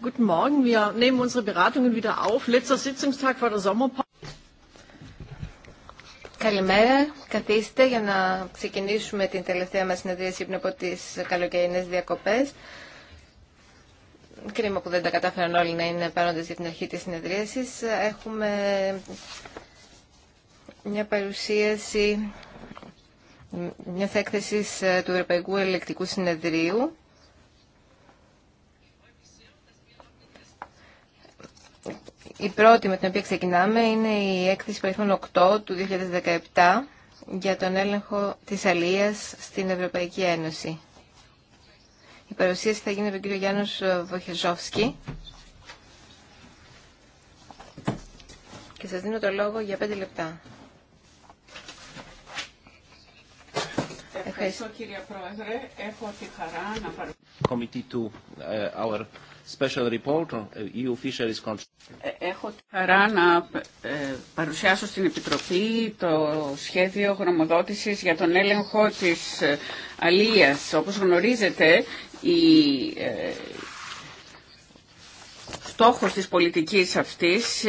Guten Morgen. Wir nehmen unsere Beratungen wieder auf. Letzter Sitzungstag der Sommerpause. Καλημέρα. Καθίστε για να ξεκινήσουμε την τελευταία μας συνεδρίαση πριν από τις καλοκαιρινές διακοπές. Κρίμα που δεν τα κατάφεραν όλοι να είναι παρόντες για την αρχή της συνεδρίασης. Έχουμε μια παρουσίαση μια έκθεση ε, του Ευρωπαϊκού Ελεκτικού Συνεδρίου Η πρώτη με την οποία ξεκινάμε είναι η έκθεση παρελθόν 8 του 2017 για τον έλεγχο της αλίας στην Ευρωπαϊκή Ένωση. Η παρουσίαση θα γίνει από τον κύριο Γιάννος Βοχεζόφσκι. Και σας δίνω το λόγο για 5 λεπτά. Ευχαριστώ κύριε Πρόεδρε. Έχω τη χαρά να παρουσιάσω uh, Uh, e ε, έχω τη χαρά να ε, παρουσιάσω στην Επιτροπή το σχέδιο γνωμοδότησης για τον έλεγχο της ε, αλίας. Όπως γνωρίζετε, η στόχος της πολιτικής αυτής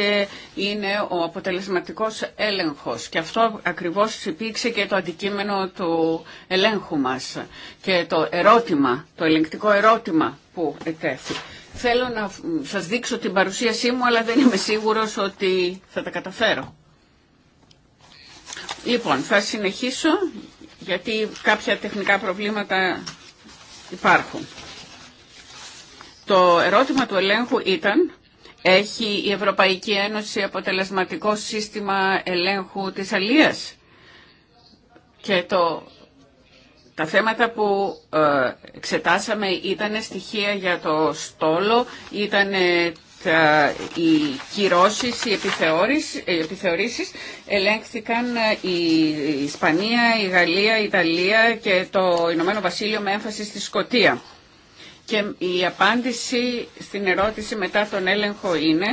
είναι ο αποτελεσματικός έλεγχος και αυτό ακριβώς υπήρξε και το αντικείμενο του ελέγχου μας και το ερώτημα, το ελεγκτικό ερώτημα που ετέθη. Θέλω να σας δείξω την παρουσίασή μου, αλλά δεν είμαι σίγουρος ότι θα τα καταφέρω. Λοιπόν, θα συνεχίσω, γιατί κάποια τεχνικά προβλήματα υπάρχουν. Το ερώτημα του ελέγχου ήταν, έχει η Ευρωπαϊκή Ένωση αποτελεσματικό σύστημα ελέγχου της αλίας. Και το τα θέματα που ε, εξετάσαμε ήταν στοιχεία για το στόλο, ήταν τα, οι κυρώσεις, οι επιθεωρήσεις ελέγχθηκαν ε, η Ισπανία, η Γαλλία, η Ιταλία και το Ηνωμένο Βασίλειο με έμφαση στη Σκοτία. Και η απάντηση στην ερώτηση μετά τον έλεγχο είναι,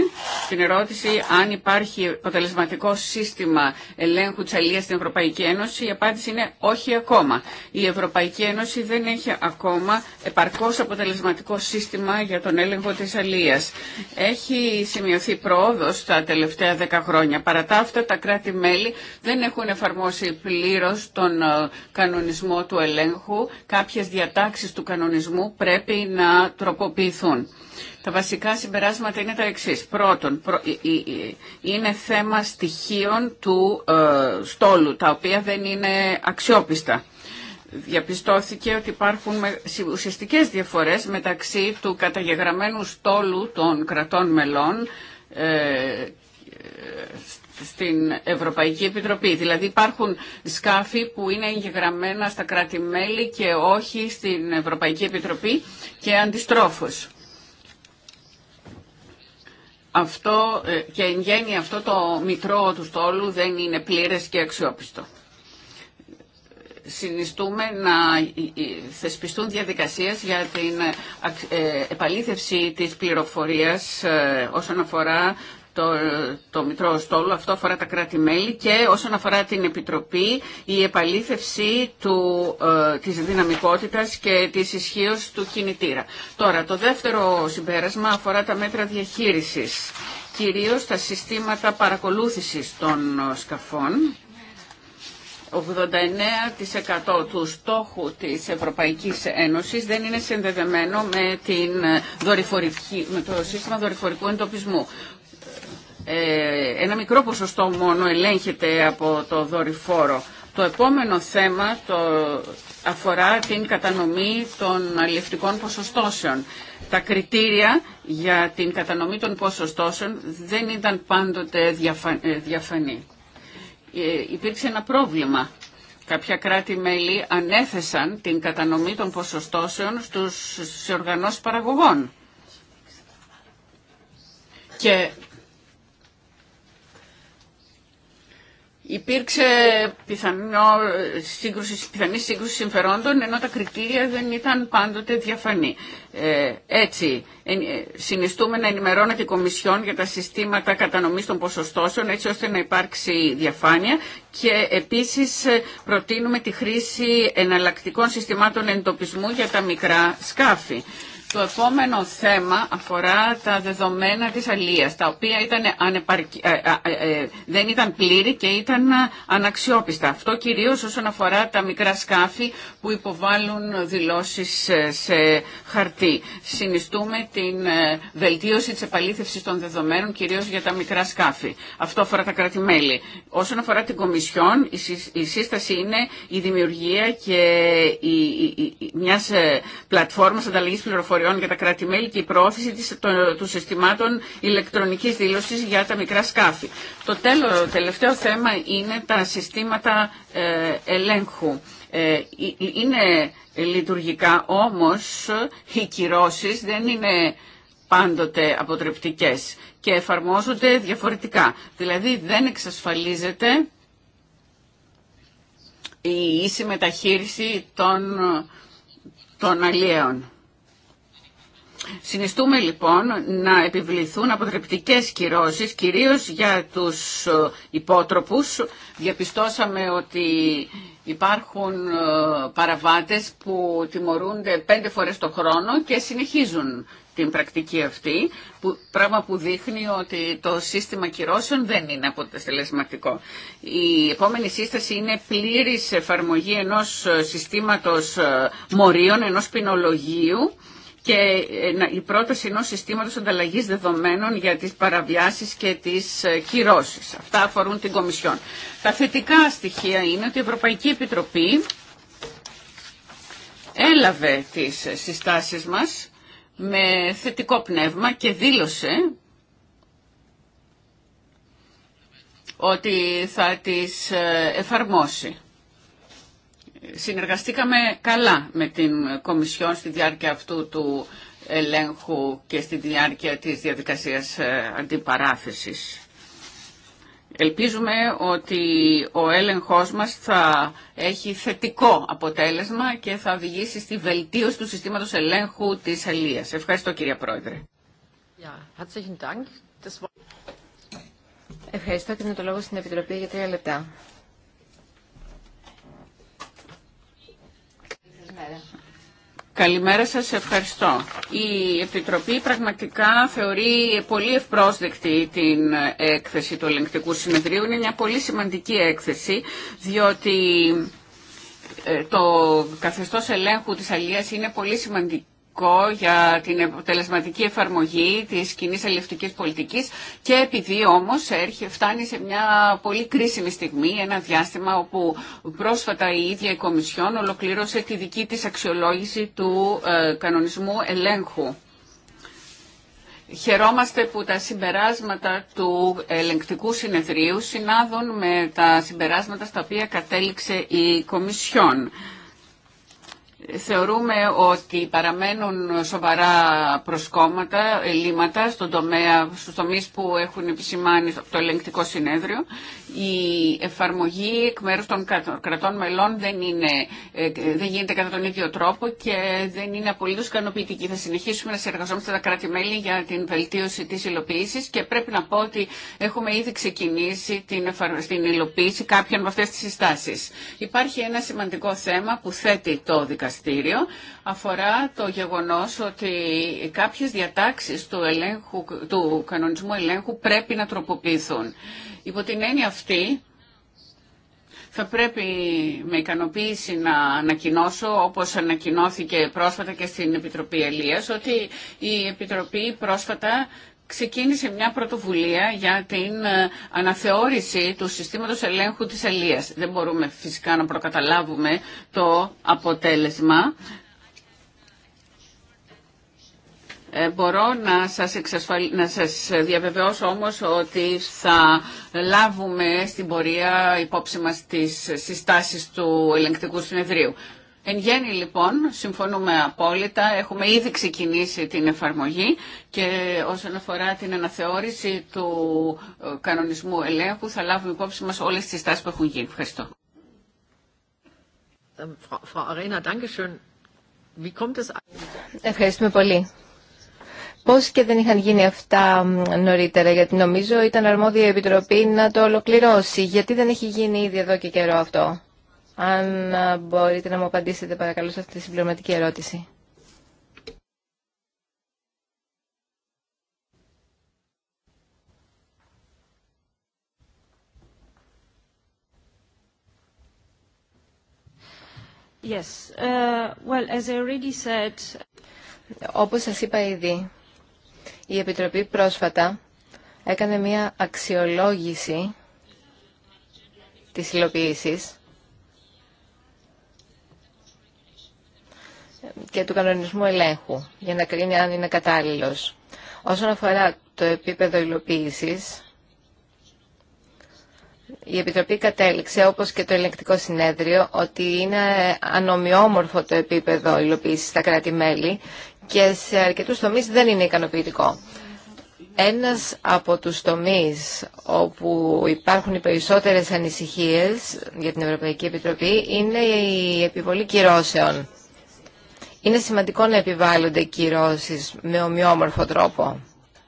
στην ερώτηση αν υπάρχει αποτελεσματικό σύστημα ελέγχου της αλίας στην Ευρωπαϊκή Ένωση, η απάντηση είναι όχι ακόμα. Η Ευρωπαϊκή Ένωση δεν έχει ακόμα επαρκώς αποτελεσματικό σύστημα για τον έλεγχο της αλίας. Έχει σημειωθεί πρόοδος τα τελευταία δέκα χρόνια. Παρά τα αυτά τα κράτη-μέλη δεν έχουν εφαρμόσει πλήρως τον ε, κανονισμό του ελέγχου. Κάποιες διατάξεις του κανονισμού πρέπει να τροποποιηθούν. Τα βασικά συμπεράσματα είναι τα εξής. Πρώτον, είναι θέμα στοιχείων του ε, στόλου, τα οποία δεν είναι αξιόπιστα. Διαπιστώθηκε ότι υπάρχουν ουσιαστικές διαφορές μεταξύ του καταγεγραμμένου στόλου των κρατών μελών ε, ε, στην Ευρωπαϊκή Επιτροπή. Δηλαδή υπάρχουν σκάφη που είναι εγγεγραμμένα στα κράτη-μέλη και όχι στην Ευρωπαϊκή Επιτροπή και αντιστρόφως. Αυτό ε, και εν γέννη αυτό το μητρό του στόλου δεν είναι πλήρες και αξιόπιστο. Συνιστούμε να ε, ε, θεσπιστούν διαδικασίες για την επαλήθευση της πληροφορίας όσον αφορά το, το Μητρό Στόλου, αυτό αφορά τα κράτη-μέλη και όσον αφορά την Επιτροπή, η επαλήθευση του, ε, της δυναμικότητας και της ισχύω του κινητήρα. Τώρα, το δεύτερο συμπέρασμα αφορά τα μέτρα διαχείρισης, κυρίως τα συστήματα παρακολούθησης των σκαφών. 89% του στόχου της Ευρωπαϊκής Ένωσης δεν είναι συνδεδεμένο την με το σύστημα δορυφορικού εντοπισμού. Ε, ένα μικρό ποσοστό μόνο ελέγχεται από το δορυφόρο. Το επόμενο θέμα το αφορά την κατανομή των αλληλευτικών ποσοστώσεων. Τα κριτήρια για την κατανομή των ποσοστώσεων δεν ήταν πάντοτε ε, διαφανή. Ε, υπήρξε ένα πρόβλημα. Κάποια κράτη-μέλη ανέθεσαν την κατανομή των ποσοστώσεων στους οργανώσεις παραγωγών. Και υπήρξε πιθανό σύγκρουση, πιθανή σύγκρουση συμφερόντων ενώ τα κριτήρια δεν ήταν πάντοτε διαφανή. Ε, έτσι, ε, συνιστούμε να ενημερώνεται η Κομισιόν για τα συστήματα κατανομής των ποσοστώσεων έτσι ώστε να υπάρξει διαφάνεια και επίσης ε, προτείνουμε τη χρήση εναλλακτικών συστημάτων εντοπισμού για τα μικρά σκάφη. Το επόμενο θέμα αφορά τα δεδομένα της αλίας, τα οποία ήταν ανεπαρκή, ε, ε, ε, δεν ήταν πλήρη και ήταν αναξιόπιστα. Αυτό κυρίως όσον αφορά τα μικρά σκάφη που υποβάλλουν δηλώσεις σε χαρτί. Συνιστούμε την βελτίωση της επαλήθευσης των δεδομένων, κυρίως για τα μικρά σκάφη. Αυτό αφορά τα κράτη-μέλη. Όσον αφορά την Κομισιόν, η σύσταση είναι η δημιουργία και η, η, μιας πλατφόρμας ανταλλαγής πληροφοριών πληροφοριών για τα κράτη-μέλη και η προώθηση της, των, συστημάτων ηλεκτρονικής δήλωσης για τα μικρά σκάφη. Το τέλος, τελευταίο θέμα είναι τα συστήματα ε, ελέγχου. Ε, είναι λειτουργικά, όμως οι κυρώσεις δεν είναι πάντοτε αποτρεπτικές και εφαρμόζονται διαφορετικά. Δηλαδή δεν εξασφαλίζεται η ίση μεταχείριση των, των αλλιέων. Συνιστούμε λοιπόν να επιβληθούν αποτρεπτικές κυρώσεις, κυρίως για τους ε, υπότροπους. Διαπιστώσαμε ότι υπάρχουν ε, παραβάτες που τιμωρούνται πέντε φορές το χρόνο και συνεχίζουν την πρακτική αυτή, που, πράγμα που δείχνει ότι το σύστημα κυρώσεων δεν είναι αποτελεσματικό. Η επόμενη σύσταση είναι πλήρης εφαρμογή ενός ε, συστήματος μορίων, ενός ποινολογίου, και ε, η πρόταση ενό συστήματος ανταλλαγής δεδομένων για τις παραβιάσεις και τις ε, κυρώσεις. Αυτά αφορούν την Κομισιόν. Τα θετικά στοιχεία είναι ότι η Ευρωπαϊκή Επιτροπή έλαβε τις ε, συστάσεις μας με θετικό πνεύμα και δήλωσε ότι θα τις εφαρμόσει συνεργαστήκαμε καλά με την Κομισιόν στη διάρκεια αυτού του ελέγχου και στη διάρκεια της διαδικασίας ε, αντιπαράθεσης. Ελπίζουμε ότι ο έλεγχός μας θα έχει θετικό αποτέλεσμα και θα οδηγήσει στη βελτίωση του συστήματος ελέγχου της Αλίας. Ευχαριστώ κυρία Πρόεδρε. Ευχαριστώ και με το λόγο στην Επιτροπή για τρία λεπτά. Καλημέρα. Καλημέρα σας, ευχαριστώ. Η Επιτροπή πραγματικά θεωρεί πολύ ευπρόσδεκτη την έκθεση του ελεγκτικού συνεδρίου. Είναι μια πολύ σημαντική έκθεση, διότι ε, το καθεστώς ελέγχου της Αλίας είναι πολύ σημαντικό σημαντικό για την αποτελεσματική εφαρμογή της κοινή αλληλευτικής πολιτικής και επειδή όμως φτάνει σε μια πολύ κρίσιμη στιγμή, ένα διάστημα όπου πρόσφατα η ίδια η Κομισιόν ολοκλήρωσε τη δική της αξιολόγηση του ε, κανονισμού ελέγχου. Χαιρόμαστε που τα συμπεράσματα του ελεγκτικού συνεδρίου συνάδουν με τα συμπεράσματα στα οποία κατέληξε η Κομισιόν. Θεωρούμε ότι παραμένουν σοβαρά προσκόμματα, ελλείμματα στον τομέα, στους τομείς που έχουν επισημάνει το ελεγκτικό συνέδριο. Η εφαρμογή εκ μέρου των κρατών μελών δεν, είναι, ε, δεν γίνεται κατά τον ίδιο τρόπο και δεν είναι απολύτως ικανοποιητική. Θα συνεχίσουμε να συνεργαζόμαστε τα κράτη-μέλη για την βελτίωση τη υλοποίηση και πρέπει να πω ότι έχουμε ήδη ξεκινήσει την, την υλοποίηση κάποιων από αυτές τις συστάσεις. Υπάρχει ένα σημαντικό θέμα που θέτει το δικαστήριο αφορά το γεγονός ότι κάποιες διατάξεις του, ελέγχου, του κανονισμού ελέγχου πρέπει να τροποποιηθούν. Υπό την έννοια αυτή θα πρέπει με ικανοποίηση να ανακοινώσω, όπως ανακοινώθηκε πρόσφατα και στην Επιτροπή Ελίας, ότι η Επιτροπή πρόσφατα ξεκίνησε μια πρωτοβουλία για την ε, αναθεώρηση του συστήματος ελέγχου της αλίας. Δεν μπορούμε φυσικά να προκαταλάβουμε το αποτέλεσμα. Ε, μπορώ να σας, εξασφαλ... να σας διαβεβαιώσω όμως ότι θα λάβουμε στην πορεία υπόψη μας τις συστάσεις του ελεγκτικού συνεδρίου. Εν γέννη λοιπόν συμφωνούμε απόλυτα, έχουμε ήδη ξεκινήσει την εφαρμογή και όσον αφορά την αναθεώρηση του ε, κανονισμού ελέγχου θα λάβουμε υπόψη μας όλες τις τάσεις που έχουν γίνει. Ευχαριστώ. Ähm, Ευχαριστούμε πολύ. Πώς και δεν είχαν γίνει αυτά νωρίτερα, γιατί νομίζω ήταν αρμόδια η Επιτροπή να το ολοκληρώσει. Γιατί δεν έχει γίνει ήδη εδώ και καιρό αυτό. Αν ε, μπορείτε να μου απαντήσετε παρακαλώ σε αυτή τη συμπληρωματική ερώτηση. Yes. Ε, well, as I already said... Όπως σας είπα ήδη, η Επιτροπή πρόσφατα έκανε μία αξιολόγηση της υλοποίησης και του κανονισμού ελέγχου για να κρίνει αν είναι κατάλληλος. Όσον αφορά το επίπεδο υλοποίησης, η Επιτροπή κατέληξε, όπως και το ελεγκτικό συνέδριο, ότι είναι ανομοιόμορφο το επίπεδο υλοποίησης στα κράτη-μέλη και σε αρκετούς τομείς δεν είναι ικανοποιητικό. Ένας από τους τομείς όπου υπάρχουν οι περισσότερες ανησυχίες για την Ευρωπαϊκή Επιτροπή είναι η επιβολή κυρώσεων. Είναι σημαντικό να επιβάλλονται κυρώσεις με ομοιόμορφο τρόπο,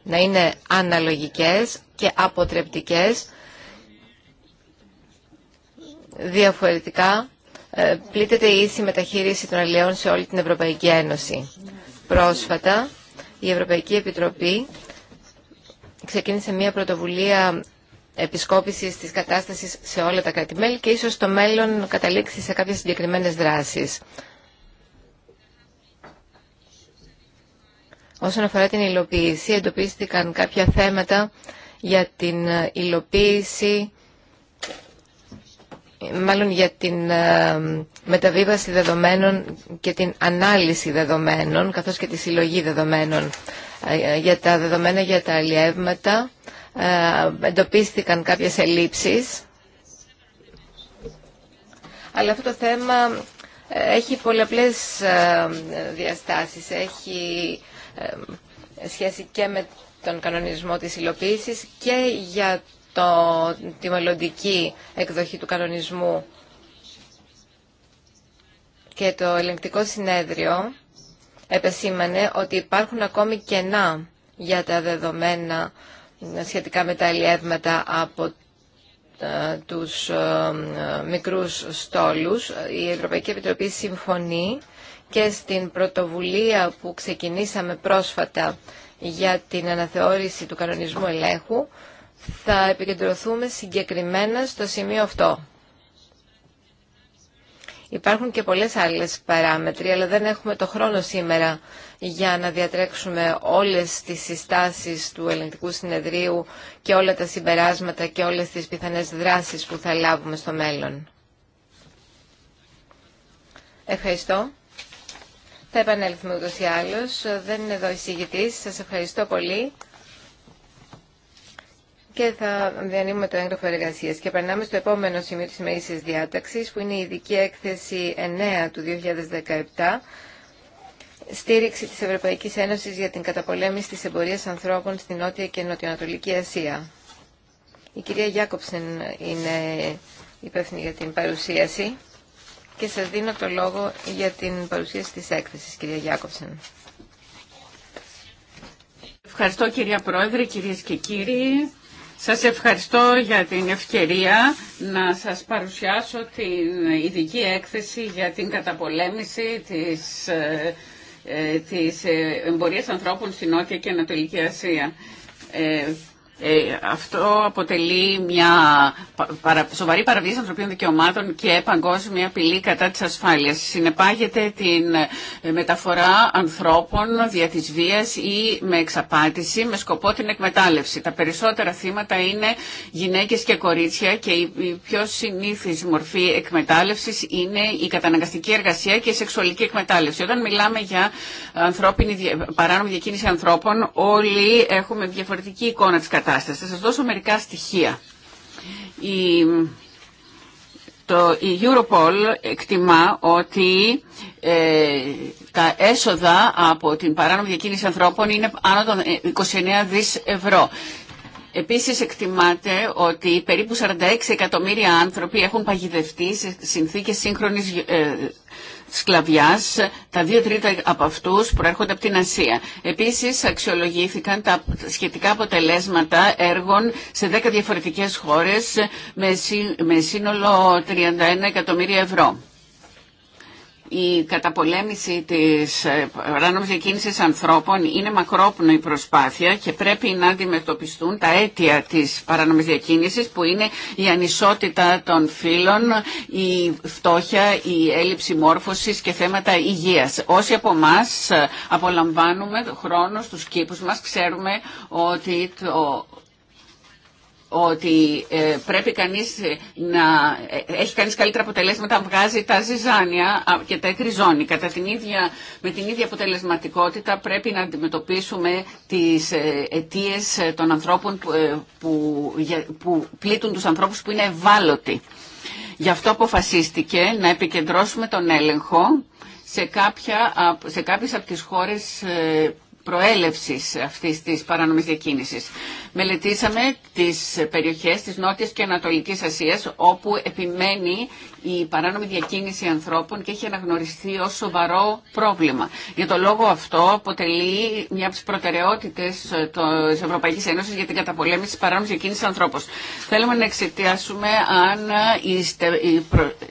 να είναι αναλογικές και αποτρεπτικές, διαφορετικά ε, πλήττεται η ίση μεταχείριση των αλλιών σε όλη την Ευρωπαϊκή Ένωση. Πρόσφατα, η Ευρωπαϊκή Επιτροπή ξεκίνησε μια πρωτοβουλία επισκόπησης της κατάστασης σε όλα τα κράτη-μέλη και ίσως το μέλλον καταλήξει σε κάποιες συγκεκριμένες δράσεις. Όσον αφορά την υλοποίηση, εντοπίστηκαν κάποια θέματα για την ε, υλοποίηση, μάλλον για την ε, μεταβίβαση δεδομένων και την ανάλυση δεδομένων, καθώς και τη συλλογή δεδομένων. Ε, για τα δεδομένα για τα αλλιεύματα εντοπίστηκαν κάποιες ελλείψεις, αλλά αυτό το θέμα έχει πολλαπλές διαστάσεις. Έχει σχέση και με τον κανονισμό της υλοποίησης και για το, τη μελλοντική εκδοχή του κανονισμού και το ελεγκτικό συνέδριο επεσήμανε ότι υπάρχουν ακόμη κενά για τα δεδομένα σχετικά με τα ελιεύματα από ε, τους ε, μικρούς στόλους. Η Ευρωπαϊκή Επιτροπή συμφωνεί και στην πρωτοβουλία που ξεκινήσαμε πρόσφατα για την αναθεώρηση του κανονισμού ελέγχου, θα επικεντρωθούμε συγκεκριμένα στο σημείο αυτό. Υπάρχουν και πολλές άλλες παράμετροι, αλλά δεν έχουμε το χρόνο σήμερα για να διατρέξουμε όλες τις συστάσεις του Ελληνικού Συνεδρίου και όλα τα συμπεράσματα και όλες τις πιθανές δράσεις που θα λάβουμε στο μέλλον. Ευχαριστώ. Θα επανέλθουμε ούτως ή άλλως. Δεν είναι εδώ εισηγητής. Σας ευχαριστώ πολύ. Και θα διανύμουμε το έγγραφο εργασία. Και περνάμε στο επόμενο σημείο τη μείσης διάταξη, που είναι η ειδική έκθεση 9 του 2017, στήριξη τη Ευρωπαϊκή Ένωση για την καταπολέμηση τη εμπορία ανθρώπων στην Νότια και Νοτιοανατολική Ασία. Η κυρία Γιάκοψεν είναι υπεύθυνη για την παρουσίαση και σας δίνω το λόγο για την παρουσίαση της έκθεσης, κυρία Γιάκοψεν. Ευχαριστώ κυρία Πρόεδρε, κυρίες και κύριοι. Σας ευχαριστώ για την ευκαιρία να σας παρουσιάσω την ειδική έκθεση για την καταπολέμηση της, ε, ε, της ε, εμπορίας ανθρώπων στην Νότια και Ανατολική Ασία. Ε, αυτό αποτελεί μια σοβαρή παραβίαση ανθρωπίνων δικαιωμάτων και παγκόσμια απειλή κατά της ασφάλειας. Συνεπάγεται την ε, μεταφορά ανθρώπων δια της βίας ή με εξαπάτηση με σκοπό την εκμετάλλευση. Τα περισσότερα θύματα είναι γυναίκες και κορίτσια και η πιο συνήθις μορφή εκμετάλλευσης είναι η καταναγκαστική εργασία και η σεξουαλική εκμετάλλευση. Όταν μιλάμε για ανθρώπινη, παράνομη διακίνηση ανθρώπων όλοι έχουμε διαφορετική εικόνα της κατάστασης κατάσταση. Θα σας δώσω μερικά στοιχεία. Η, το, η Europol εκτιμά ότι ε, τα έσοδα από την παράνομη διακίνηση ανθρώπων είναι άνω των 29 ε, δις ευρώ. Επίσης εκτιμάται ότι περίπου 46 εκατομμύρια άνθρωποι έχουν παγιδευτεί σε συνθήκες σύγχρονης ε, σκλαβιά, τα δύο τρίτα από αυτούς προέρχονται από την Ασία. Επίσης αξιολογήθηκαν τα σχετικά αποτελέσματα έργων σε 10 διαφορετικές χώρες με σύνολο 31 εκατομμύρια ευρώ η καταπολέμηση της ε, παράνομη διακίνησης ανθρώπων είναι μακρόπνοη προσπάθεια και πρέπει να αντιμετωπιστούν τα αίτια της παράνομη διακίνησης που είναι η ανισότητα των φύλων, η φτώχεια, η έλλειψη μόρφωσης και θέματα υγείας. Όσοι από εμά ε, απολαμβάνουμε χρόνο στους κήπους μας ξέρουμε ότι το ότι ε, πρέπει κανείς ε, να ε, έχει κανείς καλύτερα αποτελέσματα βγάζει τα ζυζάνια και τα εκριζώνει. Κατά την ίδια, με την ίδια αποτελεσματικότητα πρέπει να αντιμετωπίσουμε τις αιτίες των ανθρώπων που, που, που πλήττουν τους ανθρώπους που είναι ευάλωτοι. Γι' αυτό αποφασίστηκε να επικεντρώσουμε τον έλεγχο σε, κάποια, σε κάποιες από τις χώρες προέλευσης αυτής της παρανομής διακίνησης. Μελετήσαμε τις περιοχές της Νότια και Ανατολικής Ασίας όπου επιμένει η παράνομη διακίνηση ανθρώπων και έχει αναγνωριστεί ως σοβαρό πρόβλημα. Για το λόγο αυτό αποτελεί μια από τις προτεραιότητες ε, της Ευρωπαϊκής Ένωσης για την καταπολέμηση της παράνομης διακίνησης ανθρώπων. Θέλουμε να εξετάσουμε αν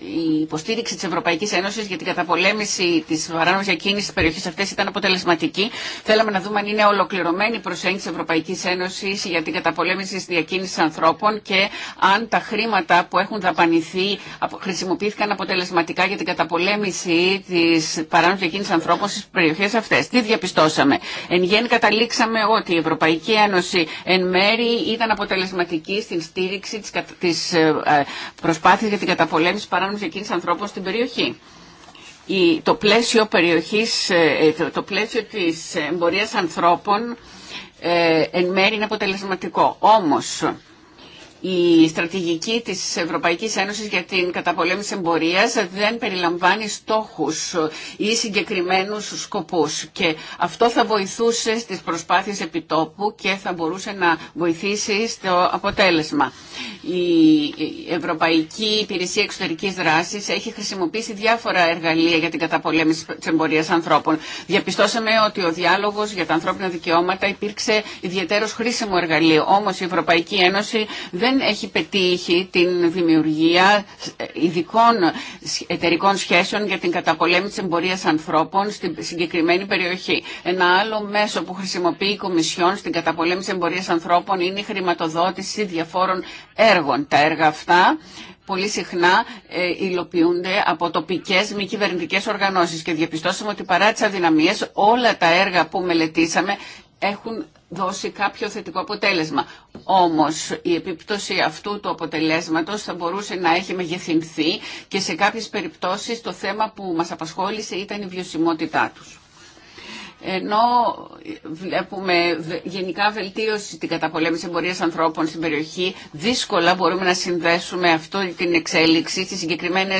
η υποστήριξη της Ευρωπαϊκής Ένωσης για την καταπολέμηση της παράνομης διακίνησης της περιοχές αυτές ήταν αποτελεσματική. Θέλαμε να δούμε αν είναι ολοκληρωμένη η προσέγγιση της Ευρωπαϊκής Ένωσης για την καταπολέμηση της διακίνησης ανθρώπων και αν τα χρήματα που έχουν δαπανηθεί χρησιμοποιήθηκαν αποτελεσματικά για την καταπολέμηση τη παράνομη εκείνη ανθρώπων στι περιοχέ αυτέ. Τι διαπιστώσαμε. Εν γέννη καταλήξαμε ότι η Ευρωπαϊκή Ένωση εν μέρη ήταν αποτελεσματική στην στήριξη της ε, ε, προσπάθεια για την καταπολέμηση τη παράνομης διακίνησης ανθρώπων στην περιοχή το πλαίσιο περιοχής, ε, το πλαίσιο της εμπορίας ανθρώπων εν μέρει είναι αποτελεσματικό. Όμως η στρατηγική της Ευρωπαϊκής Ένωσης για την καταπολέμηση εμπορίας δεν περιλαμβάνει στόχους ή συγκεκριμένους σκοπούς και αυτό θα βοηθούσε στις προσπάθειες επιτόπου και θα μπορούσε να βοηθήσει στο αποτέλεσμα. Η Ευρωπαϊκή Υπηρεσία Εξωτερικής Δράσης έχει χρησιμοποιήσει διάφορα εργαλεία για την καταπολέμηση της εμπορίας ανθρώπων. Διαπιστώσαμε ότι ο διάλογος για τα ανθρώπινα δικαιώματα υπήρξε ιδιαίτερος χρήσιμο εργαλείο. Όμως η Ευρωπαϊκή Ένωση δεν έχει πετύχει την δημιουργία ειδικών εταιρικών σχέσεων για την καταπολέμηση εμπορίας ανθρώπων στην συγκεκριμένη περιοχή. Ένα άλλο μέσο που χρησιμοποιεί η Κομισιόν στην καταπολέμηση εμπορία εμπορίας ανθρώπων είναι η χρηματοδότηση διαφόρων έργων. Τα έργα αυτά πολύ συχνά ε, υλοποιούνται από τοπικές μη κυβερνητικές οργανώσεις και διαπιστώσαμε ότι παρά τις αδυναμίες όλα τα έργα που μελετήσαμε έχουν δώσει κάποιο θετικό αποτέλεσμα. Όμως η επίπτωση αυτού του αποτελέσματος θα μπορούσε να έχει μεγεθυνθεί και σε κάποιες περιπτώσεις το θέμα που μας απασχόλησε ήταν η βιωσιμότητά τους. Ενώ βλέπουμε γενικά βελτίωση την καταπολέμηση εμπορία ανθρώπων στην περιοχή, δύσκολα μπορούμε να συνδέσουμε αυτό την εξέλιξη στι συγκεκριμένε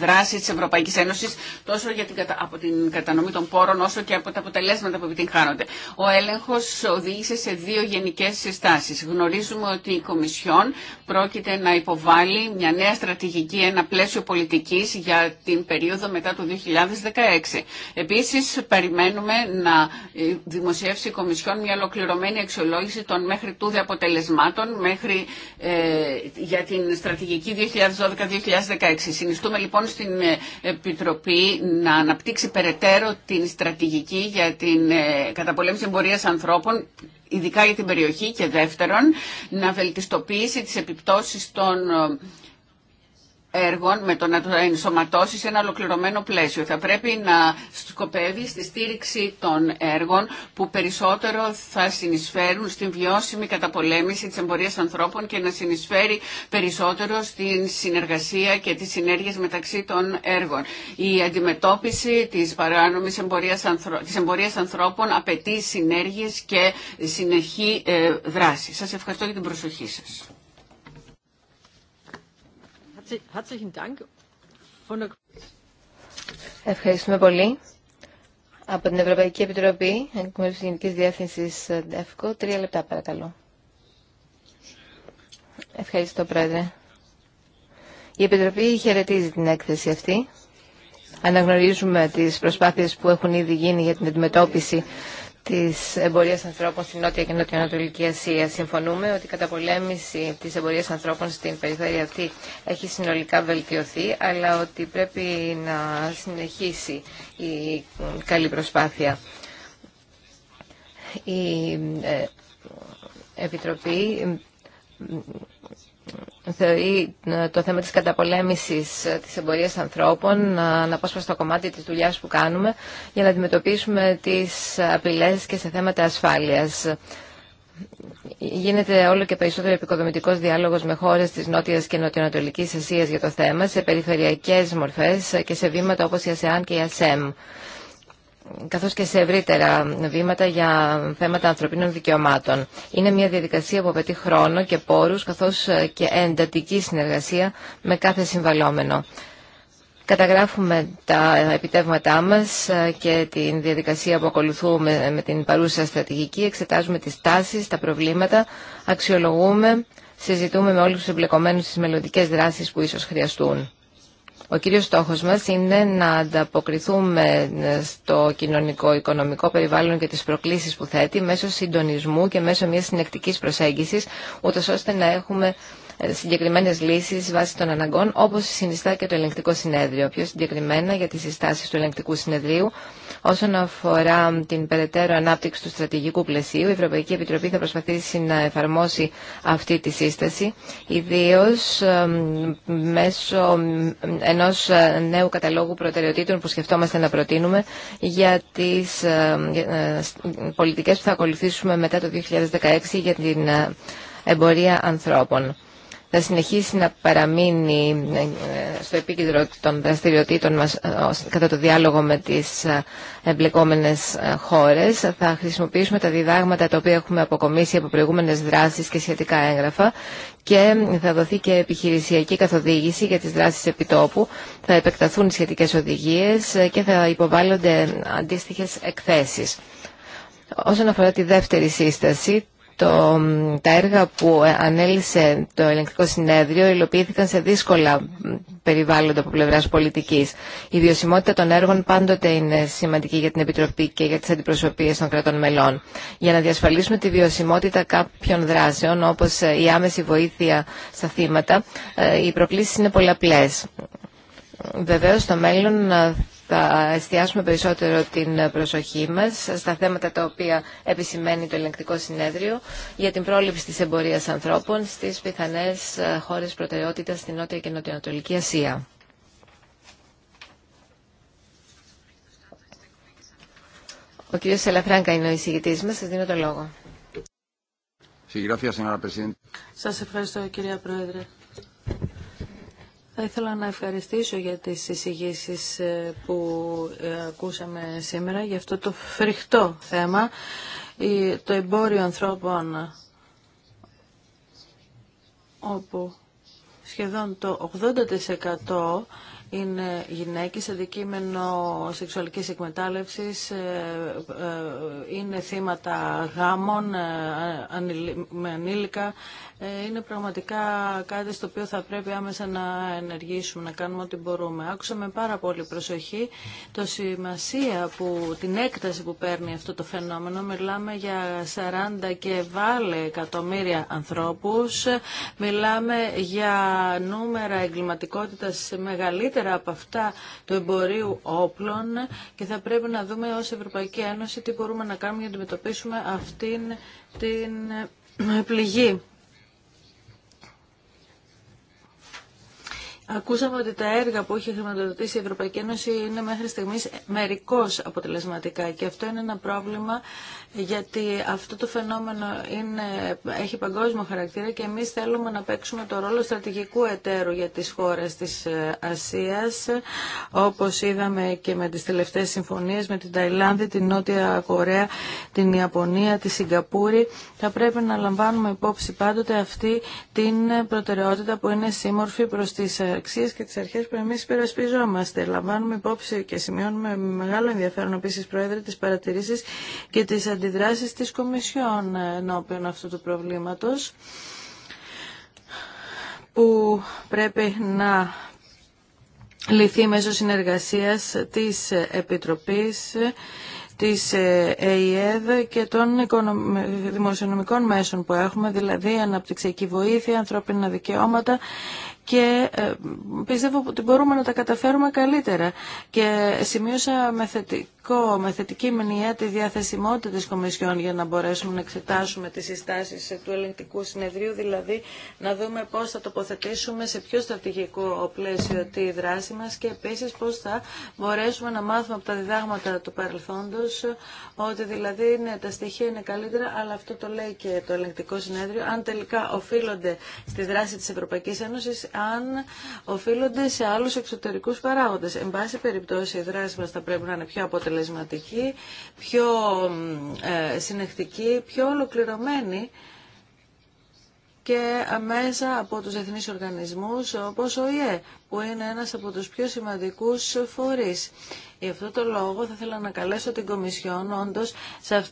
δράσει τη Ευρωπαϊκή Ένωση, τόσο για την, από την κατανομή των πόρων, όσο και από τα αποτελέσματα που επιτυγχάνονται. Ο έλεγχο οδήγησε σε δύο γενικέ συστάσει. Γνωρίζουμε ότι η Κομισιόν πρόκειται να υποβάλει μια νέα στρατηγική, ένα πλαίσιο πολιτική για την περίοδο μετά το 2016. Επίση, περιμένουμε να ε, δημοσιεύσει η Κομισιόν μια ολοκληρωμένη αξιολόγηση των μέχρι τούδε αποτελεσμάτων μέχρι, ε, για την στρατηγική 2012-2016. Συνιστούμε λοιπόν στην ε, Επιτροπή να αναπτύξει περαιτέρω την στρατηγική για την ε, καταπολέμηση εμπορίας ανθρώπων ειδικά για την περιοχή και δεύτερον να βελτιστοποιήσει τις επιπτώσεις των έργων με το να το ενσωματώσει σε ένα ολοκληρωμένο πλαίσιο. Θα πρέπει να σκοπεύει στη στήριξη των έργων που περισσότερο θα συνεισφέρουν στην βιώσιμη καταπολέμηση τη εμπορίας ανθρώπων και να συνεισφέρει περισσότερο στην συνεργασία και τι συνέργειε μεταξύ των έργων. Η αντιμετώπιση της παράνομης εμπορία ανθρώπων απαιτεί συνέργειε και συνεχή ε, δράση. Σα ευχαριστώ για την προσοχή σα. Ευχαριστούμε πολύ. Από την Ευρωπαϊκή Επιτροπή, εκ μέρου τη Γενική τρία λεπτά παρακαλώ. Ευχαριστώ, Πρόεδρε. Η Επιτροπή χαιρετίζει την έκθεση αυτή. Αναγνωρίζουμε τις προσπάθειες που έχουν ήδη γίνει για την αντιμετώπιση Τη εμπορία ανθρώπων στην Νότια και Νοτιοανατολική Ασία. Συμφωνούμε ότι η καταπολέμηση τη εμπορία ανθρώπων στην περιφέρεια αυτή έχει συνολικά βελτιωθεί, αλλά ότι πρέπει να συνεχίσει η καλή προσπάθεια. Η ε, Επιτροπή θεωρεί ε, το θέμα της καταπολέμησης ε, της εμπορίας ανθρώπων ε, να πω στο κομμάτι της δουλειάς που κάνουμε για να αντιμετωπίσουμε τις απειλές και σε θέματα ασφάλειας. Γίνεται όλο και περισσότερο επικοδομητικό διάλογο με χώρε τη Νότια και Νοτιοανατολική Ασία για το θέμα, σε περιφερειακέ μορφέ και σε βήματα όπω η ΑΣΕΑΝ και η ΑΣΕΜ καθώς και σε ευρύτερα βήματα για θέματα ανθρωπίνων δικαιωμάτων. Είναι μια διαδικασία που απαιτεί χρόνο και πόρους, καθώς ε, και εντατική συνεργασία με κάθε συμβαλόμενο. Καταγράφουμε τα επιτεύγματά μας ε, και την διαδικασία που ακολουθούμε με την παρούσα στρατηγική. Εξετάζουμε τις τάσεις, τα προβλήματα, αξιολογούμε, συζητούμε με όλους τους εμπλεκομένους στις μελλοντικέ δράσεις που ίσως χρειαστούν. Ο κύριος στόχος μας είναι να ανταποκριθούμε στο κοινωνικό-οικονομικό περιβάλλον και τις προκλήσεις που θέτει μέσω συντονισμού και μέσω μιας συνεκτικής προσέγγισης, ούτως ώστε να έχουμε ε, συγκεκριμένε λύσει βάσει των αναγκών, όπω συνιστά και το ελεγκτικό συνέδριο. Πιο συγκεκριμένα για τι συστάσει του ελεγκτικού συνεδρίου, όσον αφορά την περαιτέρω ανάπτυξη του στρατηγικού πλαισίου, η Ευρωπαϊκή Επιτροπή θα προσπαθήσει να εφαρμόσει αυτή τη σύσταση, ιδίω μέσω ενό ε, νέου καταλόγου προτεραιοτήτων που σκεφτόμαστε να προτείνουμε για τι ε, πολιτικέ που θα ακολουθήσουμε μετά το 2016 για την εμπορία ανθρώπων θα συνεχίσει να παραμείνει ε, στο επίκεντρο των δραστηριοτήτων μας ε, κατά το διάλογο με τις ε, εμπλεκόμενες χώρες. Θα χρησιμοποιήσουμε τα διδάγματα τα οποία έχουμε αποκομίσει από προηγούμενες δράσεις και σχετικά έγγραφα και θα δοθεί και επιχειρησιακή καθοδήγηση για τις δράσεις επιτόπου. Θα επεκταθούν σχετικές οδηγίες και θα υποβάλλονται αντίστοιχες εκθέσεις. Όσον αφορά τη δεύτερη σύσταση, το, τα έργα που ανέλησε το ελεγκτικό συνέδριο υλοποιήθηκαν σε δύσκολα περιβάλλοντα από πλευρά πολιτικής. Η βιωσιμότητα των έργων πάντοτε είναι σημαντική για την Επιτροπή και για τις αντιπροσωπείε των κρατών μελών. Για να διασφαλίσουμε τη βιωσιμότητα κάποιων δράσεων, όπως η άμεση βοήθεια στα θύματα, ε, οι προκλήσει είναι πολλαπλέ. Βεβαίως, στο μέλλον θα εστιάσουμε περισσότερο την προσοχή μας στα θέματα τα οποία επισημαίνει το ελεγκτικό συνέδριο για την πρόληψη της εμπορίας ανθρώπων στις πιθανές χώρες προτεραιότητας στην Νότια και Νοτιοανατολική Ασία. Ο κ. Σελαφράγκα είναι ο εισηγητή μα, σα δίνω το λόγο. Σα ευχαριστώ κυρία Πρόεδρε. Θα ήθελα να ευχαριστήσω για τις εισηγήσεις ε, που ε, ακούσαμε σήμερα για αυτό το φρικτό θέμα, το εμπόριο ανθρώπων όπου σχεδόν το 80% είναι γυναίκες, αντικείμενο σεξουαλικής εκμετάλλευσης, ε, είναι θύματα γάμων με ανήλικα, ε, είναι πραγματικά κάτι στο οποίο θα πρέπει άμεσα να ενεργήσουμε, να κάνουμε ό,τι μπορούμε. Άκουσα με πάρα πολύ προσοχή το σημασία που, την έκταση που παίρνει αυτό το φαινόμενο. Μιλάμε για 40 και βάλε εκατομμύρια ανθρώπους. Μιλάμε για νούμερα εγκληματικότητας μεγαλύτερα από αυτά του εμπορίου όπλων και θα πρέπει να δούμε ως Ευρωπαϊκή Ένωση τι μπορούμε να κάνουμε για να αντιμετωπίσουμε αυτήν την πληγή. Ακούσαμε ότι τα έργα που έχει χρηματοδοτήσει η Ευρωπαϊκή Ένωση είναι μέχρι στιγμής μερικώς αποτελεσματικά και αυτό είναι ένα πρόβλημα γιατί αυτό το φαινόμενο είναι, έχει παγκόσμιο χαρακτήρα και εμείς θέλουμε να παίξουμε το ρόλο στρατηγικού εταίρου για τις χώρες της ε, Ασίας όπως είδαμε και με τις τελευταίες συμφωνίες με την Ταϊλάνδη, την Νότια Κορέα, την Ιαπωνία, τη Σιγκαπούρη θα πρέπει να λαμβάνουμε υπόψη πάντοτε αυτή την προτεραιότητα που είναι σύμμορφη προς τις ε, αξίες και τις αρχές που εμείς υπερασπιζόμαστε. Λαμβάνουμε υπόψη και σημειώνουμε με μεγάλο ενδιαφέρον επίσης Πρόεδρε τις παρατηρήσεις και τις αντιδράσεις της Κομισιόν ενώπιον αυτού του προβλήματος που πρέπει να λυθεί μέσω συνεργασίας της Επιτροπής της ΕΙΕΔ και των δημοσιονομικών μέσων που έχουμε, δηλαδή αναπτυξιακή βοήθεια, ανθρώπινα δικαιώματα και ε, πιστεύω ότι μπορούμε να τα καταφέρουμε καλύτερα. Και σημείωσα με, θετικό, με θετική μνήμα τη διαθεσιμότητα της Κομισιόν για να μπορέσουμε να εξετάσουμε τις συστάσεις του ελεγκτικού συνεδρίου, δηλαδή να δούμε πώς θα τοποθετήσουμε σε πιο στρατηγικό πλαίσιο τη δράση μας και επίσης πώς θα μπορέσουμε να μάθουμε από τα διδάγματα του παρελθόντος ότι δηλαδή ναι, τα στοιχεία είναι καλύτερα, αλλά αυτό το λέει και το ελεγκτικό συνέδριο, αν τελικά οφείλονται στη δράση της Ευρωπαϊκής Ένωσης, αν οφείλονται σε άλλους εξωτερικούς παράγοντες. Εν πάση περιπτώσει οι δράση μας θα πρέπει να είναι πιο αποτελεσματική, πιο ε, συνεχτική, πιο ολοκληρωμένη και μέσα από τους εθνείς οργανισμούς όπως ο ΙΕ, που είναι ένας από τους πιο σημαντικούς φορείς. Γι' αυτό το λόγο θα ήθελα να καλέσω την Κομισιόν όντως σε,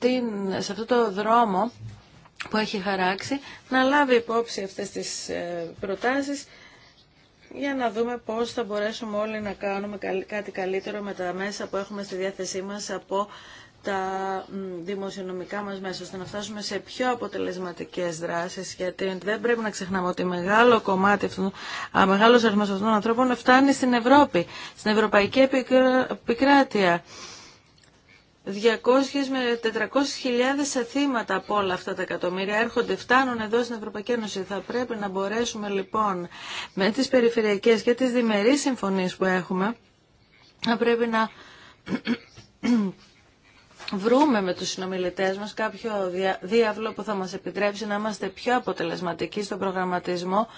σε αυτό το δρόμο που έχει χαράξει να λάβει υπόψη αυτές τις ε, προτάσεις για να δούμε πώς θα μπορέσουμε όλοι να κάνουμε κάτι καλύτερο με τα μέσα που έχουμε στη διάθεσή μας από τα δημοσιονομικά μας μέσα, ώστε να φτάσουμε σε πιο αποτελεσματικές δράσεις, γιατί δεν πρέπει να ξεχνάμε ότι μεγάλο κομμάτι αυτού, α, μεγάλος αριθμός αυτών των ανθρώπων φτάνει στην Ευρώπη, στην Ευρωπαϊκή Επικράτεια. 200 με 400 χιλιάδες θύματα από όλα αυτά τα εκατομμύρια έρχονται, φτάνουν εδώ στην Ευρωπαϊκή Ένωση. Θα πρέπει να μπορέσουμε λοιπόν με τις περιφερειακές και τις διμερείς συμφωνίες που έχουμε να πρέπει να βρούμε με τους συνομιλητές μας κάποιο διάβλο που θα μας επιτρέψει να είμαστε πιο αποτελεσματικοί στον προγραμματισμό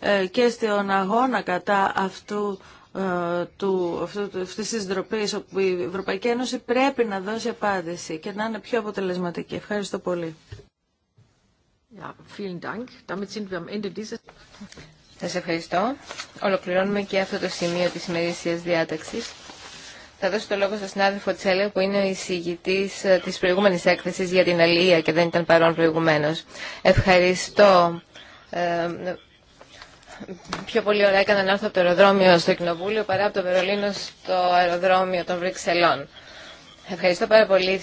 ε, και στον αγώνα κατά αυτού ε, του, αυτής της ντροπής όπου η Ευρωπαϊκή Ένωση πρέπει να δώσει απάντηση και να είναι πιο αποτελεσματική. Ευχαριστώ πολύ. Σας ευχαριστώ. Ολοκληρώνουμε και αυτό το σημείο της ημερησία διάταξης. Θα δώσω το λόγο στον συνάδελφο Τσέλε που είναι ο εισηγητή ε, τη προηγούμενη έκθεση για την Αλία και δεν ήταν παρόν προηγουμένω. Ευχαριστώ. Ε, πιο πολύ ώρα έκανα να έρθω από το αεροδρόμιο στο Κοινοβούλιο παρά από το Βερολίνο στο αεροδρόμιο των Βρυξελών. Ευχαριστώ πάρα πολύ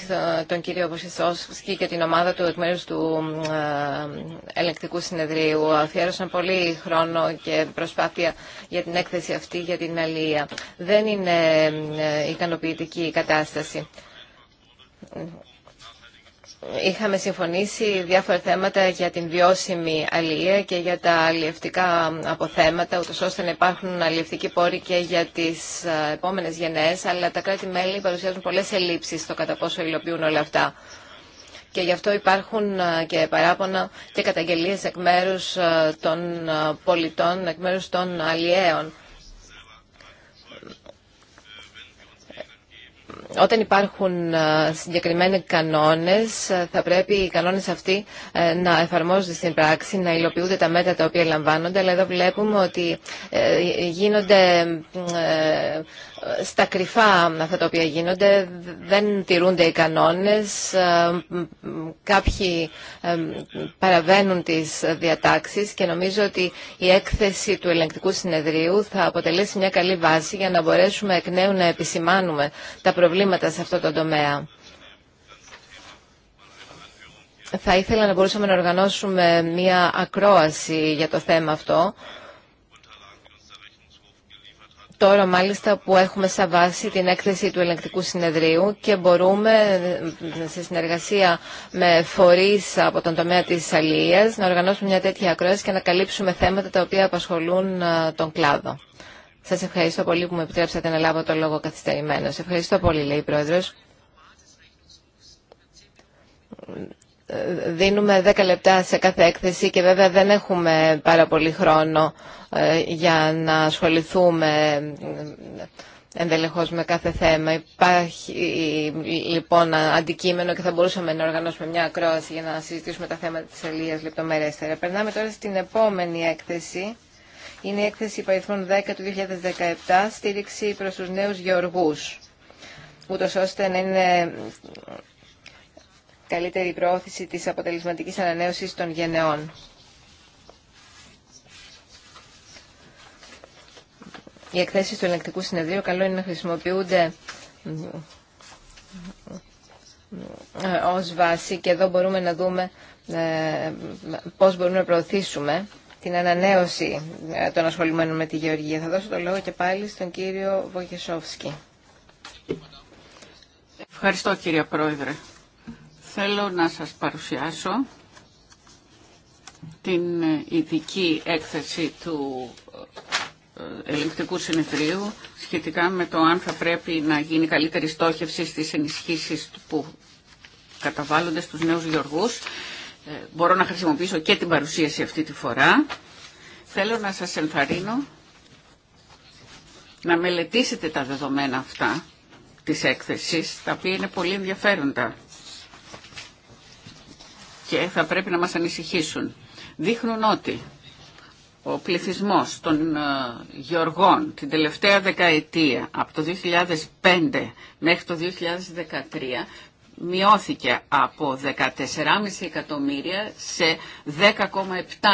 τον κύριο Ποσισόσκη και την ομάδα του εκ μέρους του ε, ελεκτικού συνεδρίου. Αφιέρωσαν πολύ χρόνο και προσπάθεια για την έκθεση αυτή για την αλία. Δεν είναι ε, ικανοποιητική η κατάσταση είχαμε συμφωνήσει διάφορα θέματα για την βιώσιμη αλληλεία και για τα αλληλευτικά αποθέματα, ούτως ώστε να υπάρχουν αλληλευτικοί πόροι και για τις ε, επόμενες γενναίες, αλλά τα κράτη-μέλη παρουσιάζουν πολλές ελλείψεις στο κατά πόσο υλοποιούν όλα αυτά. Και γι' αυτό υπάρχουν ε, και παράπονα και καταγγελίες εκ μέρους ε, των πολιτών, εκ μέρους των αλλιέων όταν υπάρχουν ε, συγκεκριμένοι κανόνες, ε, θα πρέπει οι κανόνες αυτοί ε, να εφαρμόζονται στην πράξη, να υλοποιούνται τα μέτρα τα οποία λαμβάνονται, αλλά εδώ βλέπουμε ότι γίνονται στα κρυφά αυτά τα οποία γίνονται, δεν τηρούνται οι κανόνες, ε, κάποιοι ε, παραβαίνουν τις διατάξεις και νομίζω ότι η έκθεση του ελεγκτικού συνεδρίου θα αποτελέσει μια καλή βάση για να μπορέσουμε εκ νέου να επισημάνουμε τα προβλήματα σε αυτό το τομέα. Θα ήθελα να μπορούσαμε να οργανώσουμε μια ακρόαση για το θέμα αυτό τώρα μάλιστα που έχουμε σαν βάση την έκθεση του ελεγκτικού συνεδρίου και μπορούμε σε συνεργασία με φορείς από τον τομέα της αλληλείας να οργανώσουμε μια τέτοια ακρόαση και να καλύψουμε θέματα τα οποία απασχολούν τον κλάδο. Σας ευχαριστώ πολύ που με επιτρέψατε να λάβω το λόγο καθυστερημένο. Σας ευχαριστώ πολύ, λέει η Πρόεδρος δίνουμε 10 λεπτά σε κάθε έκθεση και βέβαια δεν έχουμε πάρα πολύ χρόνο ε, για να ασχοληθούμε ε, ενδελεχώς με κάθε θέμα. Υπάρχει λοιπόν αντικείμενο και θα μπορούσαμε να οργανώσουμε μια ακρόαση για να συζητήσουμε τα θέματα της Ελίας λεπτομερέστερα. Περνάμε τώρα στην επόμενη έκθεση. Είναι η έκθεση υπαριθμών 10 του 2017, στήριξη προς τους νέους γεωργούς ούτως ώστε να είναι καλύτερη προώθηση της αποτελεσματικής ανανέωσης των γενεών. Οι εκθέσεις του ελεγκτικού συνεδρίου καλό είναι να χρησιμοποιούνται ε, ως βάση και εδώ μπορούμε να δούμε ε, πώς μπορούμε να προωθήσουμε την ανανέωση ε, των ασχολημένων με τη γεωργία. Θα δώσω το λόγο και πάλι στον κύριο Βογεσόφσκι. Ευχαριστώ κύριε Πρόεδρε. Θέλω να σας παρουσιάσω την ειδική έκθεση του ε, ελεγκτικού συνεδρίου σχετικά με το αν θα πρέπει να γίνει καλύτερη στόχευση στις ενισχύσεις που καταβάλλονται στους νέους γεωργούς. Ε, μπορώ να χρησιμοποιήσω και την παρουσίαση αυτή τη φορά. Θέλω να σας ενθαρρύνω να μελετήσετε τα δεδομένα αυτά της έκθεσης, τα οποία είναι πολύ ενδιαφέροντα και θα πρέπει να μας ανησυχήσουν. Δείχνουν ότι ο πληθυσμός των ε, γεωργών την τελευταία δεκαετία από το 2005 μέχρι το 2013 μειώθηκε από 14,5 εκατομμύρια σε 10,7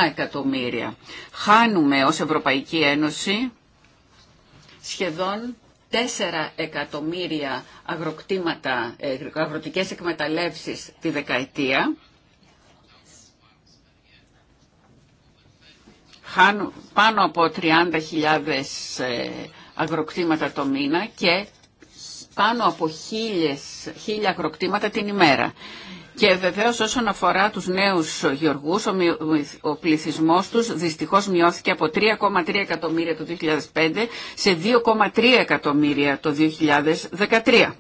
εκατομμύρια. Χάνουμε ως Ευρωπαϊκή Ένωση σχεδόν 4 εκατομμύρια αγροκτήματα, ε, αγροτικές εκμεταλλεύσεις τη δεκαετία πάνω από 30.000 ε, αγροκτήματα το μήνα και πάνω από χίλια αγροκτήματα την ημέρα. Και βεβαίως όσον αφορά τους νέους γεωργούς, ο πληθυσμός τους δυστυχώς μειώθηκε από 3,3 εκατομμύρια το 2005 σε 2,3 εκατομμύρια το 2013.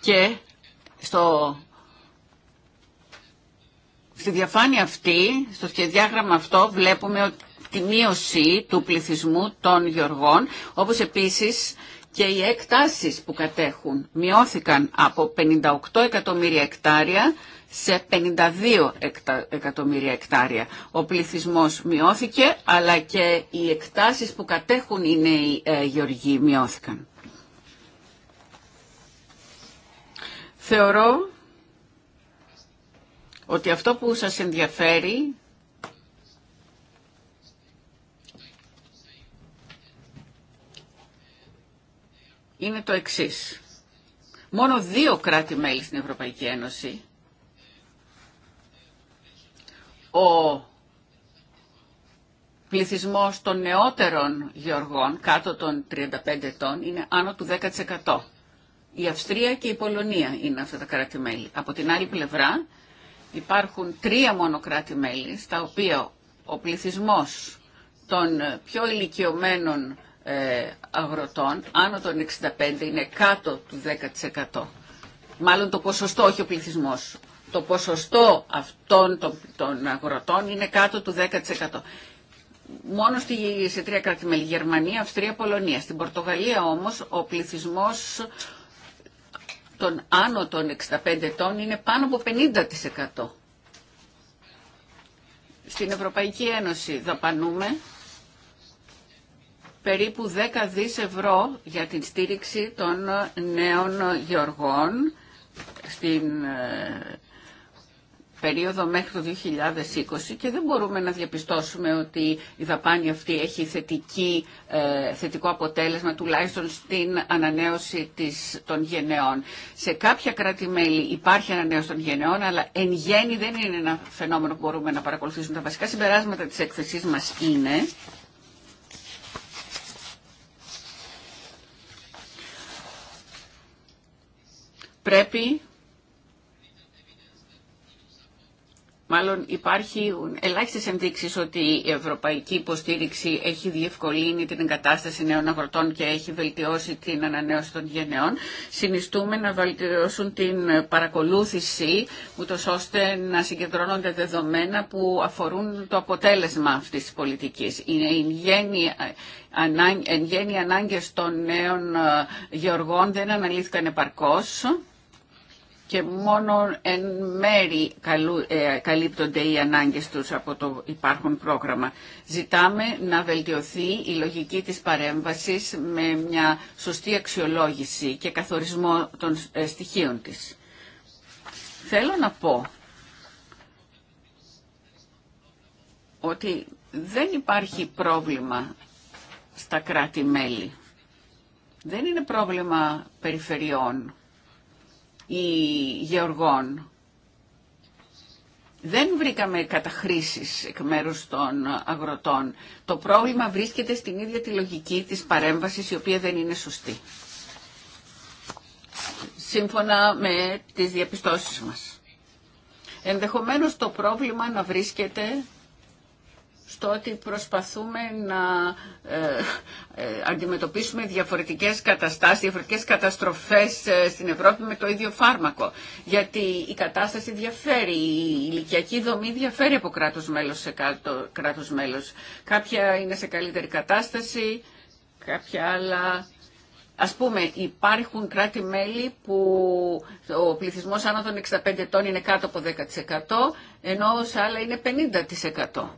Και στο, στη διαφάνεια αυτή, στο σχεδιάγραμμα αυτό βλέπουμε τη μείωση του πληθυσμού των γεωργών, όπως επίσης και οι εκτάσεις που κατέχουν μειώθηκαν από 58 εκατομμύρια εκτάρια σε 52 εκατομμύρια εκτάρια. Ο πληθυσμός μειώθηκε, αλλά και οι εκτάσεις που κατέχουν οι νέοι ε, γεωργοί μειώθηκαν. Θεωρώ ότι αυτό που σας ενδιαφέρει είναι το εξής. Μόνο δύο κράτη-μέλη στην Ευρωπαϊκή Ένωση, ο πληθυσμός των νεότερων γεωργών κάτω των 35 ετών είναι άνω του 10%. Η Αυστρία και η Πολωνία είναι αυτά τα κράτη-μέλη. Από την άλλη πλευρά υπάρχουν τρία μόνο κράτη-μέλη στα οποία ο πληθυσμός των πιο ηλικιωμένων ε, αγροτών άνω των 65 είναι κάτω του 10%. Μάλλον το ποσοστό, όχι ο πληθυσμός. Το ποσοστό αυτών των αγροτών είναι κάτω του 10% μόνο στη, σε τρία κράτη-μέλη, Γερμανία, Αυστρία, Πολωνία. Στην Πορτογαλία όμως ο πληθυσμός των άνω των 65 ετών είναι πάνω από 50%. Στην Ευρωπαϊκή Ένωση δαπανούμε περίπου 10 δις ευρώ για την στήριξη των νέων γεωργών στην ε, περίοδο μέχρι το 2020 και δεν μπορούμε να διαπιστώσουμε ότι η δαπάνη αυτή έχει θετική, ε, θετικό αποτέλεσμα τουλάχιστον στην ανανέωση της, των γενεών. Σε κάποια κράτη-μέλη υπάρχει ανανέωση των γενεών, αλλά εν γέννη δεν είναι ένα φαινόμενο που μπορούμε να παρακολουθήσουμε. Τα βασικά συμπεράσματα της έκθεσής μας είναι... Πρέπει Μάλλον υπάρχουν ελάχιστε ενδείξει ότι η ευρωπαϊκή υποστήριξη έχει διευκολύνει την εγκατάσταση νέων αγροτών και έχει βελτιώσει την ανανέωση των γενεών. Συνιστούμε να βελτιώσουν την παρακολούθηση, ούτω ώστε να συγκεντρώνονται δεδομένα που αφορούν το αποτέλεσμα αυτής της πολιτικής. Είναι η γέννη εν γέννη ανάγκες των νέων ε, γεωργών δεν αναλύθηκαν επαρκώς και μόνο εν μέρη ε, καλύπτονται οι ανάγκες τους από το υπάρχον πρόγραμμα. Ζητάμε να βελτιωθεί η λογική της παρέμβασης με μια σωστή αξιολόγηση και καθορισμό των ε, στοιχείων της. Θέλω να πω ότι δεν υπάρχει πρόβλημα στα κράτη-μέλη. Δεν είναι πρόβλημα περιφερειών οι γεωργών. Δεν βρήκαμε καταχρήσεις εκ μέρους των αγροτών. Το πρόβλημα βρίσκεται στην ίδια τη λογική της παρέμβασης η οποία δεν είναι σωστή. Σύμφωνα με τις διαπιστώσεις μας. Ενδεχομένως το πρόβλημα να βρίσκεται στο ότι προσπαθούμε να ε, ε, αντιμετωπίσουμε διαφορετικές καταστάσεις, διαφορετικές καταστροφές ε, στην Ευρώπη με το ίδιο φάρμακο. Γιατί η κατάσταση διαφέρει, η ηλικιακή δομή διαφέρει από κράτος μέλος σε κράτος μέλος. Κάποια είναι σε καλύτερη κατάσταση, κάποια άλλα... Ας πούμε, υπάρχουν κράτη-μέλη που ο πληθυσμός άνω των 65 ετών είναι κάτω από 10%, ενώ σε άλλα είναι 50%.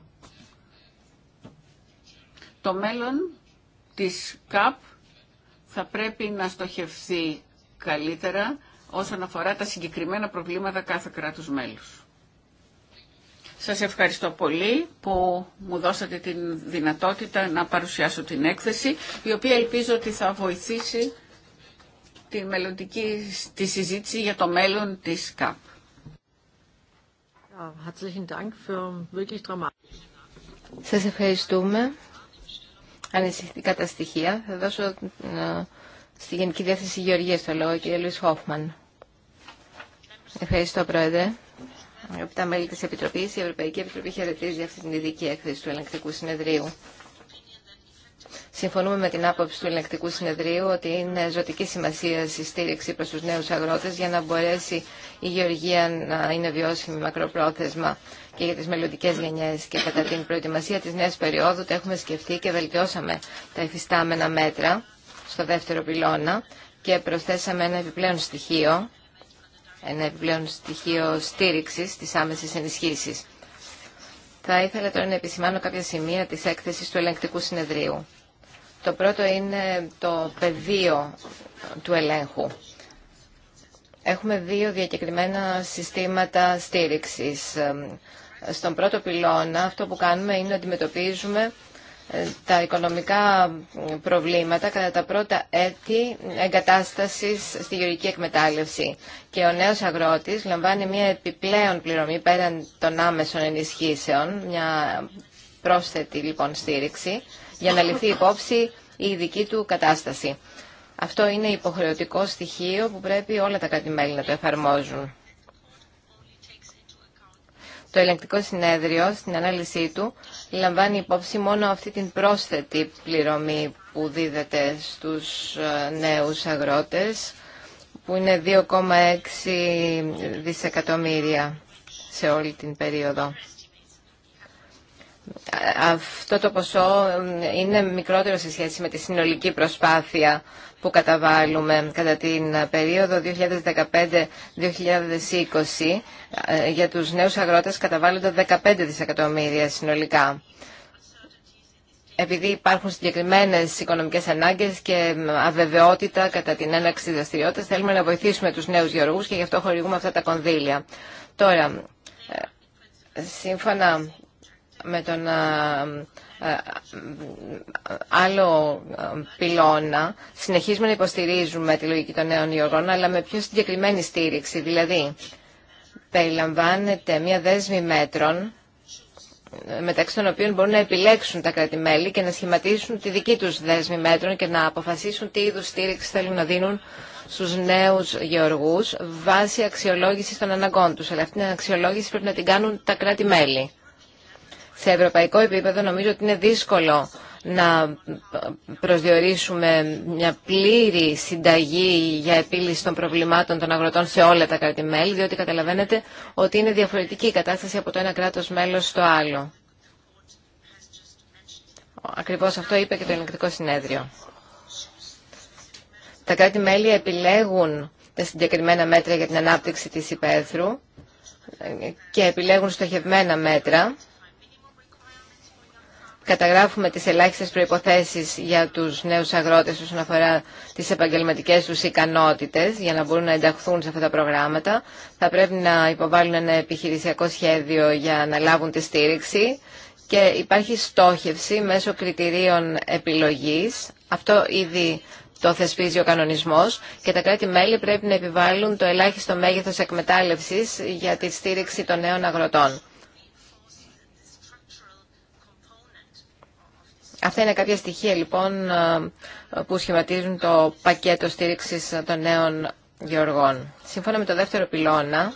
Το μέλλον της ΚΑΠ θα πρέπει να στοχευθεί καλύτερα όσον αφορά τα συγκεκριμένα προβλήματα κάθε κράτους μέλους. Σας ευχαριστώ πολύ που μου δώσατε την δυνατότητα να παρουσιάσω την έκθεση, η οποία ελπίζω ότι θα βοηθήσει τη μελλοντική τη συζήτηση για το μέλλον της ΚΑΠ. Σας ευχαριστούμε ανησυχητικά τα στοιχεία. Θα δώσω ε, στη Γενική Διεύθυνση Γεωργίας το λόγο, κύριε Λουίς Χόφμαν. Ευχαριστώ, Πρόεδρε. Αγαπητά μέλη τη Επιτροπή, η Ευρωπαϊκή Επιτροπή χαιρετίζει αυτή την ειδική έκθεση του Ελεγκτικού Συνεδρίου. Συμφωνούμε με την άποψη του Ελεκτικού συνεδρίου ότι είναι ζωτική σημασία η στήριξη προ του νέου αγρότε, για να μπορέσει η γεωργία να είναι βιώσιμη μακροπρόθεσμα και για τι μελλοντικέ γενιές και κατά την προετοιμασία τη νέα περίοδου το έχουμε σκεφτεί και βελτιώσαμε τα εφιστάμενα μέτρα στο δεύτερο πυλώνα και προσθέσαμε ένα επιπλέον στοιχείο ένα επιπλέον στοιχείο στήριξης της άμεσης ενισχύσης. Θα ήθελα τώρα να επισημάνω κάποια σημεία της έκθεσης του ελεγκτικού συνεδρίου. Το πρώτο είναι το πεδίο του ελέγχου. Έχουμε δύο διακεκριμένα συστήματα στήριξης. Στον πρώτο πυλώνα αυτό που κάνουμε είναι να αντιμετωπίζουμε ε, τα οικονομικά προβλήματα κατά τα πρώτα έτη εγκατάστασης στη γεωργική εκμετάλλευση. Και ο νέος αγρότης λαμβάνει μια επιπλέον πληρωμή πέραν των άμεσων ενισχύσεων, μια πρόσθετη λοιπόν στήριξη για να ληφθεί υπόψη η δική του κατάσταση. Αυτό είναι υποχρεωτικό στοιχείο που πρέπει όλα τα κρατη να το εφαρμόζουν. Το ελεγκτικό συνέδριο στην ανάλυση του λαμβάνει υπόψη μόνο αυτή την πρόσθετη πληρωμή που δίδεται στους ε, νέους αγρότες που είναι 2,6 δισεκατομμύρια σε όλη την περίοδο αυτό το ποσό είναι μικρότερο σε σχέση με τη συνολική προσπάθεια που καταβάλουμε κατά την περίοδο 2015-2020. Ε, για τους νέους αγρότες καταβάλλονται 15 δισεκατομμύρια συνολικά. Επειδή υπάρχουν συγκεκριμένες οικονομικές ανάγκες και αβεβαιότητα κατά την έναρξη δραστηριότητα, θέλουμε να βοηθήσουμε τους νέους γεωργούς και γι' αυτό χορηγούμε αυτά τα κονδύλια. Τώρα, ε, σύμφωνα με τον ε, ε, άλλο ε, πυλώνα συνεχίζουμε να υποστηρίζουμε τη λογική των νέων γεωργών αλλά με πιο συγκεκριμένη στήριξη. Δηλαδή, περιλαμβάνεται μια δέσμη μέτρων μεταξύ των οποίων μπορούν να επιλέξουν τα κράτη-μέλη και να σχηματίσουν τη δική τους δέσμη μέτρων και να αποφασίσουν τι είδους στήριξη θέλουν να δίνουν στους νέους γεωργούς βάσει αξιολόγησης των αναγκών τους. Αλλά αυτή την αξιολόγηση πρέπει να την κάνουν τα κράτη-μέλη σε ευρωπαϊκό επίπεδο νομίζω ότι είναι δύσκολο να προσδιορίσουμε μια πλήρη συνταγή για επίλυση των προβλημάτων των αγροτών σε όλα τα κράτη-μέλη, διότι καταλαβαίνετε ότι είναι διαφορετική η κατάσταση από το ένα κράτος μέλος στο άλλο. Ακριβώς αυτό είπε και το Ελληνικό Συνέδριο. Τα κράτη-μέλη επιλέγουν τα συγκεκριμένα μέτρα για την ανάπτυξη της υπαίθρου και επιλέγουν στοχευμένα μέτρα καταγράφουμε τις ελάχιστες προϋποθέσεις για τους νέους αγρότες όσον αφορά τις επαγγελματικές τους ικανότητες για να μπορούν να ενταχθούν σε αυτά τα προγράμματα. Θα πρέπει να υποβάλουν ένα επιχειρησιακό σχέδιο για να λάβουν τη στήριξη και υπάρχει στόχευση μέσω κριτηρίων επιλογής. Αυτό ήδη το θεσπίζει ο κανονισμός και τα κράτη-μέλη πρέπει να επιβάλλουν το ελάχιστο μέγεθος εκμετάλλευσης για τη στήριξη των νέων αγροτών. Αυτά είναι κάποια στοιχεία λοιπόν ε, που σχηματίζουν το πακέτο στήριξης των νέων γεωργών. Σύμφωνα με το δεύτερο πυλώνα,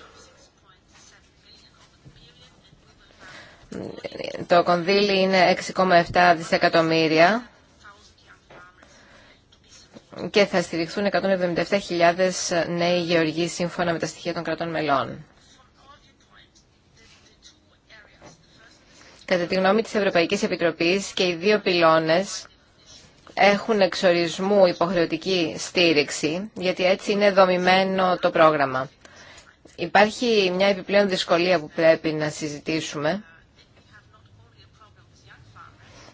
το κονδύλι είναι 6,7 δισεκατομμύρια και θα στηριχθούν 177.000 νέοι γεωργοί σύμφωνα με τα στοιχεία των κρατών μελών. Κατά τη γνώμη της Ευρωπαϊκής Επιτροπής και οι δύο πυλώνες έχουν εξορισμού υποχρεωτική στήριξη, γιατί έτσι είναι δομημένο το πρόγραμμα. Υπάρχει μια επιπλέον δυσκολία που πρέπει να συζητήσουμε.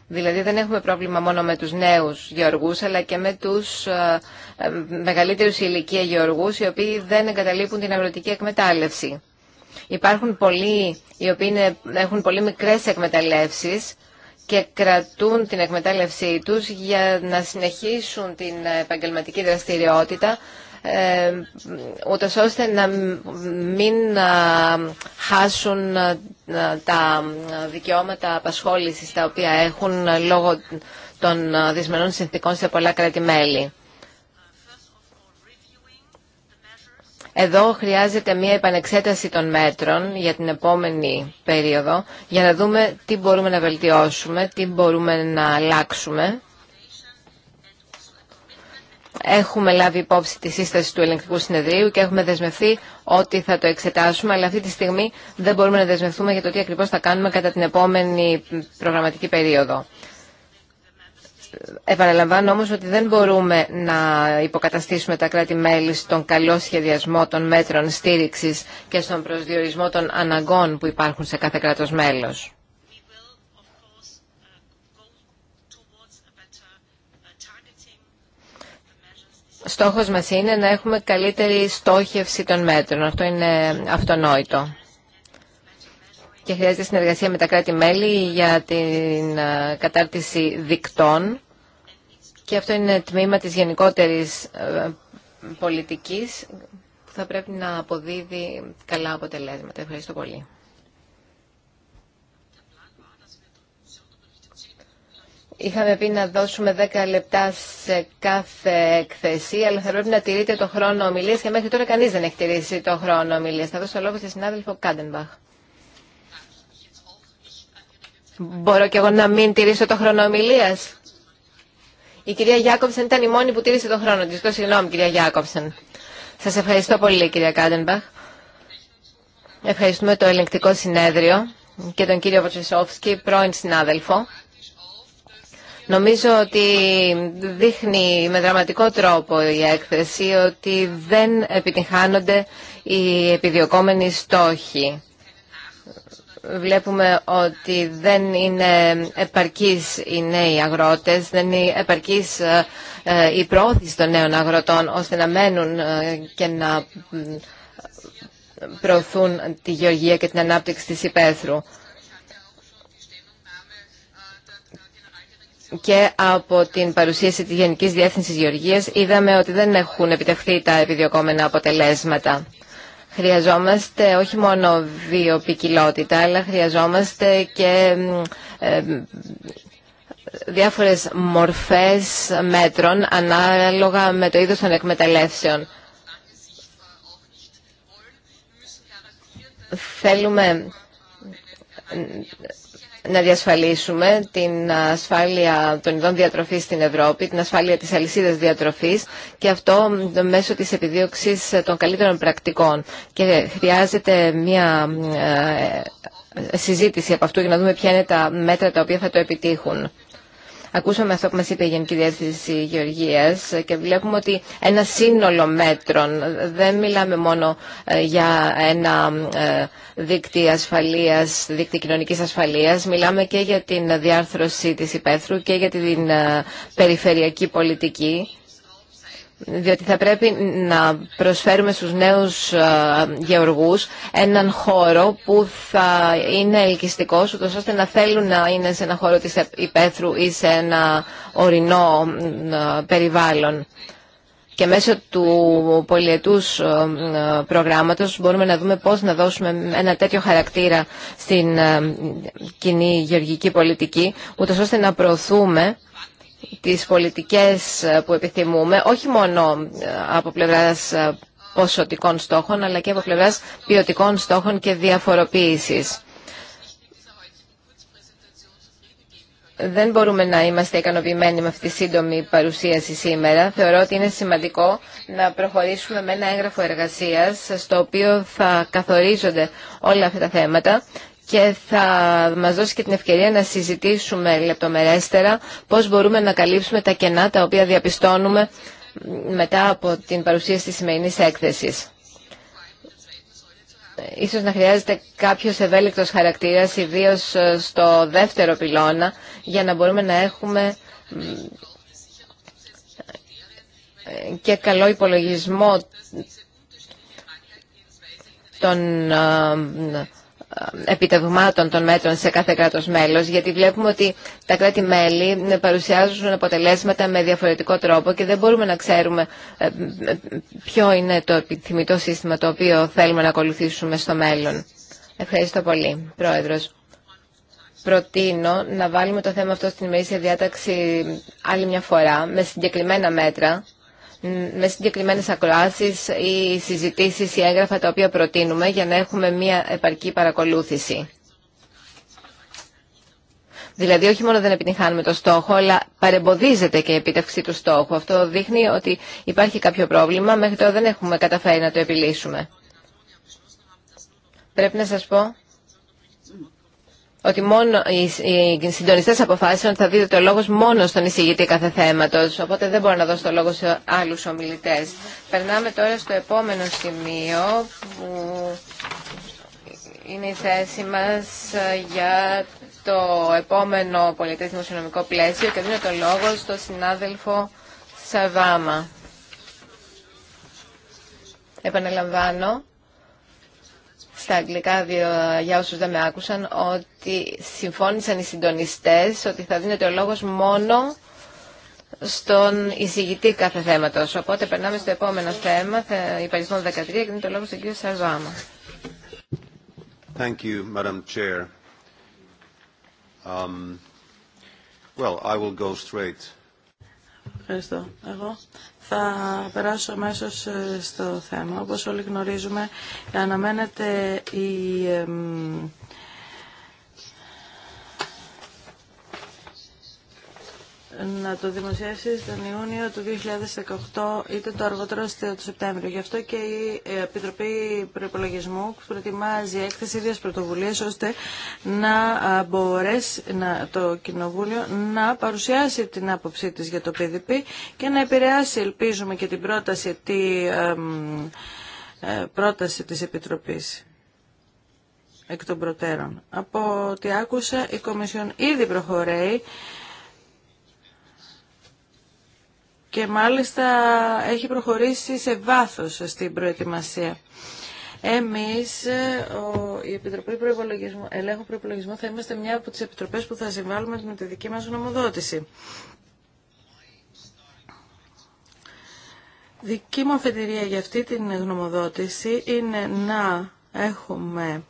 Δηλαδή δεν έχουμε πρόβλημα μόνο με τους νέους γεωργούς, αλλά και με τους ε, ε, μεγαλύτερους ηλικία γεωργούς, οι οποίοι δεν εγκαταλείπουν την αγροτική εκμετάλλευση. Υπάρχουν πολλοί οι οποίοι έχουν πολύ μικρές εκμεταλλεύσεις και κρατούν την εκμετάλλευσή τους για να συνεχίσουν την επαγγελματική δραστηριότητα ε, ούτως ώστε να μην χάσουν τα δικαιώματα απασχόλησης τα οποία έχουν λόγω των δυσμενών συνθήκων σε πολλά κράτη-μέλη. Εδώ χρειάζεται μια επανεξέταση των μέτρων για την επόμενη περίοδο για να δούμε τι μπορούμε να βελτιώσουμε, τι μπορούμε να αλλάξουμε. Έχουμε λάβει υπόψη τη σύσταση του ελεγκτικού συνεδρίου και έχουμε δεσμευθεί ότι θα το εξετάσουμε, αλλά αυτή τη στιγμή δεν μπορούμε να δεσμευτούμε για το τι ακριβώς θα κάνουμε κατά την επόμενη προγραμματική περίοδο. Επαναλαμβάνω όμως ότι δεν μπορούμε να υποκαταστήσουμε τα κράτη-μέλη στον καλό σχεδιασμό των μέτρων στήριξης και στον προσδιορισμό των αναγκών που υπάρχουν σε κάθε κράτος μέλος. Στόχος μας είναι να έχουμε καλύτερη στόχευση των μέτρων. Αυτό είναι αυτονόητο. Και χρειάζεται συνεργασία με τα κράτη-μέλη για την ε, κατάρτιση δικτών και αυτό είναι τμήμα της γενικότερης ε, πολιτικής που θα πρέπει να αποδίδει καλά αποτελέσματα. Ευχαριστώ πολύ. Είχαμε πει να δώσουμε 10 λεπτά σε κάθε έκθεση, αλλά θα πρέπει να τηρείτε το χρόνο ομιλίας και μέχρι τώρα κανείς δεν έχει τηρήσει το χρόνο ομιλίας. Θα δώσω λόγο στη συνάδελφο Κάντενμπαχ. Μπορώ κι εγώ να μην τηρήσω το χρόνο ομιλίας. Η κυρία Γιάκοψεν ήταν η μόνη που τήρησε τον χρόνο της. Το συγγνώμη κυρία Γιάκοψεν. Σας ευχαριστώ πολύ κυρία Κάντενμπαχ. Ευχαριστούμε το ελεγκτικό συνέδριο και τον κύριο Βοτσεσόφσκι, πρώην συνάδελφο. Νομίζω ότι δείχνει με δραματικό τρόπο η έκθεση ότι δεν επιτυχάνονται οι επιδιωκόμενοι στόχοι βλέπουμε ότι δεν είναι επαρκείς οι νέοι αγρότες, δεν είναι επαρκείς η ε, ε, πρόοδηση των νέων αγροτών ώστε να μένουν ε, και να προωθούν τη γεωργία και την ανάπτυξη της υπαίθρου. και από την παρουσίαση της Γενικής Διεύθυνσης Γεωργίας είδαμε ότι δεν έχουν επιτευχθεί τα επιδιωκόμενα αποτελέσματα. Χρειαζόμαστε όχι μόνο βιοπικιλότητα, αλλά χρειαζόμαστε και ε, διάφορες μορφές μέτρων ανάλογα με το είδος των εκμεταλλεύσεων. Θέλουμε να διασφαλίσουμε την ασφάλεια των ειδών διατροφής στην Ευρώπη, την ασφάλεια της αλυσίδας διατροφής και αυτό μέσω της επιδίωξης των καλύτερων πρακτικών. Και χρειάζεται μια ε, συζήτηση από αυτού για να δούμε ποια είναι τα μέτρα τα οποία θα το επιτύχουν. Ακούσαμε αυτό που μας είπε η Γενική Διεύθυνση Γεωργίας και βλέπουμε ότι ένα σύνολο μέτρων, δεν μιλάμε μόνο ε, για ένα ε, δίκτυο ασφαλείας, δίκτυο κοινωνικής ασφαλείας, μιλάμε και για την διάρθρωση της υπαίθρου και για την ε, περιφερειακή πολιτική διότι θα πρέπει να προσφέρουμε στους νέους ε, γεωργούς έναν χώρο που θα είναι ελκυστικό, ούτως ώστε να θέλουν να είναι σε ένα χώρο της υπαίθρου ή σε ένα ορεινό ε, περιβάλλον. Και μέσω του πολιετούς ε, προγράμματος μπορούμε να δούμε πώς να δώσουμε ένα τέτοιο χαρακτήρα στην κοινή γεωργική πολιτική, ούτως ώστε να προωθούμε τις πολιτικές ε, που επιθυμούμε, όχι μόνο ε, από πλευράς ε, ποσοτικών στόχων, αλλά και από πλευράς ποιοτικών στόχων και διαφοροποίησης. Δεν μπορούμε να είμαστε ικανοποιημένοι με αυτή τη σύντομη παρουσίαση σήμερα. Θεωρώ ότι είναι σημαντικό να προχωρήσουμε με ένα έγγραφο εργασίας στο οποίο θα καθορίζονται όλα αυτά τα θέματα και θα μας δώσει και την ευκαιρία να συζητήσουμε λεπτομερέστερα πώς μπορούμε να καλύψουμε τα κενά τα οποία διαπιστώνουμε μετά από την παρουσίαση της σημερινής έκθεσης. Ίσως να χρειάζεται κάποιος ευέλικτος χαρακτήρας, ιδίως στο δεύτερο πυλώνα, για να μπορούμε να έχουμε και καλό υπολογισμό των επιτευγμάτων των μέτρων σε κάθε κράτος μέλος, γιατί βλέπουμε ότι τα κράτη-μέλη ε, παρουσιάζουν αποτελέσματα με διαφορετικό τρόπο και δεν μπορούμε να ξέρουμε ε, ποιο είναι το επιθυμητό σύστημα το οποίο θέλουμε να ακολουθήσουμε στο μέλλον. Ευχαριστώ πολύ, Πρόεδρος. Προτείνω να βάλουμε το θέμα αυτό στην ημερήσια διάταξη άλλη μια φορά, με συγκεκριμένα μέτρα, με συγκεκριμένε ακροάσει ή συζητήσει ή έγγραφα τα οποία προτείνουμε για να έχουμε μια επαρκή παρακολούθηση. Δηλαδή όχι μόνο δεν επιτυχάνουμε το στόχο, αλλά παρεμποδίζεται και η επίτευξη του στόχου. Αυτό δείχνει ότι υπάρχει κάποιο πρόβλημα, μέχρι τώρα δεν έχουμε καταφέρει να το επιλύσουμε. Πρέπει να σας πω ότι μόνο οι συντονιστέ αποφάσισαν ότι θα δίδεται ο λόγο μόνο στον εισηγητή κάθε θέματο. Οπότε δεν μπορώ να δώσω το λόγο σε άλλου ομιλητέ. Περνάμε τώρα στο επόμενο σημείο που είναι η θέση μα για το επόμενο πολιτέ δημοσιονομικό πλαίσιο και δίνω το λόγο στον συνάδελφο Σαβάμα. Επαναλαμβάνω στα αγγλικά για όσους δεν με άκουσαν ότι συμφώνησαν οι συντονιστές ότι θα δίνεται ο λόγος μόνο στον εισηγητή κάθε θέματος. Οπότε περνάμε στο επόμενο θέμα, θα 13 και το λόγο στον κύριο Σαρβάμα. Thank you, Madam Chair. Um, well, I will go straight. Ευχαριστώ. Εγώ θα περάσω αμέσω ε, στο θέμα. Όπως όλοι γνωρίζουμε, αναμένεται η να το δημοσιεύσει τον Ιούνιο του 2018 είτε το αργότερο του Σεπτέμβριο. Γι' αυτό και η ε, Επιτροπή Προπολογισμού προετοιμάζει έκθεση ίδιας πρωτοβουλίας ώστε να μπορέσει να, το Κοινοβούλιο να παρουσιάσει την άποψή της για το PDP και να επηρεάσει ελπίζουμε και την πρόταση, τη, ε, πρόταση της Επιτροπής εκ των προτέρων. Από ό,τι άκουσα η Κομισιόν ήδη προχωρεί και μάλιστα έχει προχωρήσει σε βάθος στην προετοιμασία. Εμείς, ε, ο, η Επιτροπή Προϋπολογισμού, Ελέγχου Προϋπολογισμού, θα είμαστε μια από τις επιτροπές που θα συμβάλλουμε με τη δική μας γνωμοδότηση. Δική μου αφεντηρία για αυτή την γνωμοδότηση είναι να έχουμε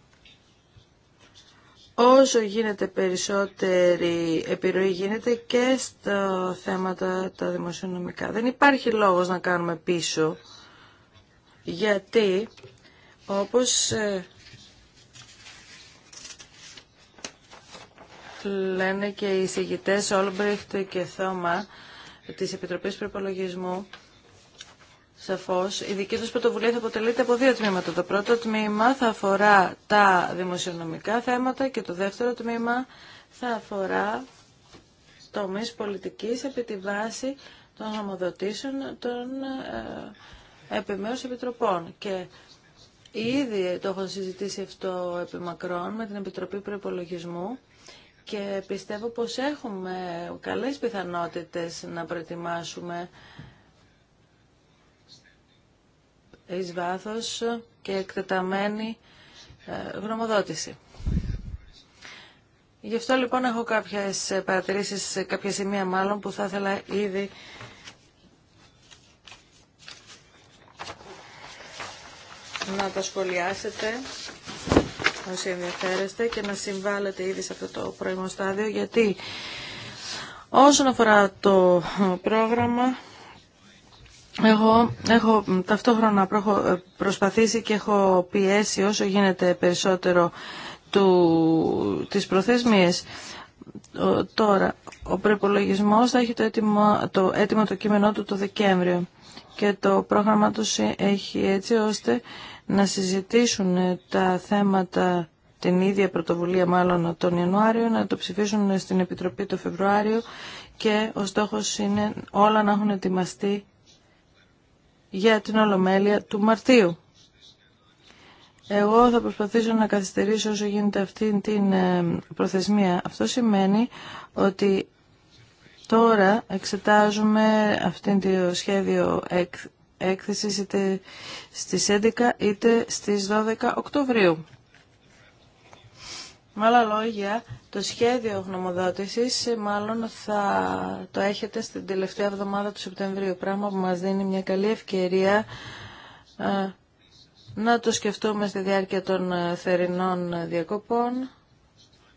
όσο γίνεται περισσότερη επιρροή γίνεται και στα θέματα τα δημοσιονομικά. Δεν υπάρχει λόγος να κάνουμε πίσω, γιατί όπως ε, λένε και οι συγητές Όλμπριχτ και Θώμα της Επιτροπής Προπολογισμού, Σαφώ. η δική του πρωτοβουλία θα αποτελείται από δύο τμήματα. Το πρώτο τμήμα θα αφορά τα δημοσιονομικά θέματα και το δεύτερο τμήμα θα αφορά τομεί πολιτικής επί τη βάση των νομοδοτήσεων των ε, επιμέρους επιτροπών. Και ήδη το έχω συζητήσει αυτό επί μακρόν με την Επιτροπή Προπολογισμού και πιστεύω πως έχουμε καλές πιθανότητες να προετοιμάσουμε εις βάθος και εκτεταμένη ε, γνωμοδότηση. Γι' αυτό λοιπόν έχω κάποιες παρατηρήσεις, κάποια σημεία μάλλον που θα ήθελα ήδη να τα σχολιάσετε όσοι ενδιαφέρεστε και να συμβάλλετε ήδη σε αυτό το πρώιμο στάδιο γιατί όσον αφορά το πρόγραμμα εγώ έχω ταυτόχρονα προσπαθήσει και έχω πιέσει όσο γίνεται περισσότερο του, τις προθεσμίες. Τώρα, ο προπολογισμό θα έχει το έτοιμο, το έτοιμο το κείμενό του το Δεκέμβριο και το πρόγραμμα του έχει έτσι ώστε να συζητήσουν τα θέματα την ίδια πρωτοβουλία μάλλον τον Ιανουάριο, να το ψηφίσουν στην Επιτροπή το Φεβρουάριο και ο στόχος είναι όλα να έχουν ετοιμαστεί για την Ολομέλεια του Μαρτίου. Εγώ θα προσπαθήσω να καθυστερήσω όσο γίνεται αυτή την ε, προθεσμία. Αυτό σημαίνει ότι τώρα εξετάζουμε αυτή το σχέδιο έκθεσης είτε στις 11 είτε στις 12 Οκτωβρίου. Με άλλα λόγια, το σχέδιο γνωμοδότησης μάλλον θα το έχετε στην τελευταία εβδομάδα του Σεπτεμβρίου, πράγμα που μας δίνει μια καλή ευκαιρία ε, να το σκεφτούμε στη διάρκεια των ε, θερινών διακοπών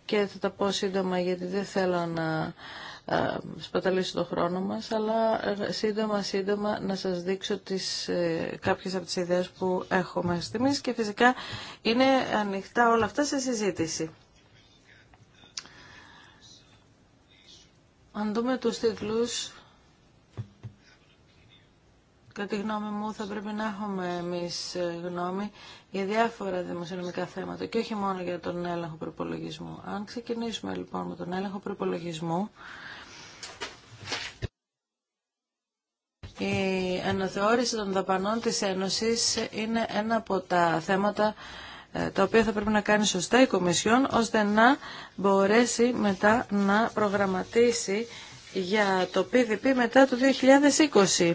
και θα τα πω σύντομα γιατί δεν θέλω να ε, σπαταλήσω το χρόνο μας, αλλά σύντομα σύντομα να σας δείξω τις, κάποιες από τις ιδέες που έχω μέσα στιγμής και φυσικά είναι ανοιχτά όλα αυτά σε συζήτηση. Αν δούμε τους τίτλους, κατά τη γνώμη μου θα πρέπει να έχουμε εμείς ε, γνώμη για διάφορα δημοσιονομικά θέματα και όχι μόνο για τον έλεγχο προπολογισμού. Αν ξεκινήσουμε λοιπόν με τον έλεγχο προπολογισμού, η αναθεώρηση των δαπανών της Ένωσης είναι ένα από τα θέματα ε, τα οποία θα πρέπει να κάνει σωστά η Κομισιόν ώστε να μπορέσει μετά να προγραμματίσει για το PDP μετά το 2020.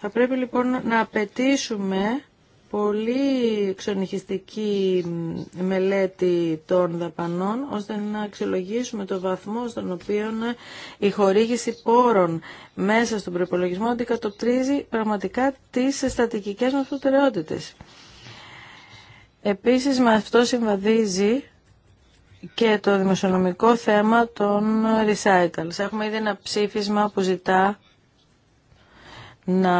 Θα πρέπει λοιπόν να απαιτήσουμε πολύ ξενυχιστική μελέτη των δαπανών ώστε να αξιολογήσουμε το βαθμό στον οποίο η χορήγηση πόρων μέσα στον προπολογισμό αντικατοπτρίζει πραγματικά τις στατικικές μας προτεραιότητες. Επίσης με αυτό συμβαδίζει και το δημοσιονομικό θέμα των recitals. Έχουμε ήδη ένα ψήφισμα που ζητά να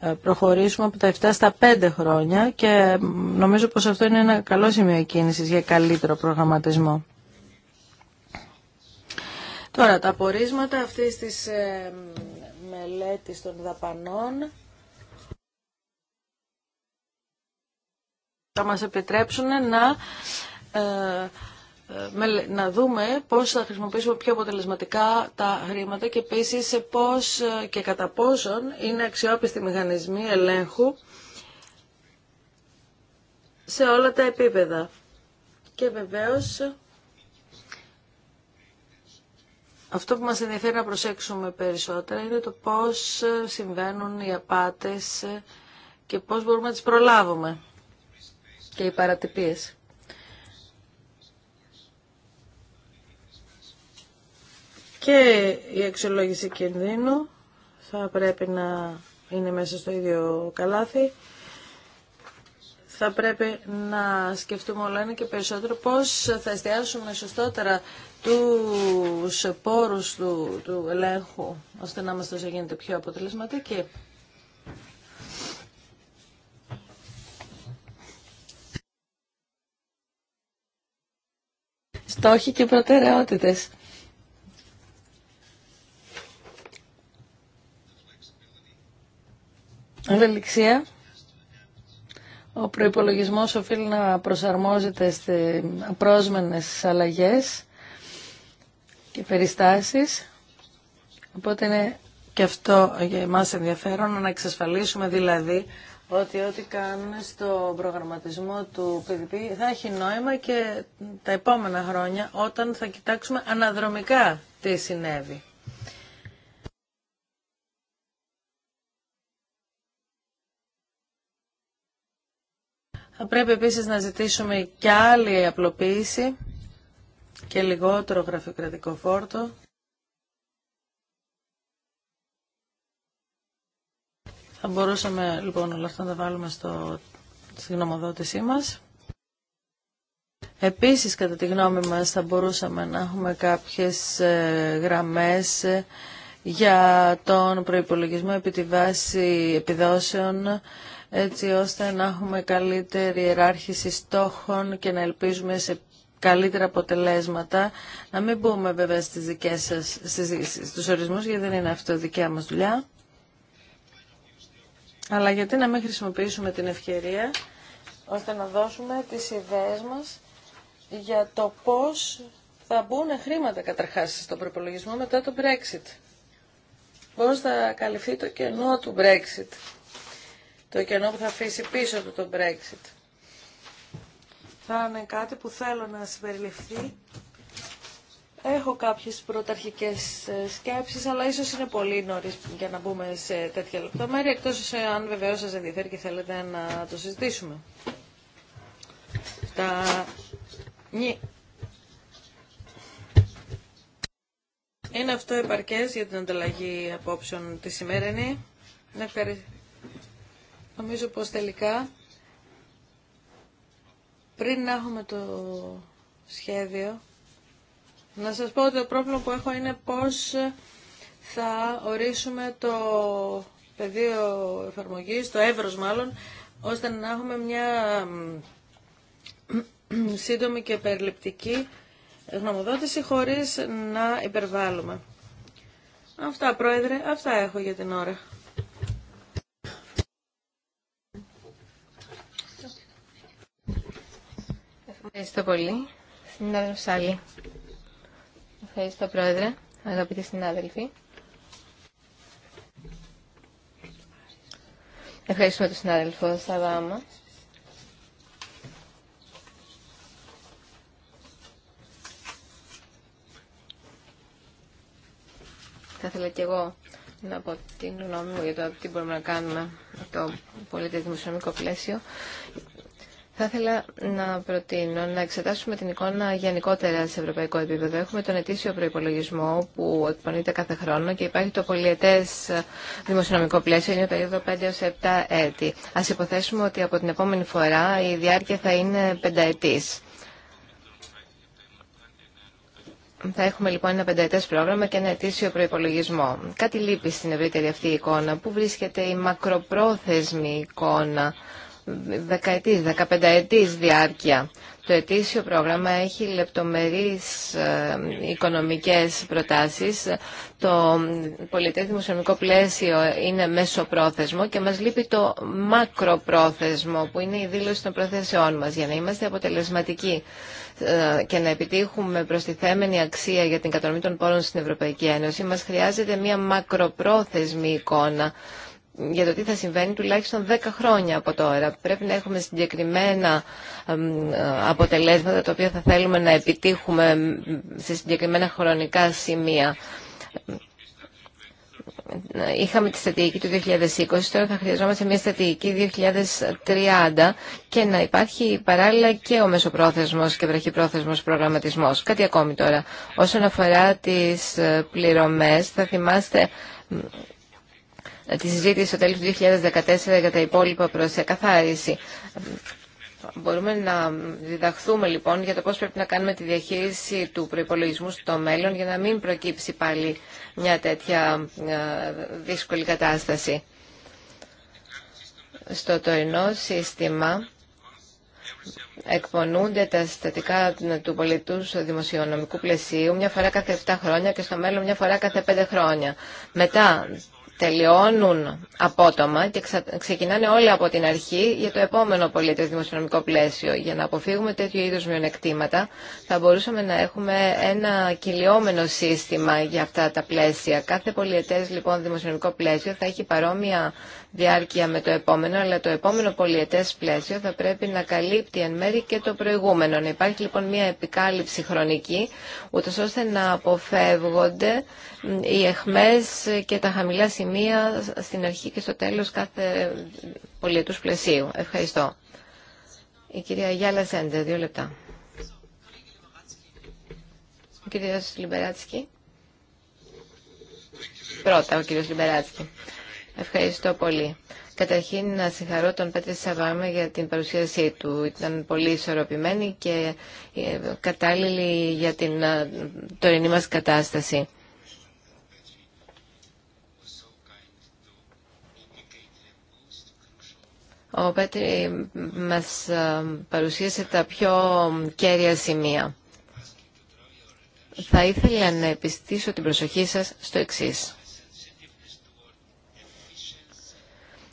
ε, προχωρήσουμε από τα 7 στα 5 χρόνια και νομίζω πως αυτό είναι ένα καλό σημείο κίνησης για καλύτερο προγραμματισμό. Τώρα, τα απορίσματα αυτής της ε, μελέτης των δαπανών θα μας επιτρέψουν να ε, ε, να δούμε πώς θα χρησιμοποιήσουμε πιο αποτελεσματικά τα χρήματα και επίσης πώς ε, και κατά πόσον είναι αξιόπιστοι μηχανισμοί ελέγχου σε όλα τα επίπεδα. Και βεβαίως αυτό που μας ενδιαφέρει να προσέξουμε περισσότερα είναι το πώς συμβαίνουν οι απάτες και πώς μπορούμε να τις προλάβουμε και οι παρατυπίες. Και η αξιολόγηση κινδύνου θα πρέπει να είναι μέσα στο ίδιο καλάθι. Θα πρέπει να σκεφτούμε όλο ένα και περισσότερο πώς θα εστιάσουμε σωστότερα τους πόρους του, του ελέγχου, ώστε να μας όσο γίνεται πιο αποτελεσματικοί. στόχοι και προτεραιότητες. Ευελιξία. Ο προϋπολογισμός οφείλει να προσαρμόζεται σε απρόσμενες αλλαγές και περιστάσεις. Οπότε είναι και αυτό για εμάς ενδιαφέρον να εξασφαλίσουμε δηλαδή ότι ό,τι κάνουν στο προγραμματισμό του PDP θα έχει νόημα και τα επόμενα χρόνια όταν θα κοιτάξουμε αναδρομικά τι συνέβη. Θα πρέπει επίσης να ζητήσουμε και άλλη απλοποίηση και λιγότερο γραφειοκρατικό φόρτο. Θα μπορούσαμε λοιπόν όλα αυτά να τα βάλουμε στο, στη γνωμοδότησή μας. Επίσης, κατά τη γνώμη μας, θα μπορούσαμε να έχουμε κάποιες ε, γραμμές ε, για τον προϋπολογισμό επί τη βάση επιδόσεων, έτσι ώστε να έχουμε καλύτερη ιεράρχηση στόχων και να ελπίζουμε σε καλύτερα αποτελέσματα. Να μην μπούμε βέβαια στις δικές σας, στις, στους ορισμούς, γιατί δεν είναι αυτό δικιά μας δουλειά αλλά γιατί να μην χρησιμοποιήσουμε την ευκαιρία ώστε να δώσουμε τις ιδέες μας για το πώς θα μπουν χρήματα καταρχάς στον προπολογισμό μετά το Brexit. Πώς θα καλυφθεί το κενό του Brexit. Το κενό που θα αφήσει πίσω του το Brexit. Θα είναι κάτι που θέλω να συμπεριληφθεί Έχω κάποιες πρωταρχικές ε, σκέψεις, αλλά ίσως είναι πολύ νωρίς για να μπούμε σε τέτοια λεπτομέρεια, εκτός ε, αν βεβαίως σας ενδιαφέρει και θέλετε να το συζητήσουμε. Τα... Είναι αυτό επαρκές για την ανταλλαγή απόψεων τη σημερινή. Να Νομίζω πως τελικά πριν να έχουμε το σχέδιο να σας πω ότι το πρόβλημα που έχω είναι πώς θα ορίσουμε το πεδίο εφαρμογής, το εύρος μάλλον, ώστε να έχουμε μια σύντομη και περιληπτική γνωμοδότηση χωρίς να υπερβάλλουμε. Αυτά, Πρόεδρε, αυτά έχω για την ώρα. Ευχαριστώ πολύ. Συνάδελφος Άλλη. Ευχαριστώ, Πρόεδρε, αγαπητοί συνάδελφοι. Ευχαριστούμε τον συνάδελφο Σαββάμα. Θα ήθελα και εγώ να πω την γνώμη μου για το τι μπορούμε να κάνουμε με το πολιτικό δημοσιονομικό πλαίσιο. Θα ήθελα να προτείνω να εξετάσουμε την εικόνα γενικότερα σε ευρωπαϊκό επίπεδο. Έχουμε τον ετήσιο προπολογισμό που εκπονείται κάθε χρόνο και υπάρχει το πολιετέ δημοσιονομικό πλαίσιο, είναι περίοδο 5 7 έτη. Α υποθέσουμε ότι από την επόμενη φορά η διάρκεια θα είναι πενταετή. Θα έχουμε λοιπόν ένα πενταετέ πρόγραμμα και ένα ετήσιο προπολογισμό. Κάτι λείπει στην ευρύτερη αυτή εικόνα. Πού βρίσκεται η μακροπρόθεσμη εικόνα δεκαετής, δεκαπενταετής διάρκεια. Το ετήσιο πρόγραμμα έχει λεπτομερείς ε, οικονομικές προτάσεις. Το πολιτεύθυνο οικονομικό πλαίσιο είναι μεσοπρόθεσμο και μας λείπει το μακροπρόθεσμο που είναι η δήλωση των προθέσεών μας. Για να είμαστε αποτελεσματικοί ε, και να επιτύχουμε προστιθέμενη αξία για την κατανομή των πόρων στην Ευρωπαϊκή Ένωση, μας χρειάζεται μια μακροπρόθεσμη εικόνα για το τι θα συμβαίνει τουλάχιστον 10 χρόνια από τώρα. Πρέπει να έχουμε συγκεκριμένα αποτελέσματα τα οποία θα θέλουμε να επιτύχουμε σε συγκεκριμένα χρονικά σημεία. Είχαμε τη στρατηγική του 2020, τώρα θα χρειαζόμαστε μια στρατηγική 2030 και να υπάρχει παράλληλα και ο μεσοπρόθεσμος και βραχυπρόθεσμος προγραμματισμός. Κάτι ακόμη τώρα. Όσον αφορά τις ε, πληρωμές, θα θυμάστε τη συζήτηση στο τέλος του 2014 για τα υπόλοιπα προς εκαθάριση. Μπορούμε να διδαχθούμε λοιπόν για το πώς πρέπει να κάνουμε τη διαχείριση του προϋπολογισμού στο μέλλον για να μην προκύψει πάλι μια τέτοια ε, δύσκολη κατάσταση. Στο τωρινό σύστημα εκπονούνται τα συστατικά του πολιτού δημοσιονομικού πλαισίου μια φορά κάθε 7 χρόνια και στο μέλλον μια φορά κάθε 5 χρόνια. Μετά τελειώνουν απότομα και ξεκινάνε όλα από την αρχή για το επόμενο πολιτικό δημοσιονομικό πλαίσιο. Για να αποφύγουμε τέτοιου είδους μειονεκτήματα θα μπορούσαμε να έχουμε ένα κυλιόμενο σύστημα για αυτά τα πλαίσια. Κάθε πολιετές λοιπόν δημοσιονομικό πλαίσιο θα έχει παρόμοια διάρκεια με το επόμενο, αλλά το επόμενο πολιετές πλαίσιο θα πρέπει να καλύπτει εν μέρη και το προηγούμενο. Να υπάρχει λοιπόν μια επικάλυψη χρονική, ούτω ώστε να αποφεύγονται οι εχμές και τα χαμηλά σημεία στην αρχή και στο τέλος κάθε πολιετούς πλαισίου. Ευχαριστώ. Η κυρία Γιάλα Σέντε, δύο λεπτά. Ο κύριος Πρώτα ο κύριος Λιμπεράτσκι. Ευχαριστώ πολύ. Καταρχήν να συγχαρώ τον Πέτρη Σαββάμα για την παρουσίασή του. Ήταν πολύ ισορροπημένη και ε, κατάλληλη για την ε, τωρινή μας κατάσταση. Ο Πέτρη μας ε, παρουσίασε τα πιο κέρια σημεία. Θα ήθελα να επιστήσω την προσοχή σας στο εξής.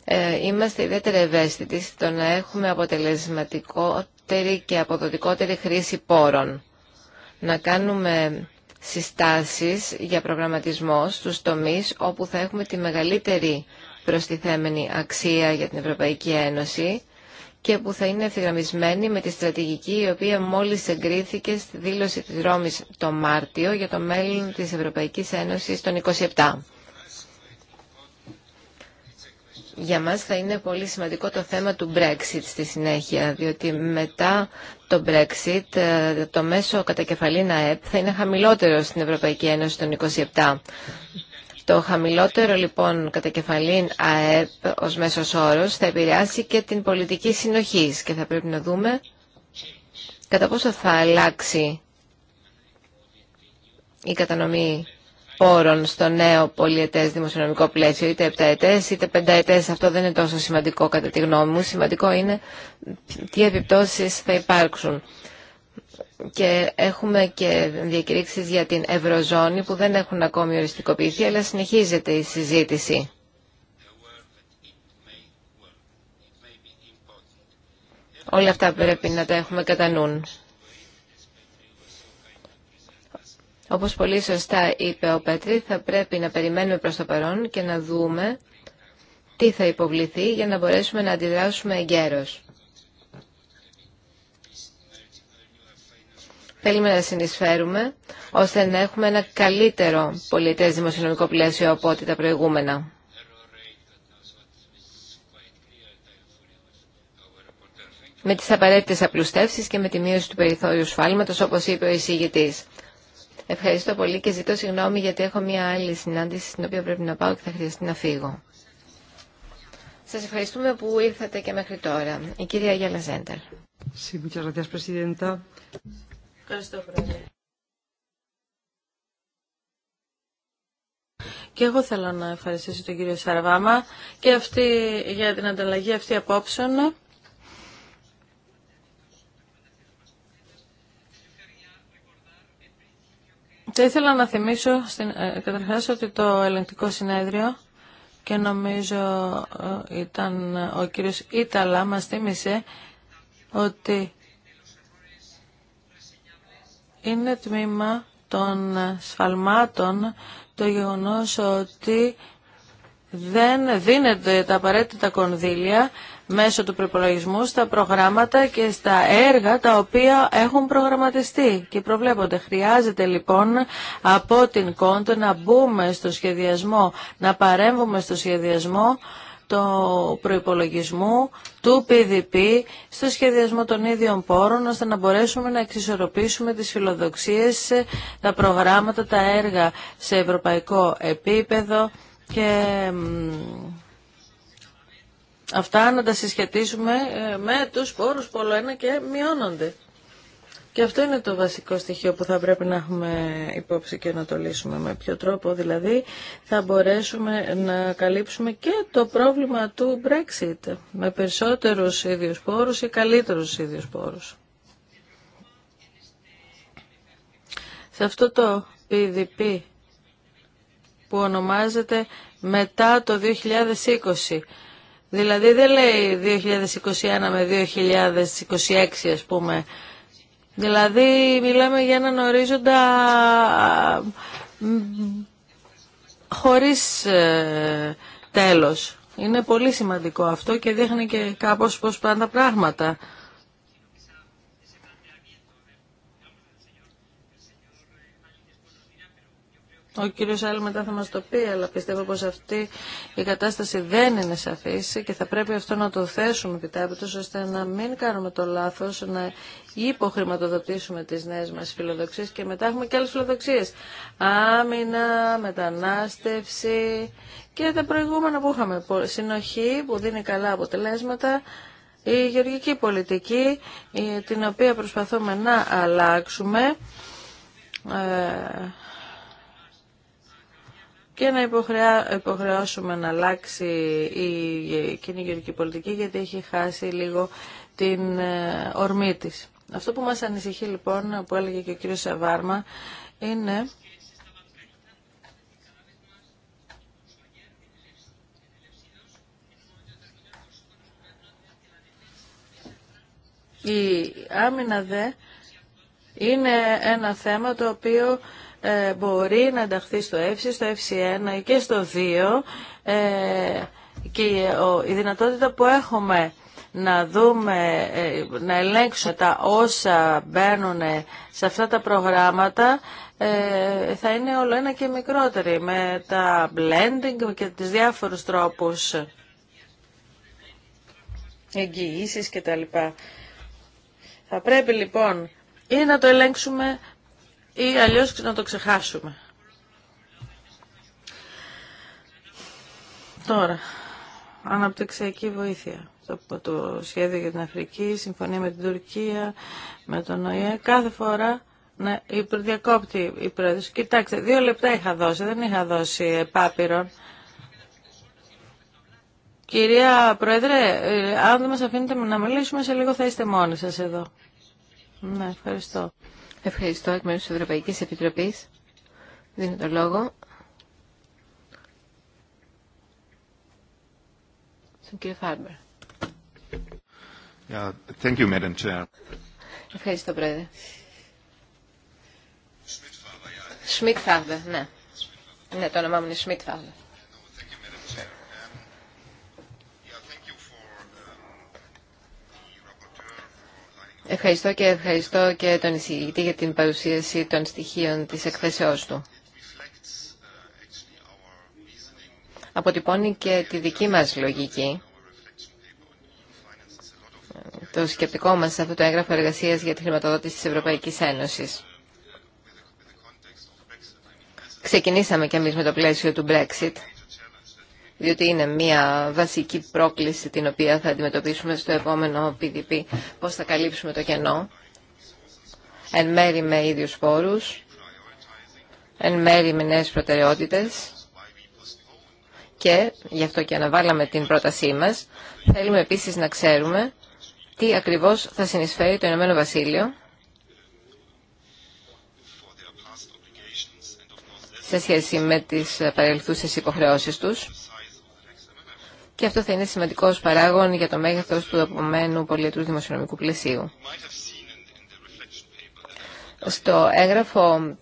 Ε, είμαστε ιδιαίτερα ευαίσθητοι στο να έχουμε αποτελεσματικότερη και αποδοτικότερη χρήση πόρων. Να κάνουμε συστάσεις για προγραμματισμό στους τομείς όπου θα έχουμε τη μεγαλύτερη προστιθέμενη αξία για την Ευρωπαϊκή Ένωση και που θα είναι ευθυγραμμισμένη με τη στρατηγική η οποία μόλις εγκρίθηκε στη δήλωση της Ρώμης το Μάρτιο για το μέλλον της Ευρωπαϊκής Ένωσης των 27 για μας θα είναι πολύ σημαντικό το θέμα του Brexit στη συνέχεια, διότι μετά το Brexit ε, το μέσο κατακεφαλήν ΑΕΠ θα είναι χαμηλότερο στην Ευρωπαϊκή Ένωση των 27. Το χαμηλότερο λοιπόν κατακεφαλήν ΑΕΠ ως μέσος όρος θα επηρεάσει και την πολιτική συνοχής και θα πρέπει να δούμε κατά πόσο θα αλλάξει η κατανομή πόρων στο νέο πολιετές δημοσιονομικό πλαίσιο, είτε επταετές είτε πενταετές, αυτό δεν είναι τόσο σημαντικό κατά τη γνώμη μου. Σημαντικό είναι τι επιπτώσεις θα υπάρξουν. Και έχουμε και διακηρύξεις για την Ευρωζώνη που δεν έχουν ακόμη οριστικοποιηθεί, αλλά συνεχίζεται η συζήτηση. Όλα αυτά πρέπει να τα έχουμε κατά νου. Όπως πολύ σωστά είπε ο Πέτρη, θα πρέπει να περιμένουμε προς το παρόν και να δούμε τι θα υποβληθεί για να μπορέσουμε να αντιδράσουμε εγκαίρως. Θέλουμε να συνεισφέρουμε ώστε να έχουμε ένα καλύτερο πολιτές δημοσιονομικό πλαίσιο από ό,τι τα προηγούμενα. με τις απαραίτητες απλουστεύσεις και με τη μείωση του περιθώριου σφάλματος, όπως είπε ο εισηγητής. Ευχαριστώ πολύ και ζητώ συγγνώμη γιατί έχω μια άλλη συνάντηση στην οποία πρέπει να πάω και θα χρειαστεί να φύγω. Σας ευχαριστούμε που ήρθατε και μέχρι τώρα. Η κυρία Γιάννα Ζέντερ. Ευχαριστώ, Πρόεδρε. Και εγώ θέλω να ευχαριστήσω τον κύριο Σαραβάμα και αυτή, για την ανταλλαγή αυτή απόψεων. Θα ήθελα να θυμίσω στην, ε, καταρχάς ότι το ελεγκτικό συνέδριο και νομίζω ε, ήταν ε, ο κύριος Ήταλα μας θύμισε ότι είναι τμήμα των σφαλμάτων το γεγονός ότι δεν δίνεται τα απαραίτητα κονδύλια μέσω του προπολογισμού στα προγράμματα και στα έργα τα οποία έχουν προγραμματιστεί και προβλέπονται. Χρειάζεται λοιπόν από την Κόντο να μπούμε στο σχεδιασμό, να παρέμβουμε στο σχεδιασμό του προϋπολογισμού, του PDP, στο σχεδιασμό των ίδιων πόρων, ώστε να μπορέσουμε να εξισορροπήσουμε τις φιλοδοξίες, τα προγράμματα, τα έργα σε ευρωπαϊκό επίπεδο και αυτά να τα συσχετίσουμε ε, με τους πόρους που όλο ένα και μειώνονται. Και αυτό είναι το βασικό στοιχείο που θα πρέπει να έχουμε υπόψη και να το λύσουμε. Με ποιο τρόπο δηλαδή θα μπορέσουμε να καλύψουμε και το πρόβλημα του Brexit με περισσότερους ίδιους πόρους ή καλύτερους ίδιους πόρους. Σε αυτό το PDP που ονομάζεται μετά το 2020 Δηλαδή δεν λέει 2021 με 2026 ας πούμε. Δηλαδή μιλάμε για έναν ορίζοντα χωρίς ε, τέλος. Είναι πολύ σημαντικό αυτό και δείχνει και κάπως πώς πάντα πράγματα. Ο κύριος Άλλη μετά θα μας το πει, αλλά πιστεύω πως αυτή η κατάσταση δεν είναι σαφής και θα πρέπει αυτό να το θέσουμε επιτάπητος, ώστε να μην κάνουμε το λάθος, να υποχρηματοδοτήσουμε τις νέες μας φιλοδοξίες και μετά έχουμε και άλλες φιλοδοξίες. Άμυνα, μετανάστευση και τα προηγούμενα που είχαμε. Συνοχή που δίνει καλά αποτελέσματα. Η γεωργική πολιτική, την οποία προσπαθούμε να αλλάξουμε, ε, και να υποχρεώσουμε να αλλάξει η κοινή πολιτική γιατί έχει χάσει λίγο την ε, ορμή της. Αυτό που μας ανησυχεί λοιπόν, που έλεγε και ο κύριος Σαβάρμα, είναι η άμυνα δε είναι ένα θέμα το οποίο ε, μπορεί να ενταχθεί στο ΕΦΣΙ, στο ΕΦΣΙ 1 και στο 2 ε, και η δυνατότητα που έχουμε να δούμε, ε, να ελέγξουμε τα όσα μπαίνουν σε αυτά τα προγράμματα θα είναι όλο ένα και μικρότερη με τα blending και τις διάφορους τρόπους εγγυήσεις και τα λοιπά. Θα πρέπει λοιπόν ή να το ελέγξουμε ή αλλιώς να το ξεχάσουμε. Τώρα, αναπτυξιακή βοήθεια. Το, το σχέδιο για την Αφρική, συμφωνία με την Τουρκία, με τον ΟΗΕ, κάθε φορά να διακόπτει η πρόεδρος. Κοιτάξτε, δύο λεπτά είχα δώσει, δεν είχα δώσει επάπειρον. Κυρία Πρόεδρε, ε, αν δεν μας αφήνετε να μιλήσουμε, σε λίγο θα είστε μόνοι σας εδώ. Ναι, ευχαριστώ. Ευχαριστώ εκ μέρους της Ευρωπαϊκής Επιτροπής. Δίνω το λόγο. Στον κύριο Φάρμπερ. thank you, Madam Chair. Ευχαριστώ, Πρόεδρε. Σμιτ Φάρμπερ, ναι. Ναι, το όνομά μου είναι Σμιτ Φάρμπερ. Ευχαριστώ και ευχαριστώ και τον εισηγητή για την παρουσίαση των στοιχείων της εκθέσεώς του. Αποτυπώνει και τη δική μας λογική. Το σκεπτικό μας σε αυτό το έγγραφο εργασίας για τη χρηματοδότηση της Ευρωπαϊκής Ένωσης. Ξεκινήσαμε κι εμείς με το πλαίσιο του Brexit διότι είναι μια βασική πρόκληση την οποία θα αντιμετωπίσουμε στο επόμενο PDP, πώς θα καλύψουμε το κενό, εν μέρη με ίδιους πόρους, εν μέρη με νέες προτεραιότητες και, γι' αυτό και αναβάλαμε την πρότασή μας, θέλουμε επίσης να ξέρουμε τι ακριβώς θα συνεισφέρει το Ηνωμένο Βασίλειο σε σχέση με τις παρελθούσες υποχρεώσεις τους και αυτό θα είναι σημαντικός παράγων για το μέγεθος του επομένου πολιετούς δημοσιονομικού πλαισίου. Στο έγγραφο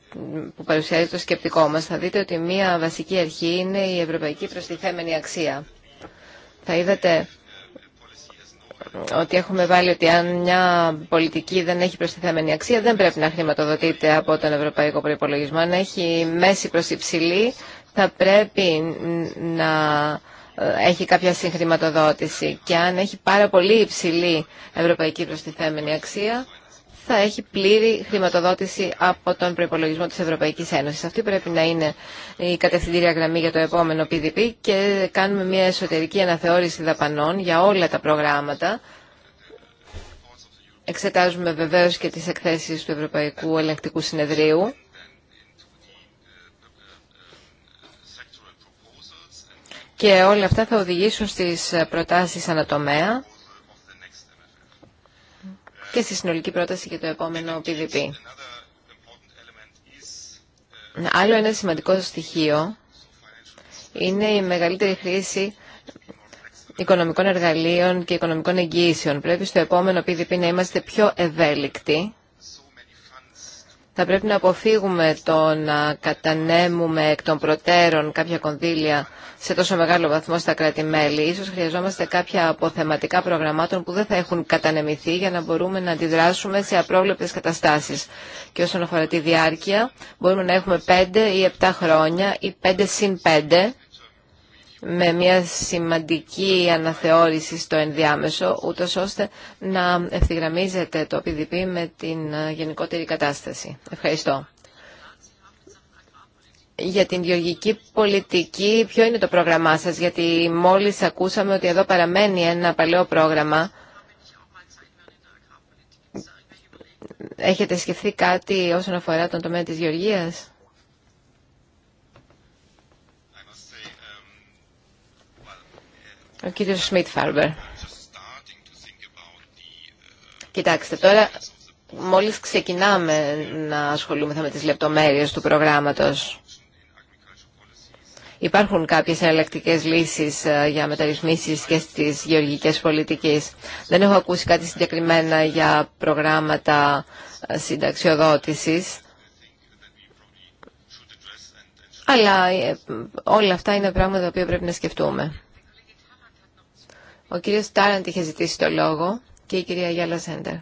που παρουσιάζει το σκεπτικό μας θα δείτε ότι μία βασική αρχή είναι η ευρωπαϊκή προστιθέμενη αξία. Θα είδατε ότι έχουμε βάλει ότι αν μια πολιτική δεν έχει προστιθέμενη αξία δεν πρέπει να χρηματοδοτείται από τον Ευρωπαϊκό Προϋπολογισμό. Αν έχει μέση προς υψηλή θα πρέπει να ε, έχει κάποια συγχρηματοδότηση και αν έχει πάρα πολύ υψηλή ευρωπαϊκή προστιθέμενη αξία θα έχει πλήρη χρηματοδότηση από τον προπολογισμό της Ευρωπαϊκής Ένωσης. Αυτή πρέπει να είναι η κατευθυντήρια γραμμή για το επόμενο PDP και κάνουμε μια εσωτερική αναθεώρηση δαπανών για όλα τα προγράμματα. Εξετάζουμε βεβαίως και τις εκθέσεις του Ευρωπαϊκού Ελεκτικού Συνεδρίου Και όλα αυτά θα οδηγήσουν στις προτάσεις ανατομέα και στη συνολική πρόταση για το επόμενο PDP. Άλλο ένα σημαντικό στοιχείο είναι η μεγαλύτερη χρήση οικονομικών εργαλείων και οικονομικών εγγύσεων. Πρέπει στο επόμενο PDP να είμαστε πιο ευέλικτοι θα πρέπει να αποφύγουμε το να κατανέμουμε εκ των προτέρων κάποια κονδύλια σε τόσο μεγάλο βαθμό στα κράτη-μέλη. Ίσως χρειαζόμαστε κάποια αποθεματικά προγραμμάτων που δεν θα έχουν κατανεμηθεί για να μπορούμε να αντιδράσουμε σε απρόβλεπτες καταστάσεις. Και όσον αφορά τη διάρκεια, μπορούμε να έχουμε 5 ή 7 χρόνια ή πέντε συν με μια σημαντική αναθεώρηση στο ενδιάμεσο, ούτω ώστε να ευθυγραμμίζεται το PDP με την ε, γενικότερη κατάσταση. Ευχαριστώ. Για την γεωργική πολιτική, ποιο είναι το πρόγραμμά σας, γιατί μόλις ακούσαμε ότι εδώ παραμένει ένα παλαιό πρόγραμμα. Έχετε σκεφτεί κάτι όσον αφορά τον τομέα της γεωργίας. Ο κύριος Σμιτ Φάρμπερ. Κοιτάξτε, τώρα μόλις ξεκινάμε να ασχολούμεθα με τις λεπτομέρειες του προγράμματος. Υπάρχουν κάποιες εναλλακτικέ λύσεις ε, για μεταρρυθμίσεις και στις γεωργικές πολιτικές. Δεν έχω ακούσει κάτι συγκεκριμένα για προγράμματα ε, συνταξιοδότησης. Αλλά ε, όλα αυτά είναι πράγματα που πρέπει να σκεφτούμε. Ο κύριος Τάραντ είχε ζητήσει το λόγο και η κυρία Γιάλα Σέντερ.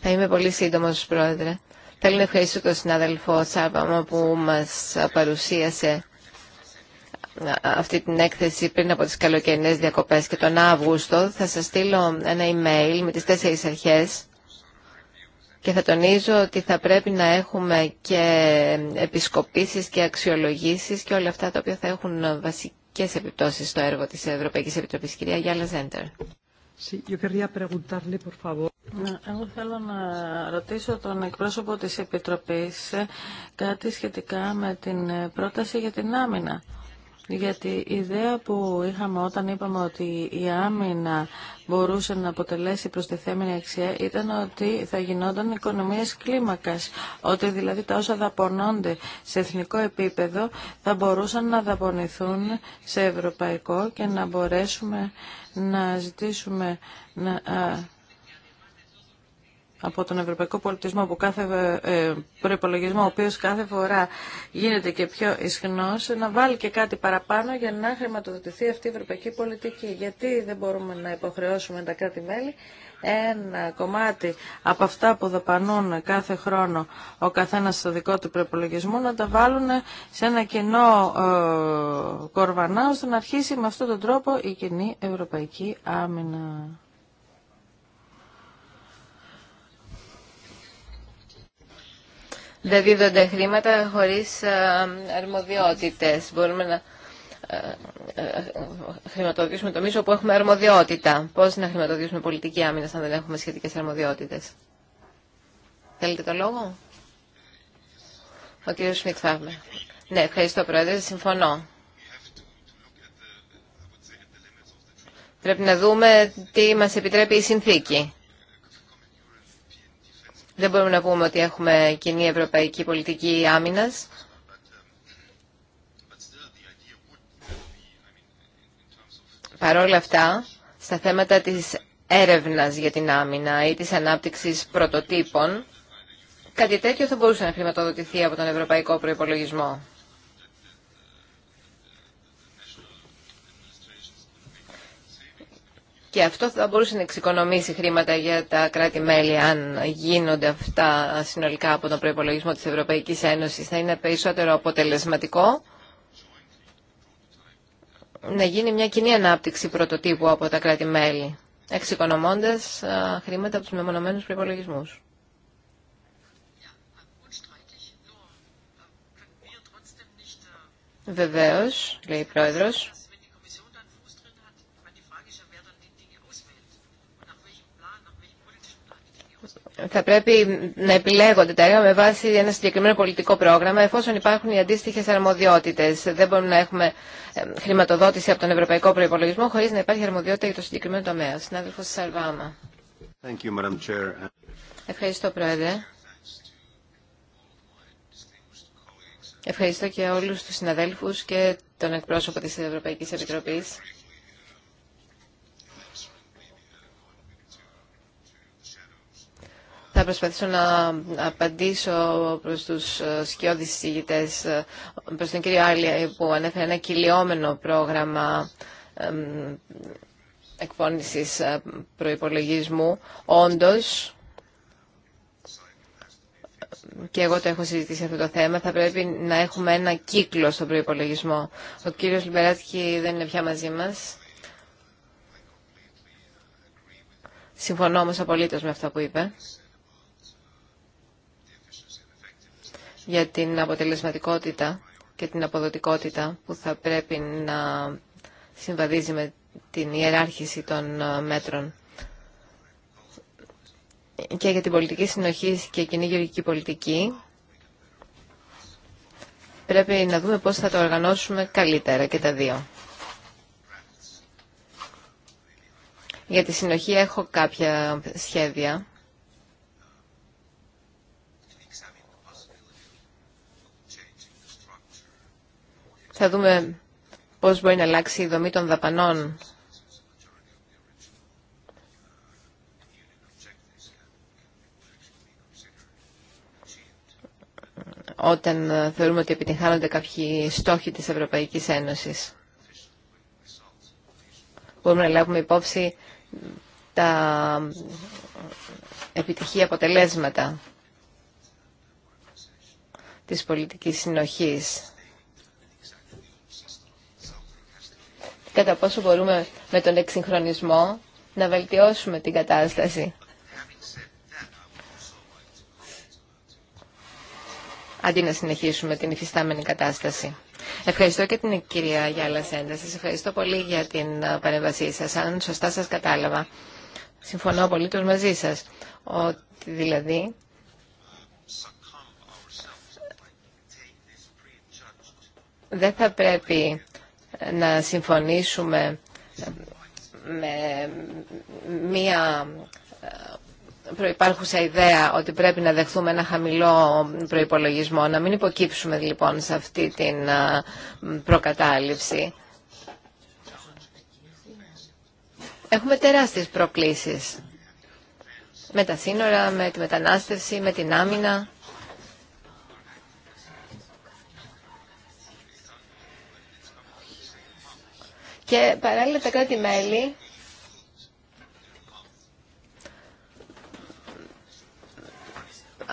Θα είμαι πολύ σύντομος, Πρόεδρε. Θέλω να ευχαριστήσω τον συνάδελφο Σάρπαμα που μας παρουσίασε αυτή την έκθεση πριν από τις καλοκαιρινές διακοπές και τον Αύγουστο θα σας στείλω ένα email με τις τέσσερις αρχές και θα τονίζω ότι θα πρέπει να έχουμε και επισκοπήσεις και αξιολογήσεις και όλα αυτά τα οποία θα έχουν βασική και σε επιπτώσει στο έργο τη Ευρωπαϊκή Επιτροπή, Κυρία Γιάλα Ζέντερ. Ναι, εγώ θέλω να ρωτήσω τον εκπρόσωπο της Επιτροπής ε, κάτι σχετικά με την ε, πρόταση για την άμυνα. Γιατί η ιδέα που είχαμε όταν είπαμε ότι η άμυνα μπορούσε να αποτελέσει προστιθέμενη αξία ήταν ότι θα γινόταν οικονομίες κλίμακας. Ότι δηλαδή τα όσα δαπονώνται σε εθνικό επίπεδο θα μπορούσαν να δαπονηθούν σε ευρωπαϊκό και να μπορέσουμε να ζητήσουμε να από τον ευρωπαϊκό πολιτισμό που κάθε ε, ε προπολογισμό, ο οποίος κάθε φορά γίνεται και πιο ισχνός, να βάλει και κάτι παραπάνω για να χρηματοδοτηθεί αυτή η ευρωπαϊκή πολιτική. Γιατί δεν μπορούμε να υποχρεώσουμε τα κράτη-μέλη ένα κομμάτι από αυτά που δαπανούν κάθε χρόνο ο καθένας στο δικό του προπολογισμό να τα βάλουν σε ένα κοινό ε, κορβανά ώστε να αρχίσει με αυτόν τον τρόπο η κοινή ευρωπαϊκή άμυνα. δεν δίδονται χρήματα χωρίς ε, αρμοδιότητες. Μπορούμε να ε, ε, χρηματοδοτήσουμε το μίσο που έχουμε αρμοδιότητα. Πώς να χρηματοδοτήσουμε πολιτική άμυνα αν δεν έχουμε σχετικές αρμοδιότητες. Θέλετε το λόγο. Ο κύριος Σμιτ Ναι, ευχαριστώ Πρόεδρε, συμφωνώ. Πρέπει να δούμε τι μας επιτρέπει η συνθήκη. Δεν μπορούμε να πούμε ότι έχουμε κοινή ευρωπαϊκή πολιτική άμυνας. Παρόλα αυτά, στα θέματα της έρευνας για την άμυνα ή της ανάπτυξης πρωτοτύπων, κάτι τέτοιο θα μπορούσε να χρηματοδοτηθεί από τον Ευρωπαϊκό Προϋπολογισμό. Και αυτό θα μπορούσε να εξοικονομήσει χρήματα για τα κράτη-μέλη αν γίνονται αυτά συνολικά από τον προϋπολογισμό της Ευρωπαϊκής Ένωσης. Θα είναι περισσότερο αποτελεσματικό να γίνει μια κοινή ανάπτυξη πρωτοτύπου από τα κράτη-μέλη, εξοικονομώντας χρήματα από τους μεμονωμένους προϋπολογισμούς. Βεβαίως, λέει η Πρόεδρος. θα πρέπει να επιλέγονται τα έργα με βάση ένα συγκεκριμένο πολιτικό πρόγραμμα, εφόσον υπάρχουν οι αντίστοιχε αρμοδιότητε. Δεν μπορούμε να έχουμε ε, χρηματοδότηση από τον Ευρωπαϊκό Προπολογισμό χωρί να υπάρχει αρμοδιότητα για το συγκεκριμένο τομέα. Συνάδελφο Σαρβάμα. Thank Ευχαριστώ, Πρόεδρε. Ευχαριστώ και όλους τους συναδέλφους και τον εκπρόσωπο της Ευρωπαϊκής Επιτροπής. Θα προσπαθήσω να απαντήσω προς τους ε, σκιώδεις συζητητές, ε, προς τον κύριο Άλλη ε, που ανέφερε ένα κυλιόμενο πρόγραμμα εκφώνησης προϋπολογισμού. Όντως, και εγώ το έχω συζητήσει αυτό το θέμα, θα πρέπει να έχουμε ένα κύκλο στον προϋπολογισμό. Ο κύριος Λιμπεράτσκι δεν είναι πια μαζί μας. Συμφωνώ όμως απολύτως με αυτά που είπε. για την αποτελεσματικότητα και την αποδοτικότητα που θα πρέπει να συμβαδίζει με την ιεράρχηση των ε, μέτρων και για την πολιτική συνοχή και κοινή γεωργική πολιτική πρέπει να δούμε πώς θα το οργανώσουμε καλύτερα και τα δύο. Για τη συνοχή έχω κάποια σχέδια Θα δούμε πώς μπορεί να αλλάξει η δομή των δαπανών. όταν θεωρούμε ότι επιτυγχάνονται κάποιοι στόχοι της Ευρωπαϊκής Ένωσης. Μπορούμε να λάβουμε υπόψη τα επιτυχή αποτελέσματα της πολιτικής συνοχής. κατά πόσο μπορούμε με τον εξυγχρονισμό να βελτιώσουμε την κατάσταση. Αντί να συνεχίσουμε την υφιστάμενη κατάσταση. Ευχαριστώ και την κυρία Γιάλα Σέντα. Σας ευχαριστώ πολύ για την ε, παρέμβασή σας. Αν σωστά σας κατάλαβα, συμφωνώ πολύ τους μαζί σας, ότι δηλαδή δεν θα πρέπει να συμφωνήσουμε με μία προϋπάρχουσα ιδέα ότι πρέπει να δεχθούμε ένα χαμηλό προϋπολογισμό, να μην υποκύψουμε λοιπόν σε αυτή την προκατάληψη. Έχουμε τεράστιες προκλήσεις με τα σύνορα, με τη μετανάστευση, με την άμυνα. Και παράλληλα τα κράτη-μέλη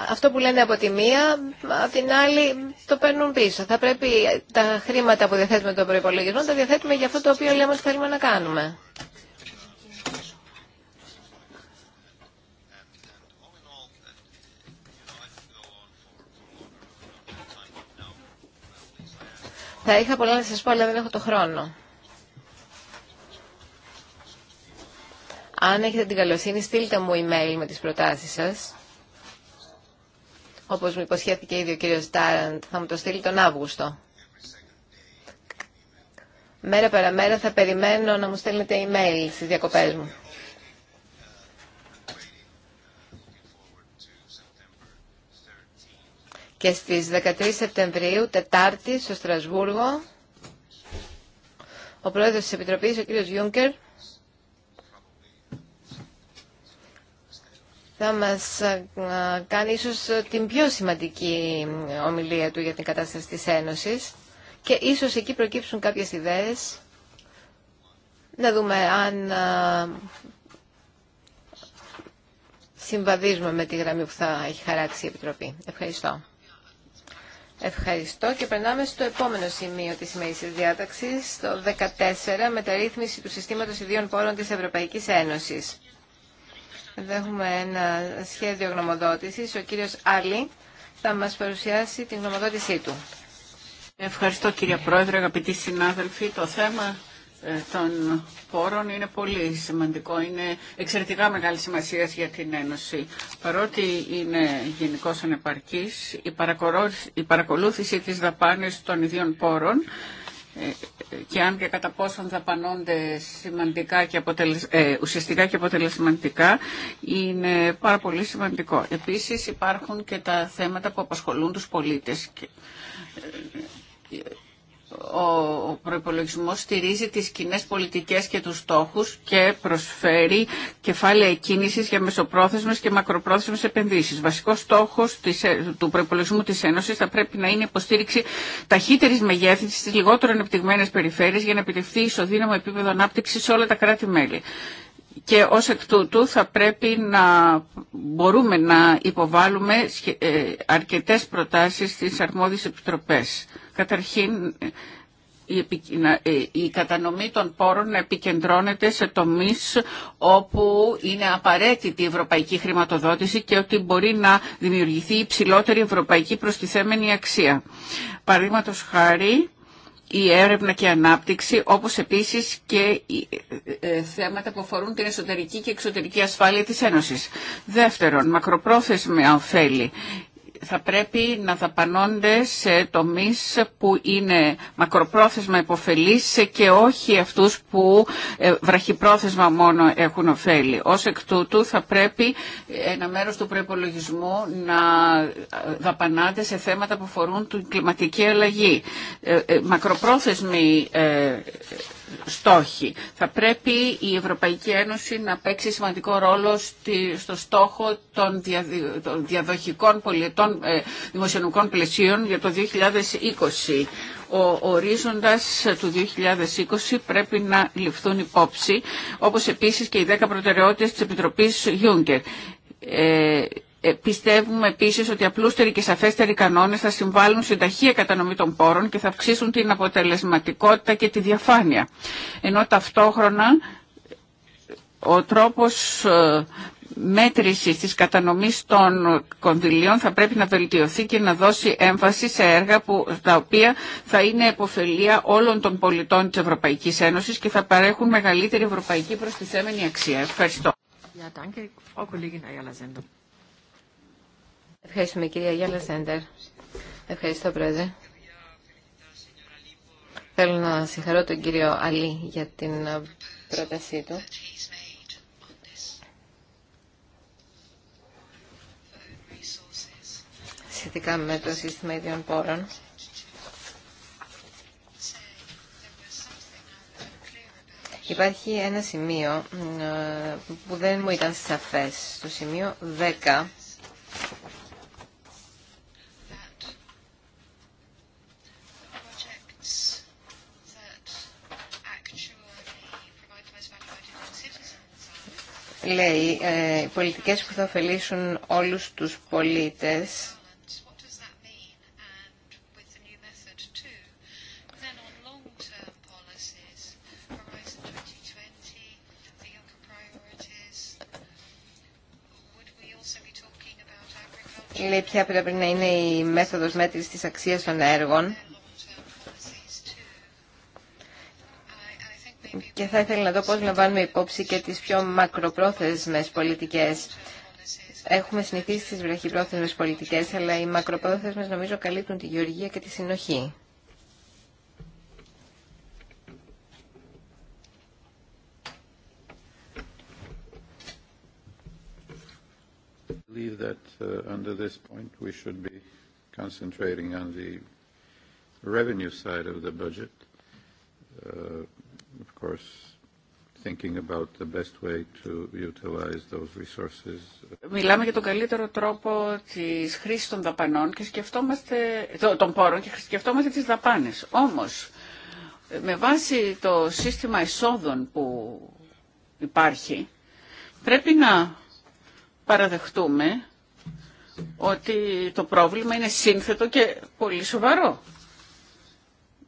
αυτό που λένε από τη μία, από την άλλη το παίρνουν πίσω. Θα πρέπει τα χρήματα που διαθέτουμε το προϋπολογισμό, τα διαθέτουμε για αυτό το οποίο λέμε ότι θέλουμε να κάνουμε. Θα είχα πολλά να σας πω, αλλά δεν έχω το χρόνο. Αν έχετε την καλοσύνη, στείλτε μου email με τις προτάσεις σας. Όπως μου υποσχέθηκε ήδη ο κύριος Τάραντ, θα μου το στείλει τον Αύγουστο. Μέρα παραμέρα θα περιμένω να μου στέλνετε email στις διακοπές μου. Και στις 13 Σεπτεμβρίου, Τετάρτη, στο Στρασβούργο, ο πρόεδρος της Επιτροπής, ο κύριος Γιούγκερ, θα μας κάνει ίσως την πιο σημαντική ομιλία του για την κατάσταση της Ένωσης και ίσως εκεί προκύψουν κάποιες ιδέες να δούμε αν συμβαδίζουμε με τη γραμμή που θα έχει χαράξει η Επιτροπή. Ευχαριστώ. Ευχαριστώ και περνάμε στο επόμενο σημείο της σημερινής διάταξης, το 14, μεταρρύθμιση του συστήματος ιδίων πόρων της Ευρωπαϊκής Ένωσης έχουμε ένα σχέδιο γνωμοδότησης. Ο κύριος Άλλη θα μας παρουσιάσει την γνωμοδότησή του. Ευχαριστώ κύριε Πρόεδρε, αγαπητοί συνάδελφοι. Το θέμα ε, των πόρων είναι πολύ σημαντικό. Είναι εξαιρετικά μεγάλη σημασία για την Ένωση. Παρότι είναι γενικώ ανεπαρκής, η παρακολούθηση της δαπάνης των ιδίων πόρων ε, και αν και κατά πόσον δαπανώνται σημαντικά και ε, ουσιαστικά και αποτελεσματικά είναι πάρα πολύ σημαντικό. Επίσης υπάρχουν και τα θέματα που απασχολούν τους πολίτες ε, ο προϋπολογισμός στηρίζει τις κοινέ πολιτικές και τους στόχους και προσφέρει κεφάλαια κίνησης για μεσοπρόθεσμες και μακροπρόθεσμες επενδύσεις. Βασικός στόχος ε, του προϋπολογισμού της Ένωσης θα πρέπει να είναι υποστήριξη ταχύτερη μεγέθυνση στις λιγότερο ανεπτυγμένε περιφέρειες για να επιτευχθεί ισοδύναμο επίπεδο ανάπτυξης σε όλα τα κράτη-μέλη και ως εκ τούτου θα πρέπει να μπορούμε να υποβάλουμε ε, αρκετές προτάσεις στις αρμόδιες επιτροπές. Καταρχήν, ε, η κατανομή των πόρων επικεντρώνεται σε τομείς όπου είναι απαραίτητη η ευρωπαϊκή χρηματοδότηση και ότι μπορεί να δημιουργηθεί υψηλότερη ευρωπαϊκή προστιθέμενη αξία. Παραδείγματο χάρη η έρευνα και ανάπτυξη, όπως επίσης και ε, ε, θέματα που αφορούν την εσωτερική και εξωτερική ασφάλεια της Ένωσης. Δεύτερον, μακροπρόθεσμη ωφέλη θα πρέπει να δαπανώνται σε τομείς που είναι μακροπρόθεσμα υποφελείς και όχι αυτούς που ε, βραχυπρόθεσμα μόνο έχουν ωφέλη. Ως εκ τούτου θα πρέπει ένα μέρος του προϋπολογισμού να ε, δαπανάται σε θέματα που φορούν την κλιματική αλλαγή. Ε, μακροπρόθεσμη στόχοι. Θα πρέπει η Ευρωπαϊκή Ένωση να παίξει σημαντικό ρόλο στο στόχο των διαδοχικών πολιτών ε, δημοσιονομικών πλαισίων για το 2020 ο ορίζοντας του 2020 πρέπει να ληφθούν υπόψη, όπως επίσης και οι 10 προτεραιότητες της Επιτροπής Juncker. Ε, ε, πιστεύουμε επίση ότι απλούστεροι και σαφέστεροι κανόνες θα συμβάλλουν στην ταχεία κατανομή των πόρων και θα αυξήσουν την αποτελεσματικότητα και τη διαφάνεια. Ενώ ταυτόχρονα ο τρόπος ε, μέτρηση της κατανομής των κονδυλίων θα πρέπει να βελτιωθεί και να δώσει έμφαση σε έργα που, τα οποία θα είναι εποφελία όλων των πολιτών τη Ευρωπαϊκή Ένωση και θα παρέχουν μεγαλύτερη ευρωπαϊκή προστιθέμενη αξία. Ευχαριστώ. danke, Frau Ευχαριστούμε κυρία Γιάννα Σέντερ. Ευχαριστώ πρόεδρε. Θέλω να συγχαρώ τον κύριο Αλή για την ε, πρότασή του. σχετικά με το σύστημα ιδιών πόρων. Υπάρχει ένα σημείο ε, που δεν μου ήταν σαφές, το σημείο 10 λέει ε, πολιτικές που θα ωφελήσουν όλους τους πολίτες. Λέει ποια πρέπει να είναι η μέθοδος μέτρησης της αξίας των έργων. και θα ήθελα να δω πώς λαμβάνουμε υπόψη και τις πιο μακροπρόθεσμες πολιτικές. Έχουμε συνηθίσει τις βραχυπρόθεσμες πολιτικές, αλλά οι μακροπρόθεσμες νομίζω καλύπτουν τη γεωργία και τη συνοχή. Uh, concentrating on the revenue side of the budget. Uh, of course, thinking Μιλάμε για τον καλύτερο τρόπο της χρήσης των δαπανών και σκεφτόμαστε τον πόρων και σκεφτόμαστε τις δαπάνες. Όμως, με βάση το σύστημα εισόδων που υπάρχει, πρέπει να παραδεχτούμε ότι το πρόβλημα είναι σύνθετο και πολύ σοβαρό.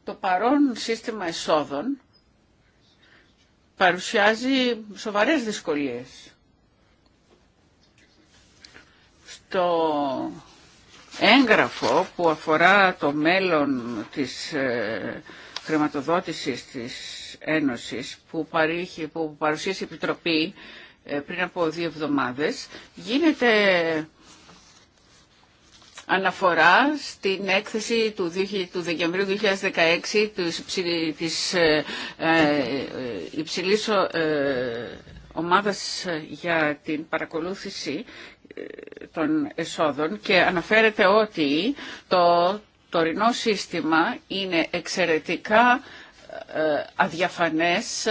Το παρόν σύστημα εσόδων παρουσιάζει σοβαρές δυσκολίες. Στο έγγραφο που αφορά το μέλλον της ε, χρηματοδότησης της Ένωσης που, παρήχει, που παρουσίασε η Επιτροπή ε, πριν από δύο εβδομάδες γίνεται αναφορά στην έκθεση του, του Δεκεμβρίου 2016 της, της ε, ε, υψηλής ε, ομάδας για την παρακολούθηση των εσόδων και αναφέρεται ότι το τωρινό σύστημα είναι εξαιρετικά αδιαφανές,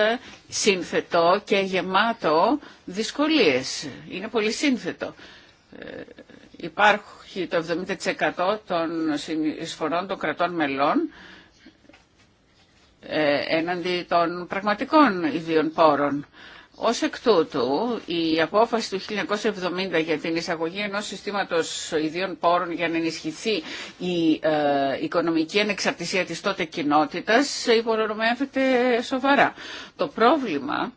σύνθετο και γεμάτο δυσκολίες. Είναι πολύ σύνθετο. Υπάρχουν το 70% των εισφορών των κρατών μελών ε, έναντι των πραγματικών ιδίων πόρων. Ως εκ τούτου, η απόφαση του 1970 για την εισαγωγή ενός συστήματος ιδίων πόρων για να ενισχυθεί η ε, οικονομική ανεξαρτησία της τότε κοινότητας υπονομεύεται σοβαρά. Το πρόβλημα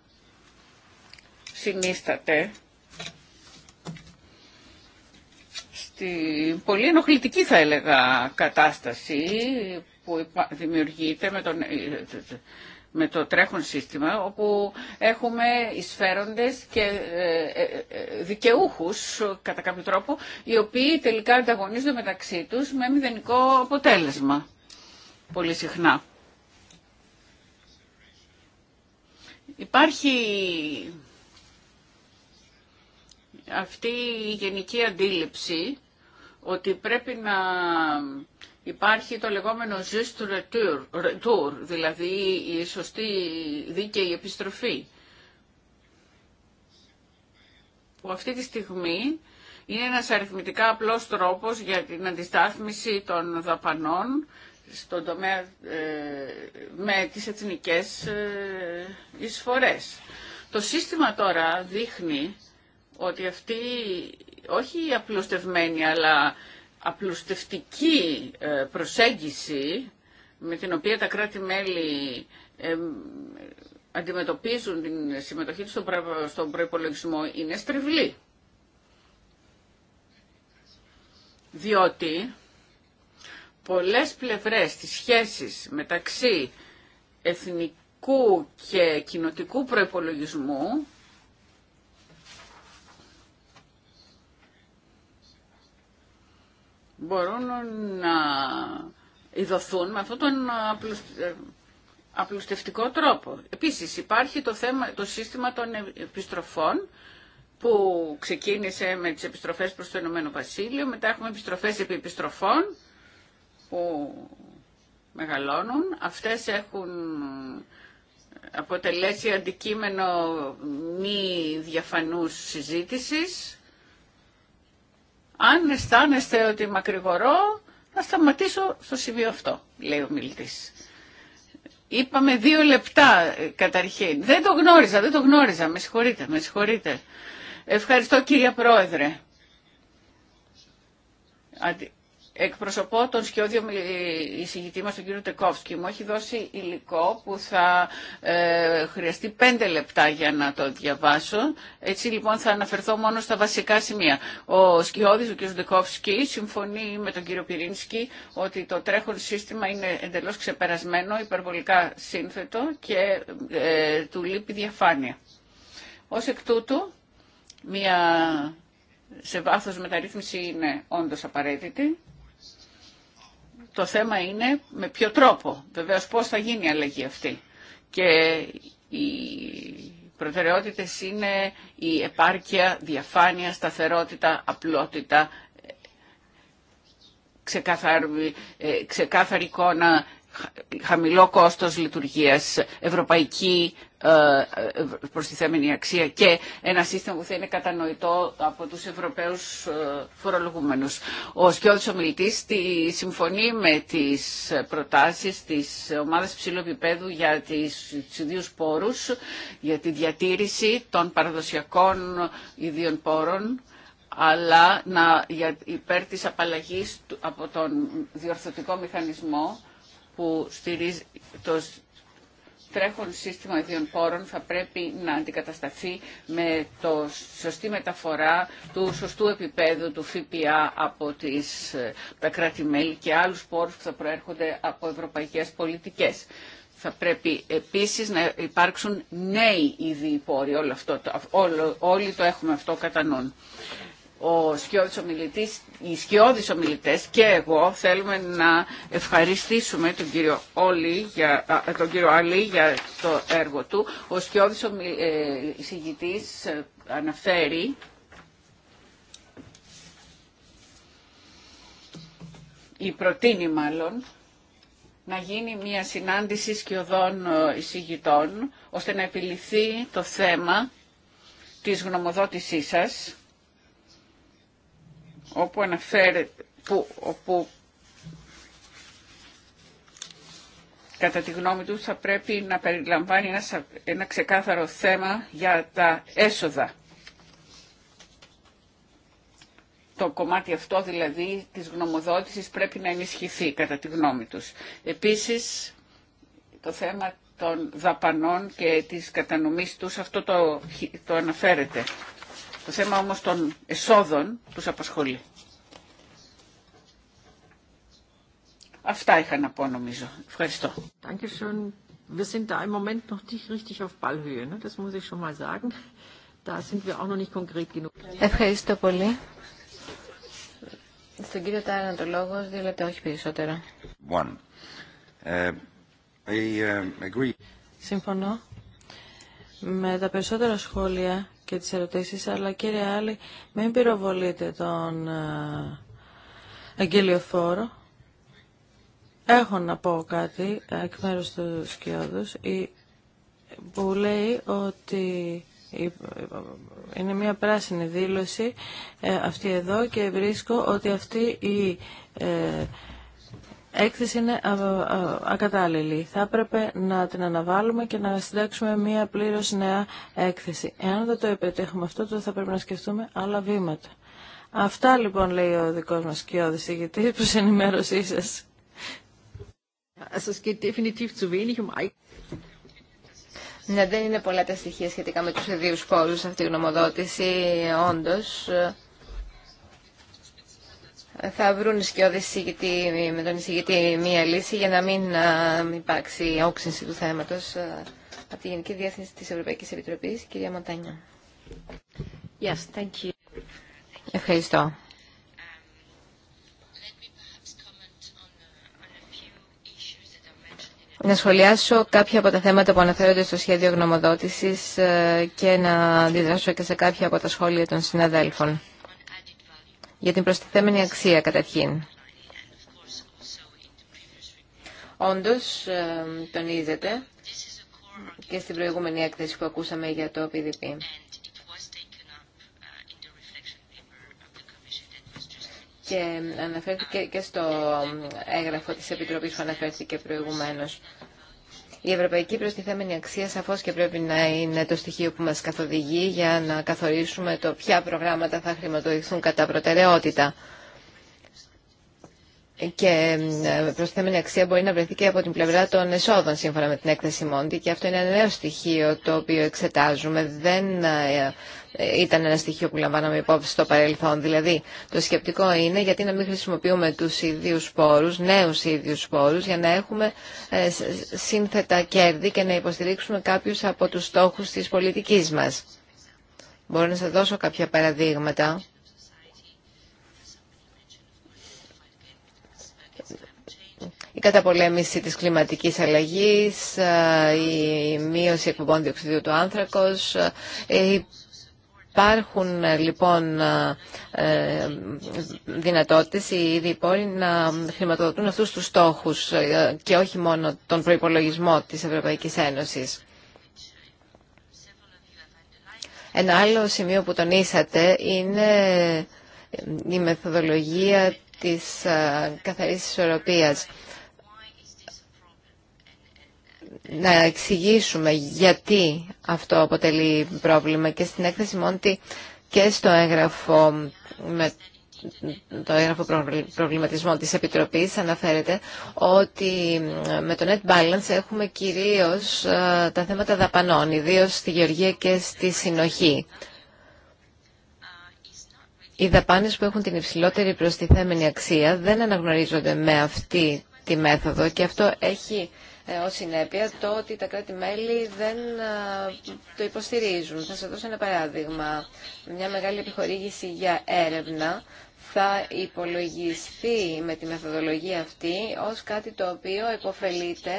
συνίσταται πολύ ενοχλητική θα έλεγα κατάσταση που δημιουργείται με, με το τρέχον σύστημα όπου έχουμε εισφέροντες και ε, ε, ε, δικαιούχους κατά κάποιο τρόπο οι οποίοι τελικά ανταγωνίζονται μεταξύ τους με μηδενικό αποτέλεσμα πολύ συχνά. Υπάρχει αυτή η γενική αντίληψη ότι πρέπει να υπάρχει το λεγόμενο juste retour, δηλαδή η σωστή δίκαιη επιστροφή που αυτή τη στιγμή είναι ένας αριθμητικά απλός τρόπος για την αντιστάθμιση των δαπανών στον τομέα ε, με τις εθνικές ε, εισφορές. Το σύστημα τώρα δείχνει ότι αυτή όχι απλουστευμένη αλλά απλουστευτική ε, προσέγγιση με την οποία τα κράτη-μέλη ε, αντιμετωπίζουν την συμμετοχή τους στον προϋπολογισμό είναι στριβλή. Διότι πολλές πλευρές της σχέσης μεταξύ εθνικού και κοινοτικού προϋπολογισμού μπορούν να ειδωθούν με αυτόν τον ε, απλουστευτικό τρόπο. Επίσης υπάρχει το, θέμα, το σύστημα των επιστροφών που ξεκίνησε με τις επιστροφές προς το Ηνωμένο Βασίλειο, μετά έχουμε επιστροφές επί επιστροφών που μεγαλώνουν. Αυτές έχουν αποτελέσει αντικείμενο μη διαφανούς συζήτησης αν αισθάνεστε ότι μακρηγορώ, θα σταματήσω στο σημείο αυτό, λέει ο μιλητή. Είπαμε δύο λεπτά ε, καταρχήν. Δεν το γνώριζα, δεν το γνώριζα. Με συγχωρείτε, με συγχωρείτε. Ευχαριστώ κύριε Πρόεδρε εκπροσωπώ τον σκιώδιο εισηγητή μας, τον κύριο Τεκόφσκι. Μου έχει δώσει υλικό που θα ε, χρειαστεί πέντε λεπτά για να το διαβάσω. Έτσι λοιπόν θα αναφερθώ μόνο στα βασικά σημεία. Ο σκιώδης, ο κύριος Τεκόφσκι, συμφωνεί με τον κύριο Πυρίνσκι ότι το τρέχον σύστημα είναι εντελώς ξεπερασμένο, υπερβολικά σύνθετο και ε, του λείπει διαφάνεια. Ως εκ τούτου, μια σε βάθος μεταρρύθμιση είναι όντως απαραίτητη το θέμα είναι με ποιο τρόπο, βεβαίω πώς θα γίνει η αλλαγή αυτή. Και οι προτεραιότητες είναι η επάρκεια, διαφάνεια, σταθερότητα, απλότητα, ξεκάθαρη, ε, ξεκάθαρη εικόνα, χαμηλό κόστος λειτουργίας, ευρωπαϊκή ε, προστιθέμενη αξία και ένα σύστημα που θα είναι κατανοητό από τους Ευρωπαίους ε, φορολογούμενους. Ο Σκιώδης Ομιλητής τη συμφωνεί με τις προτάσεις της ομάδας ψηλού επίπεδου για τις ιδίους πόρους, για τη διατήρηση των παραδοσιακών ιδίων πόρων, αλλά να, για, υπέρ της απαλλαγής από τον διορθωτικό μηχανισμό που στηρίζει, το, τρέχον σύστημα ιδίων πόρων θα πρέπει να αντικατασταθεί με το σωστή μεταφορά του σωστού επίπεδου του ΦΠΑ από τις, τα κράτη-μέλη και άλλους πόρους που θα προέρχονται από ευρωπαϊκές πολιτικές. Θα πρέπει επίσης να υπάρξουν νέοι ήδη πόροι. Όλο αυτό, όλο, όλοι το έχουμε αυτό κατά ο σκιώδης ομιλητής, οι σκιώδεις ομιλητές και εγώ θέλουμε να ευχαριστήσουμε τον κύριο, Όλη για, τον κύριο Αλή για το έργο του. Ο σκιώδης ομιλητής ε, ε, αναφέρει ή προτείνει μάλλον να γίνει μια συνάντηση σκιωδών ε, εισηγητών ώστε να επιληθεί το θέμα της γνωμοδότησής σας όπου αναφέρεται, που, όπου κατά τη γνώμη του θα πρέπει να περιλαμβάνει ένα, ένα ξεκάθαρο θέμα για τα έσοδα. Το κομμάτι αυτό δηλαδή της γνωμοδότησης πρέπει να ενισχυθεί κατά τη γνώμη τους. Επίσης το θέμα των δαπανών και της κατανομής τους αυτό το, το αναφέρεται. Το θέμα όμως των εσόδων τους απασχολεί. Αυτά είχα να πω νομίζω. Ευχαριστώ. Dankeschön. Wir sind da im Moment noch nicht richtig auf Ballhöhe, ne? das muss ich schon mal sagen. Da sind wir auch noch nicht konkret genug. Ευχαριστώ πολύ. Στον κύριο Τάρανα το λόγο, δύο λεπτά, όχι περισσότερα. One. Uh, I, uh, agree. Συμφωνώ με τα περισσότερα σχόλια και τις ερωτήσεις, αλλά κύριε Άλλη, μην πυροβολείτε τον ε, αγγελιοφόρο. Έχω να πω κάτι εκ μέρους του Σκιώδους, που λέει ότι είναι μια πράσινη δήλωση ε, αυτή εδώ και βρίσκω ότι αυτή η ε, έκθεση είναι ακατάλληλη. Θα έπρεπε να την αναβάλουμε και να συντάξουμε μία πλήρως νέα έκθεση. Εάν δεν το επιτύχουμε αυτό, τότε θα πρέπει να σκεφτούμε άλλα βήματα. Αυτά λοιπόν λέει ο δικός μας κοιόδης ηγητής προς ενημέρωσή σας. Um ναι, δεν είναι πολλά τα στοιχεία σχετικά με τους ιδίους πόρους αυτή η γνωμοδότηση, όντως θα βρουν οι με τον εισηγητή μία λύση για να μην υπάρξει όξυνση του θέματος από τη Γενική Διεύθυνση της Ευρωπαϊκής Επιτροπής, κυρία Μοντάνια. Yes, thank you. Ευχαριστώ. Να σχολιάσω κάποια από τα θέματα που αναφέρονται στο σχέδιο γνωμοδότησης ε, και να αντιδράσω και σε κάποια από τα σχόλια των συναδέλφων για την προστιθέμενη αξία καταρχήν. Όντως, ε, τονίζεται και στην προηγούμενη έκθεση που ακούσαμε για το PDP. Και αναφέρθηκε και στο έγγραφο της Επιτροπής που αναφέρθηκε προηγουμένως. Η ευρωπαϊκή προστιθέμενη αξία σαφώς και πρέπει να είναι το στοιχείο που μας καθοδηγεί για να καθορίσουμε το ποια προγράμματα θα χρηματοδοτηθούν κατά προτεραιότητα και ε, προσθέμενη αξία μπορεί να βρεθεί και από την πλευρά των εσόδων σύμφωνα με την έκθεση Μόντι και αυτό είναι ένα νέο στοιχείο το οποίο εξετάζουμε. Δεν ε, ε, ήταν ένα στοιχείο που λαμβάναμε υπόψη στο παρελθόν. Δηλαδή, το σκεπτικό είναι γιατί να μην χρησιμοποιούμε τους ίδιους πόρους, νέους ίδιους πόρους, για να έχουμε σύνθετα κέρδη και να υποστηρίξουμε κάποιους από τους στόχους της πολιτικής μας. Μπορώ να σας δώσω κάποια παραδείγματα η καταπολέμηση της κλιματικής αλλαγής, ε, η μείωση εκπομπών διοξιδίου του άνθρακος. Ε, υπάρχουν ε, λοιπόν δυνατότητες οι ίδιοι να χρηματοδοτούν αυτούς τους στόχους και όχι μόνο τον προϋπολογισμό της Ευρωπαϊκής Ένωσης. Ένα άλλο σημείο που τονίσατε είναι η μεθοδολογία της καθαρής ισορροπίας να εξηγήσουμε γιατί αυτό αποτελεί πρόβλημα και στην έκθεση Μόντι και στο έγγραφο με το έγγραφο προβληματισμό της Επιτροπής αναφέρεται ότι με το net balance έχουμε κυρίως ε, τα θέματα δαπανών, ιδίως στη γεωργία και στη συνοχή. Οι δαπάνες που έχουν την υψηλότερη προστιθέμενη αξία δεν αναγνωρίζονται με αυτή τη μέθοδο και αυτό έχει ε, ως συνέπεια το ότι τα κράτη-μέλη δεν ε, το υποστηρίζουν. Θα σας δώσω ένα παράδειγμα. Μια μεγάλη επιχορήγηση για έρευνα θα υπολογιστεί με τη μεθοδολογία αυτή ως κάτι το οποίο υποφελείται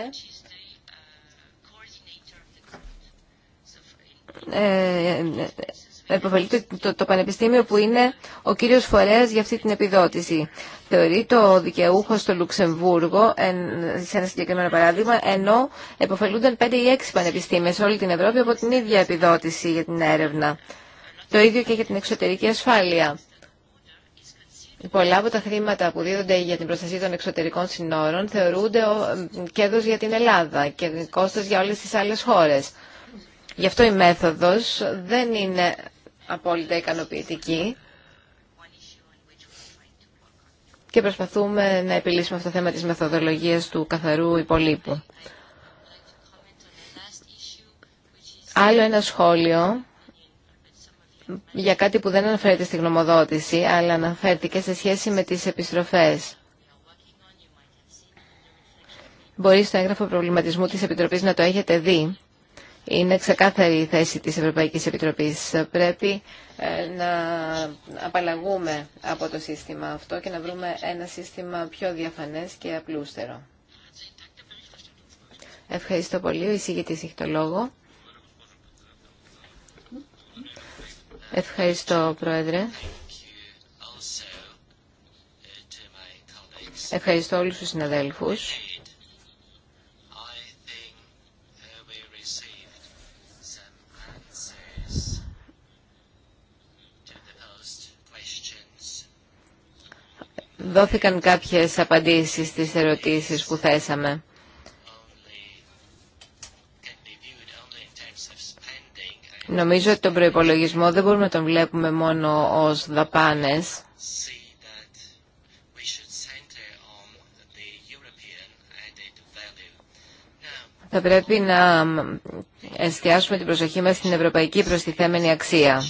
ε, επωφελείται το, το Πανεπιστήμιο που είναι ο κύριος φορέας για αυτή την επιδότηση. Θεωρείται ο δικαιούχος στο Λουξεμβούργο, εν, σε ένα συγκεκριμένο παράδειγμα, ενώ επωφελούνταν πέντε ή έξι πανεπιστήμια σε όλη την Ευρώπη από την ίδια επιδότηση για την έρευνα. Το ίδιο και για την εξωτερική ασφάλεια. Πολλά από τα χρήματα που δίδονται για την προστασία των εξωτερικών συνόρων θεωρούνται κέρδος για την Ελλάδα και κόστος για όλες τις άλλες χώρες. Γι' αυτό η μέθοδος δεν είναι απόλυτα ικανοποιητική και προσπαθούμε να επιλύσουμε αυτό το θέμα της μεθοδολογίας του καθαρού υπολείπου. Άλλο ένα σχόλιο για κάτι που δεν αναφέρεται στη γνωμοδότηση, αλλά αναφέρθηκε σε σχέση με τις επιστροφές. Μπορεί στο έγγραφο προβληματισμού της Επιτροπής να το έχετε δει. Είναι ξεκάθαρη η θέση της Ευρωπαϊκής Επιτροπής. Πρέπει ε, να απαλλαγούμε από το σύστημα αυτό και να βρούμε ένα σύστημα πιο διαφανές και απλούστερο. Ευχαριστώ πολύ. Ο εισηγητής έχει το λόγο. Ευχαριστώ, Πρόεδρε. Ευχαριστώ όλους τους συναδέλφους. Δόθηκαν κάποιες απαντήσεις στις ερωτήσεις που θέσαμε. Νομίζω ότι τον προϋπολογισμό δεν μπορούμε να τον βλέπουμε μόνο ως δαπάνες. Θα πρέπει να εστιάσουμε την προσοχή μας στην ευρωπαϊκή προστιθέμενη αξία.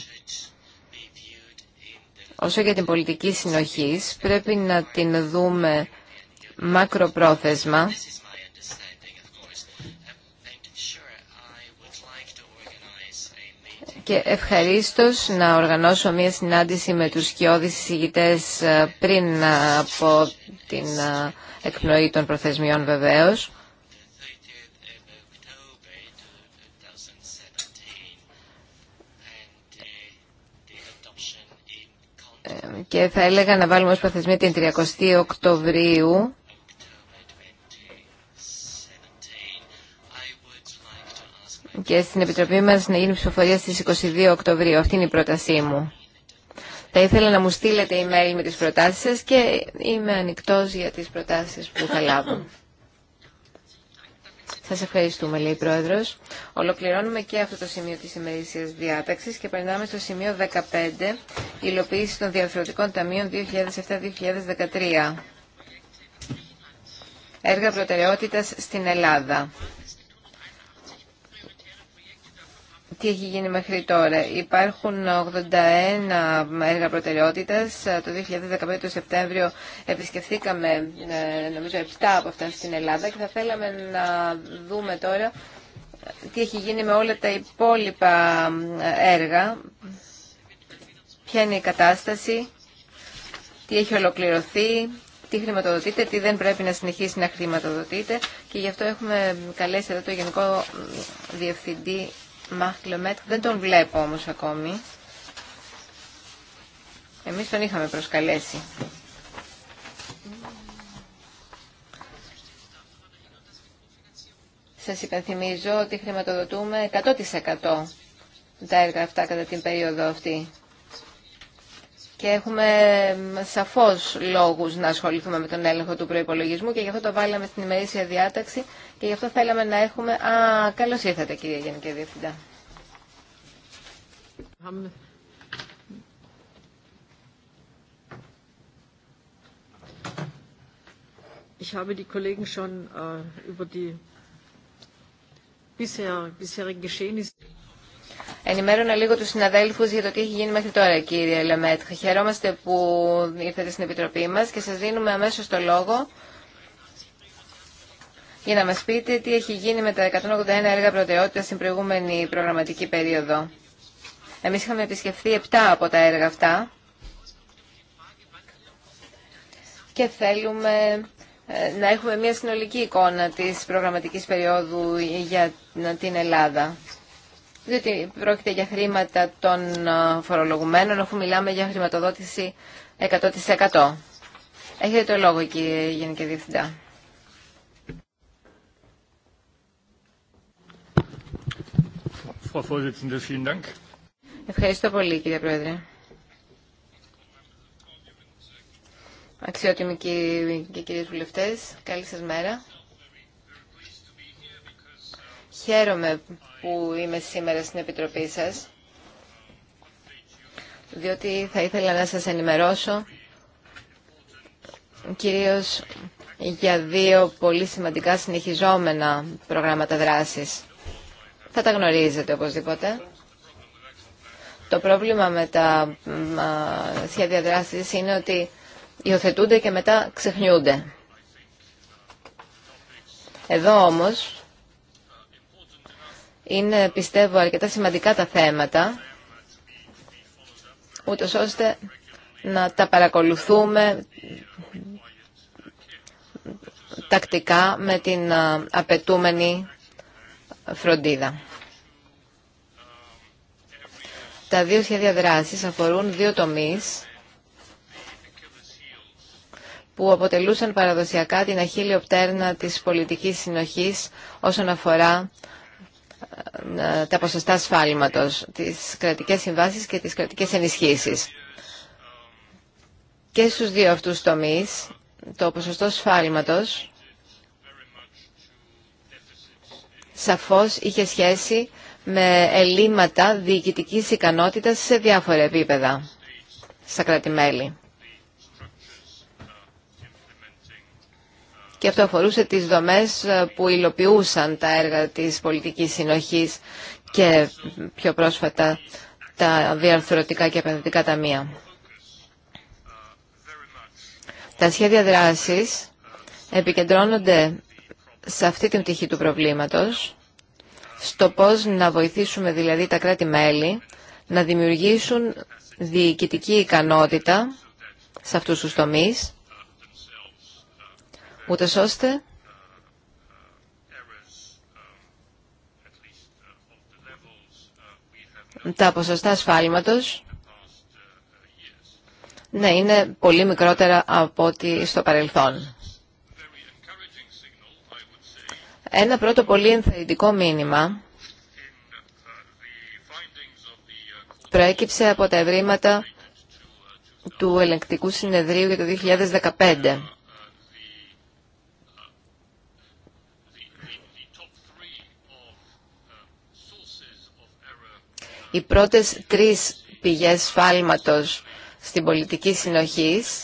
Όσο για την πολιτική συνοχής, πρέπει να την δούμε μακροπρόθεσμα και ευχαριστώ να οργανώσω μια συνάντηση με τους σκιώδεις συζητητές ε, πριν από την ε, εκπνοή των προθεσμιών βεβαίως και θα έλεγα να βάλουμε ως προθεσμία την 30 Οκτωβρίου και στην Επιτροπή μας να γίνει ψηφοφορία στις 22 Οκτωβρίου. Αυτή είναι η πρότασή μου. Θα ήθελα να μου στείλετε email με τις προτάσεις και είμαι ανοιχτός για τις προτάσεις που θα λάβω. Σας ευχαριστούμε, λέει η Πρόεδρος. Ολοκληρώνουμε και αυτό το σημείο της ημερήσιας διάταξης και περνάμε στο σημείο 15, υλοποίηση των διαφορετικών ταμείων 2007-2013. Έργα προτεραιότητας στην Ελλάδα. τι έχει γίνει μέχρι τώρα. Υπάρχουν 81 έργα προτεραιότητα. Το 2015 το Σεπτέμβριο επισκεφθήκαμε ε, νομίζω 7 από αυτά στην Ελλάδα και θα θέλαμε να δούμε τώρα τι έχει γίνει με όλα τα υπόλοιπα ε, έργα, ποια είναι η κατάσταση, τι έχει ολοκληρωθεί, τι χρηματοδοτείται, τι δεν πρέπει να συνεχίσει να χρηματοδοτείται και γι' αυτό έχουμε καλέσει εδώ το Γενικό Διευθυντή Μαχλεμέτ, δεν τον βλέπω όμως ακόμη. Εμείς τον είχαμε προσκαλέσει. Σας υπενθυμίζω ότι χρηματοδοτούμε 100% τα έργα αυτά κατά την περίοδο αυτή και έχουμε σαφώς λόγους να ασχοληθούμε με τον έλεγχο του προϋπολογισμού και γι' αυτό το βάλαμε στην ημερήσια διάταξη και γι' αυτό θέλαμε να έχουμε... Α, καλώς ήρθατε κυρία Γενική Διευθυντά. Ich habe die Kollegen schon äh, über die bisher, bisherigen Geschehnisse Ενημέρωνα λίγο του συναδέλφου για το τι έχει γίνει μέχρι τώρα, κύριε Λεμέτ. Χαιρόμαστε που ήρθατε στην Επιτροπή μα και σα δίνουμε αμέσω το λόγο για να μα πείτε τι έχει γίνει με τα 181 έργα προτεραιότητα στην προηγούμενη προγραμματική περίοδο. Εμεί είχαμε επισκεφθεί 7 από τα έργα αυτά και θέλουμε ε, να έχουμε μια συνολική εικόνα της προγραμματικής περίοδου για την Ελλάδα διότι πρόκειται για χρήματα των φορολογουμένων, αφού μιλάμε για χρηματοδότηση 100%. Έχετε το λόγο, κύριε Γενική Διευθυντά. Ευχαριστώ πολύ, κύριε Πρόεδρε. Αξιότιμοι κύριοι και κύριοι βουλευτές, καλή σας μέρα. Χαίρομαι που είμαι σήμερα στην Επιτροπή σας, διότι θα ήθελα να σας ενημερώσω κυρίως για δύο πολύ σημαντικά συνεχιζόμενα προγράμματα δράσης. Θα τα γνωρίζετε οπωσδήποτε. Το πρόβλημα με τα σχέδια δράσης είναι ότι υιοθετούνται και μετά ξεχνιούνται. Εδώ όμως είναι, πιστεύω, αρκετά σημαντικά τα θέματα, ούτως ώστε να τα παρακολουθούμε τακτικά με την απαιτούμενη φροντίδα. Τα δύο σχέδια δράσης αφορούν δύο τομείς που αποτελούσαν παραδοσιακά την αχίλιο πτέρνα της πολιτικής συνοχής όσον αφορά ε, τα ποσοστά σφάλματος, τις κρατικές συμβάσεις και τις κρατικές ενισχύσεις. Και στους δύο αυτούς τομείς, το ποσοστό σφάλματος σαφώς είχε σχέση με ελλείμματα διοικητικής ικανότητας σε διάφορα επίπεδα στα κράτη-μέλη. και αυτό αφορούσε τις δομές ε, που υλοποιούσαν τα έργα της πολιτικής συνοχής και πιο πρόσφατα τα διαρθρωτικά και επενδυτικά ταμεία. Τα σχέδια δράσης επικεντρώνονται σε αυτή την πτυχή του προβλήματος, στο πώς να βοηθήσουμε δηλαδή τα κράτη-μέλη να δημιουργήσουν διοικητική ικανότητα σε αυτούς τους τομείς, ούτω ώστε τα ποσοστά ασφάλιματος να είναι πολύ μικρότερα από ό,τι στο παρελθόν. Ένα πρώτο πολύ ενθαρρυντικό μήνυμα προέκυψε από τα ευρήματα του ελεγκτικού συνεδρίου για το 2015. Οι πρώτες τρεις πηγές φάλματος στην πολιτική συνοχής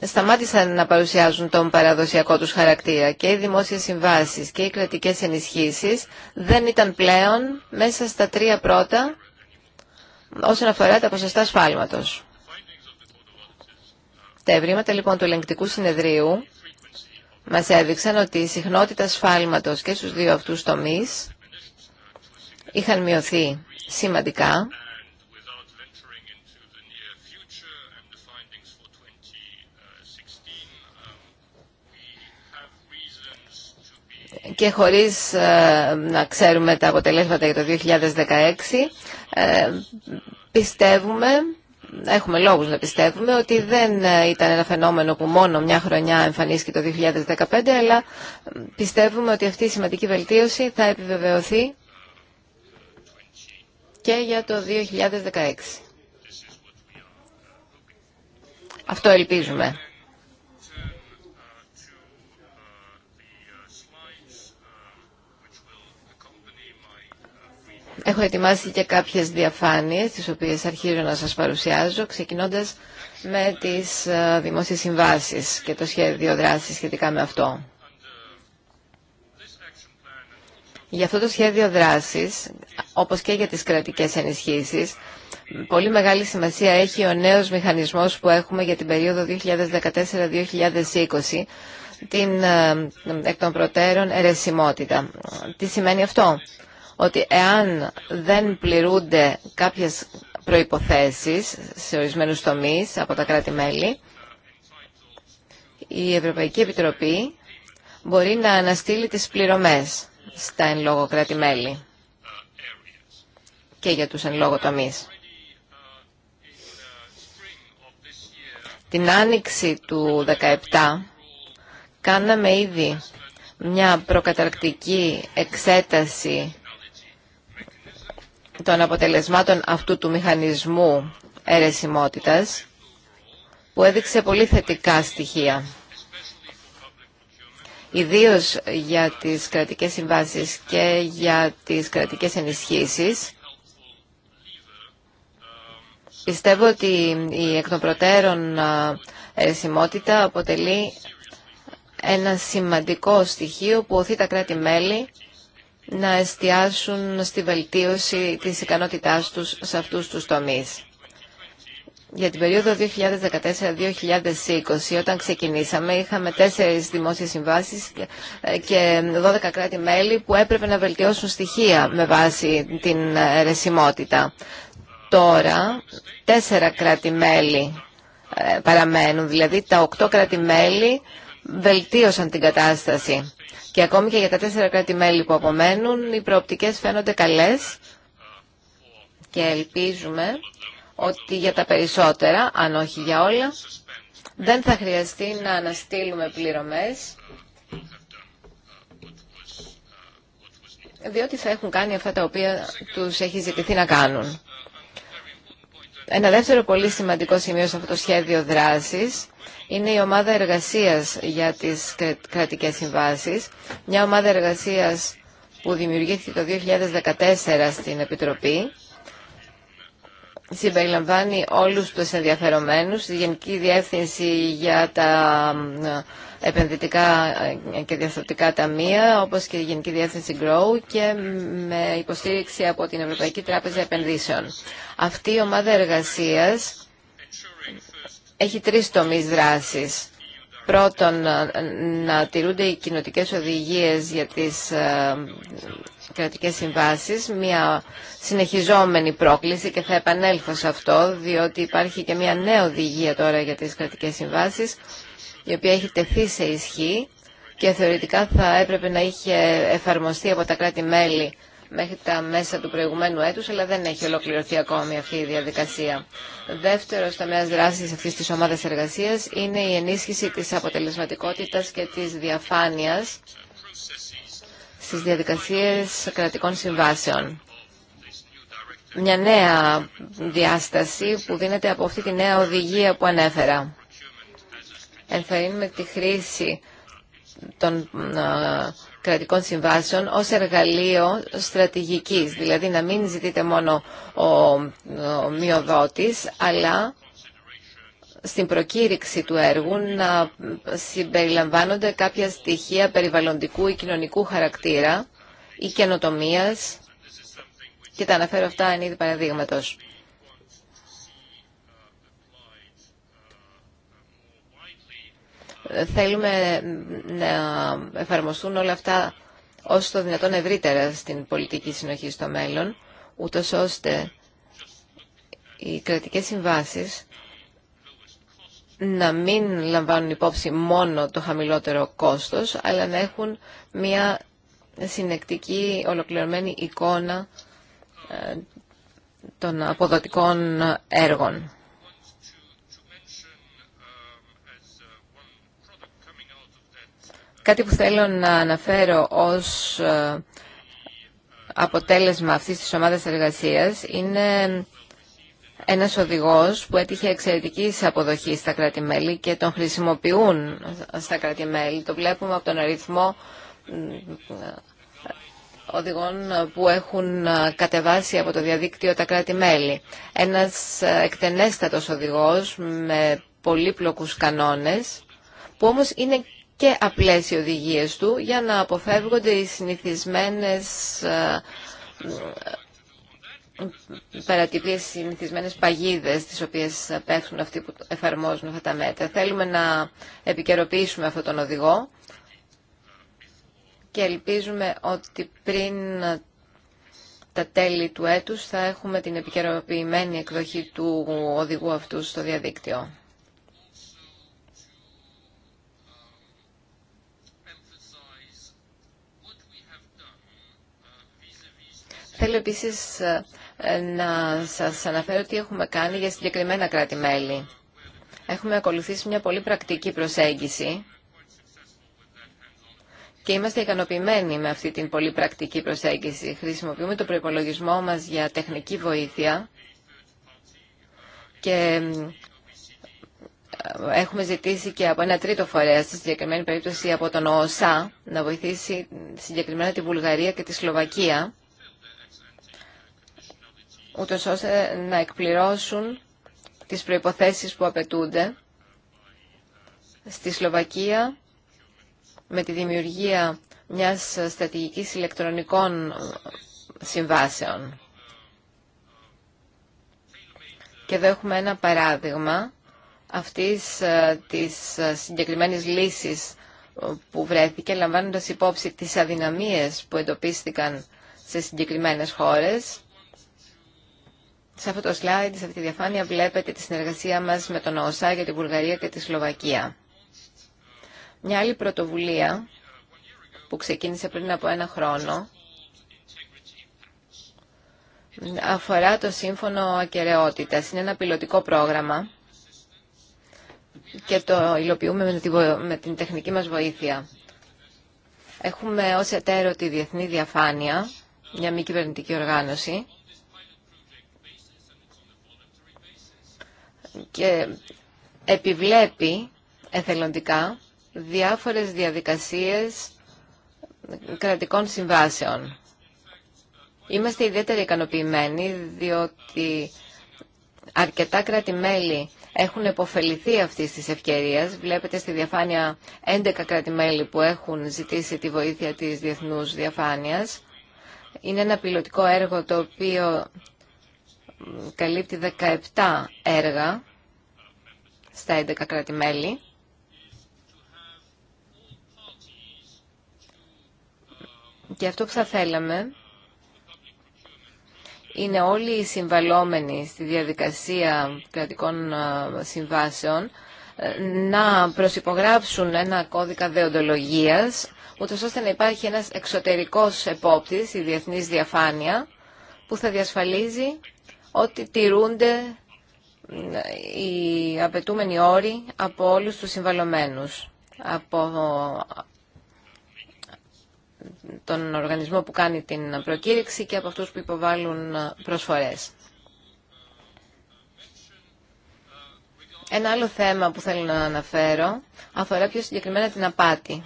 σταμάτησαν να παρουσιάζουν τον παραδοσιακό τους χαρακτήρα και οι δημόσιες συμβάσεις και οι κρατικές ενισχύσεις δεν ήταν πλέον μέσα στα τρία πρώτα όσον αφορά τα ποσοστά σφάλματος. Τα ευρήματα λοιπόν του ελεγκτικού συνεδρίου μας έδειξαν ότι η συχνότητα σφάλματος και στους δύο αυτούς τομείς είχαν μειωθεί σημαντικά και χωρίς ε, να ξέρουμε τα αποτελέσματα για το 2016 ε, πιστεύουμε έχουμε λόγους να πιστεύουμε ότι δεν ε, ήταν ένα φαινόμενο που μόνο μια χρονιά εμφανίστηκε το 2015 αλλά πιστεύουμε ότι αυτή η σημαντική βελτίωση θα επιβεβαιωθεί και για το 2016. Αυτό ελπίζουμε. Έχω ετοιμάσει και κάποιες διαφάνειες, τις οποίες αρχίζω να σας παρουσιάζω, ξεκινώντας με τις ε, δημόσιες συμβάσεις και το σχέδιο δράσης σχετικά με αυτό. Για αυτό το σχέδιο δράσης, όπως και για τις κρατικές ενισχύσεις, πολύ μεγάλη σημασία έχει ο νέος μηχανισμός που έχουμε για την περίοδο 2014-2020, την ε, εκ των προτέρων ερεσιμότητα. Τι σημαίνει αυτό? Ότι εάν δεν πληρούνται κάποιες προϋποθέσεις σε ορισμένους τομείς από τα κράτη-μέλη, η Ευρωπαϊκή Επιτροπή μπορεί να αναστείλει τις πληρωμές στα εν λόγω κράτη-μέλη και για τους εν λόγω τομείς. Την άνοιξη του 2017 κάναμε ήδη μια προκαταρκτική εξέταση των αποτελεσμάτων αυτού του μηχανισμού αιρεσιμότητας που έδειξε πολύ θετικά στοιχεία ιδίως για τις κρατικές συμβάσεις και για τις κρατικές ενισχύσεις. Πιστεύω ότι η εκ των προτέρων ερεσιμότητα αποτελεί ένα σημαντικό στοιχείο που οθεί τα κράτη-μέλη να εστιάσουν στη βελτίωση της ικανότητάς τους σε αυτούς τους τομείς. Για την περίοδο 2014-2020, όταν ξεκινήσαμε, είχαμε τέσσερις δημόσιες συμβάσεις και 12 ε, κράτη-μέλη που έπρεπε να βελτιώσουν στοιχεία με βάση την αιρεσιμότητα. Τώρα, τέσσερα κράτη-μέλη ε, παραμένουν, δηλαδή τα οκτώ κράτη-μέλη βελτίωσαν την κατάσταση. Και ακόμη και για τα τέσσερα κράτη-μέλη που απομένουν, οι προοπτικές φαίνονται καλές και ελπίζουμε ότι για τα περισσότερα, αν όχι για όλα, δεν θα χρειαστεί να αναστείλουμε πληρωμές, διότι θα έχουν κάνει αυτά τα οποία τους έχει ζητηθεί να κάνουν. Ένα δεύτερο πολύ σημαντικό σημείο σε αυτό το σχέδιο δράσης είναι η ομάδα εργασίας για τις κρατικές συμβάσεις. Μια ομάδα εργασίας που δημιουργήθηκε το 2014 στην Επιτροπή συμπεριλαμβάνει όλους τους ενδιαφερομένους, τη Γενική Διεύθυνση για τα επενδυτικά και Διαφθορτικά ταμεία, όπως και η Γενική Διεύθυνση Grow και με υποστήριξη από την Ευρωπαϊκή Τράπεζα Επενδύσεων. Αυτή η ομάδα εργασίας έχει τρεις τομείς δράσης. Πρώτον, να τηρούνται οι κοινοτικές οδηγίες για τις ε, κρατικές συμβάσεις, μια συνεχιζόμενη πρόκληση και θα επανέλθω σε αυτό, διότι υπάρχει και μια νέα οδηγία τώρα για τις κρατικές συμβάσεις, η οποία έχει τεθεί σε ισχύ και θεωρητικά θα έπρεπε να είχε εφαρμοστεί από τα κράτη-μέλη μέχρι τα μέσα του προηγουμένου έτους, αλλά δεν έχει ολοκληρωθεί ακόμη αυτή η διαδικασία. Δεύτερο τομέα δράση αυτή τη ομάδα εργασία είναι η ενίσχυση τη αποτελεσματικότητα και τη διαφάνεια στι διαδικασίε κρατικών συμβάσεων. Μια νέα διάσταση που δίνεται από αυτή τη νέα οδηγία που ανέφερα. Ενθαρρύνουμε τη χρήση των κρατικών συμβάσεων ως εργαλείο στρατηγικής. Δηλαδή να μην ζητείται μόνο ο, ο μειοδότης, αλλά στην προκήρυξη του έργου να συμπεριλαμβάνονται κάποια στοιχεία περιβαλλοντικού ή κοινωνικού χαρακτήρα ή καινοτομίας και τα αναφέρω αυτά εν είδη παραδείγματος. θέλουμε να εφαρμοστούν όλα αυτά όσο το δυνατόν ευρύτερα στην πολιτική συνοχή στο μέλλον, ούτω ώστε οι κρατικές συμβάσεις να μην λαμβάνουν υπόψη μόνο το χαμηλότερο κόστος, αλλά να έχουν μια συνεκτική, ολοκληρωμένη εικόνα ε, των αποδοτικών έργων. Κάτι που θέλω να αναφέρω ως ε, αποτέλεσμα αυτής της ομάδας εργασίας είναι ένας οδηγός που έτυχε εξαιρετική αποδοχή στα κράτη-μέλη και τον χρησιμοποιούν στα κράτη-μέλη. Το βλέπουμε από τον αριθμό ε, οδηγών που έχουν ε, κατεβάσει από το διαδίκτυο τα κράτη-μέλη. Ένας εκτενέστατος οδηγός με πολύπλοκους κανόνες που όμως είναι και απλές οι οδηγίες του για να αποφεύγονται οι συνηθισμένες ε, οι συνηθισμένες παγίδες τις οποίες πέφτουν αυτοί που εφαρμόζουν αυτά τα μέτρα. Θέλουμε να επικαιροποιήσουμε αυτόν τον οδηγό και ελπίζουμε ότι πριν τα τέλη του έτους θα έχουμε την επικαιροποιημένη εκδοχή του οδηγού αυτού στο διαδίκτυο. Θέλω επίσης ε, να σας αναφέρω τι έχουμε κάνει για συγκεκριμένα κράτη-μέλη. Έχουμε ακολουθήσει μια πολύ πρακτική προσέγγιση και είμαστε ικανοποιημένοι με αυτή την πολύ πρακτική προσέγγιση. Χρησιμοποιούμε τον προϋπολογισμό μας για τεχνική βοήθεια και ε, έχουμε ζητήσει και από ένα τρίτο φορέα, στη συγκεκριμένη περίπτωση από τον ΟΣΑ, να βοηθήσει συγκεκριμένα τη Βουλγαρία και τη Σλοβακία ούτως ώστε να εκπληρώσουν τις προϋποθέσεις που απαιτούνται στη Σλοβακία με τη δημιουργία μιας στρατηγικής ηλεκτρονικών συμβάσεων. Και εδώ έχουμε ένα παράδειγμα αυτής ε, της ε, συγκεκριμένης λύσης που βρέθηκε λαμβάνοντας υπόψη τις αδυναμίες που εντοπίστηκαν σε συγκεκριμένες χώρες σε αυτό το slide, σε αυτή τη διαφάνεια βλέπετε τη συνεργασία μας με τον ΟΣΑ για την Βουλγαρία και τη Σλοβακία. Μια άλλη πρωτοβουλία που ξεκίνησε πριν από ένα χρόνο αφορά το Σύμφωνο Ακαιρεότητας. Είναι ένα πιλωτικό πρόγραμμα και το υλοποιούμε με την τεχνική μας βοήθεια. Έχουμε ως εταίρο τη Διεθνή Διαφάνεια, μια μη κυβερνητική οργάνωση, και επιβλέπει εθελοντικά διάφορες διαδικασίες κρατικών συμβάσεων. Είμαστε ιδιαίτερα ικανοποιημένοι διότι αρκετά κράτη-μέλη έχουν επωφεληθεί αυτή της ευκαιρίας. Βλέπετε στη διαφάνεια 11 κράτη-μέλη που έχουν ζητήσει τη βοήθεια της διεθνούς διαφάνειας. Είναι ένα πιλωτικό έργο το οποίο καλύπτει 17 έργα στα 11 κράτη-μέλη. Και αυτό που θα θέλαμε είναι όλοι οι συμβαλόμενοι στη διαδικασία κρατικών ε, συμβάσεων ε, να προσυπογράψουν ένα κώδικα δεοντολογίας, ούτως ώστε να υπάρχει ένας εξωτερικός επόπτης, η διεθνής διαφάνεια, που θα διασφαλίζει ότι τηρούνται οι απαιτούμενοι όροι από όλους τους συμβαλωμένους, από τον οργανισμό που κάνει την προκήρυξη και από αυτούς που υποβάλλουν προσφορές. Ένα άλλο θέμα που θέλω να αναφέρω αφορά πιο συγκεκριμένα την απάτη.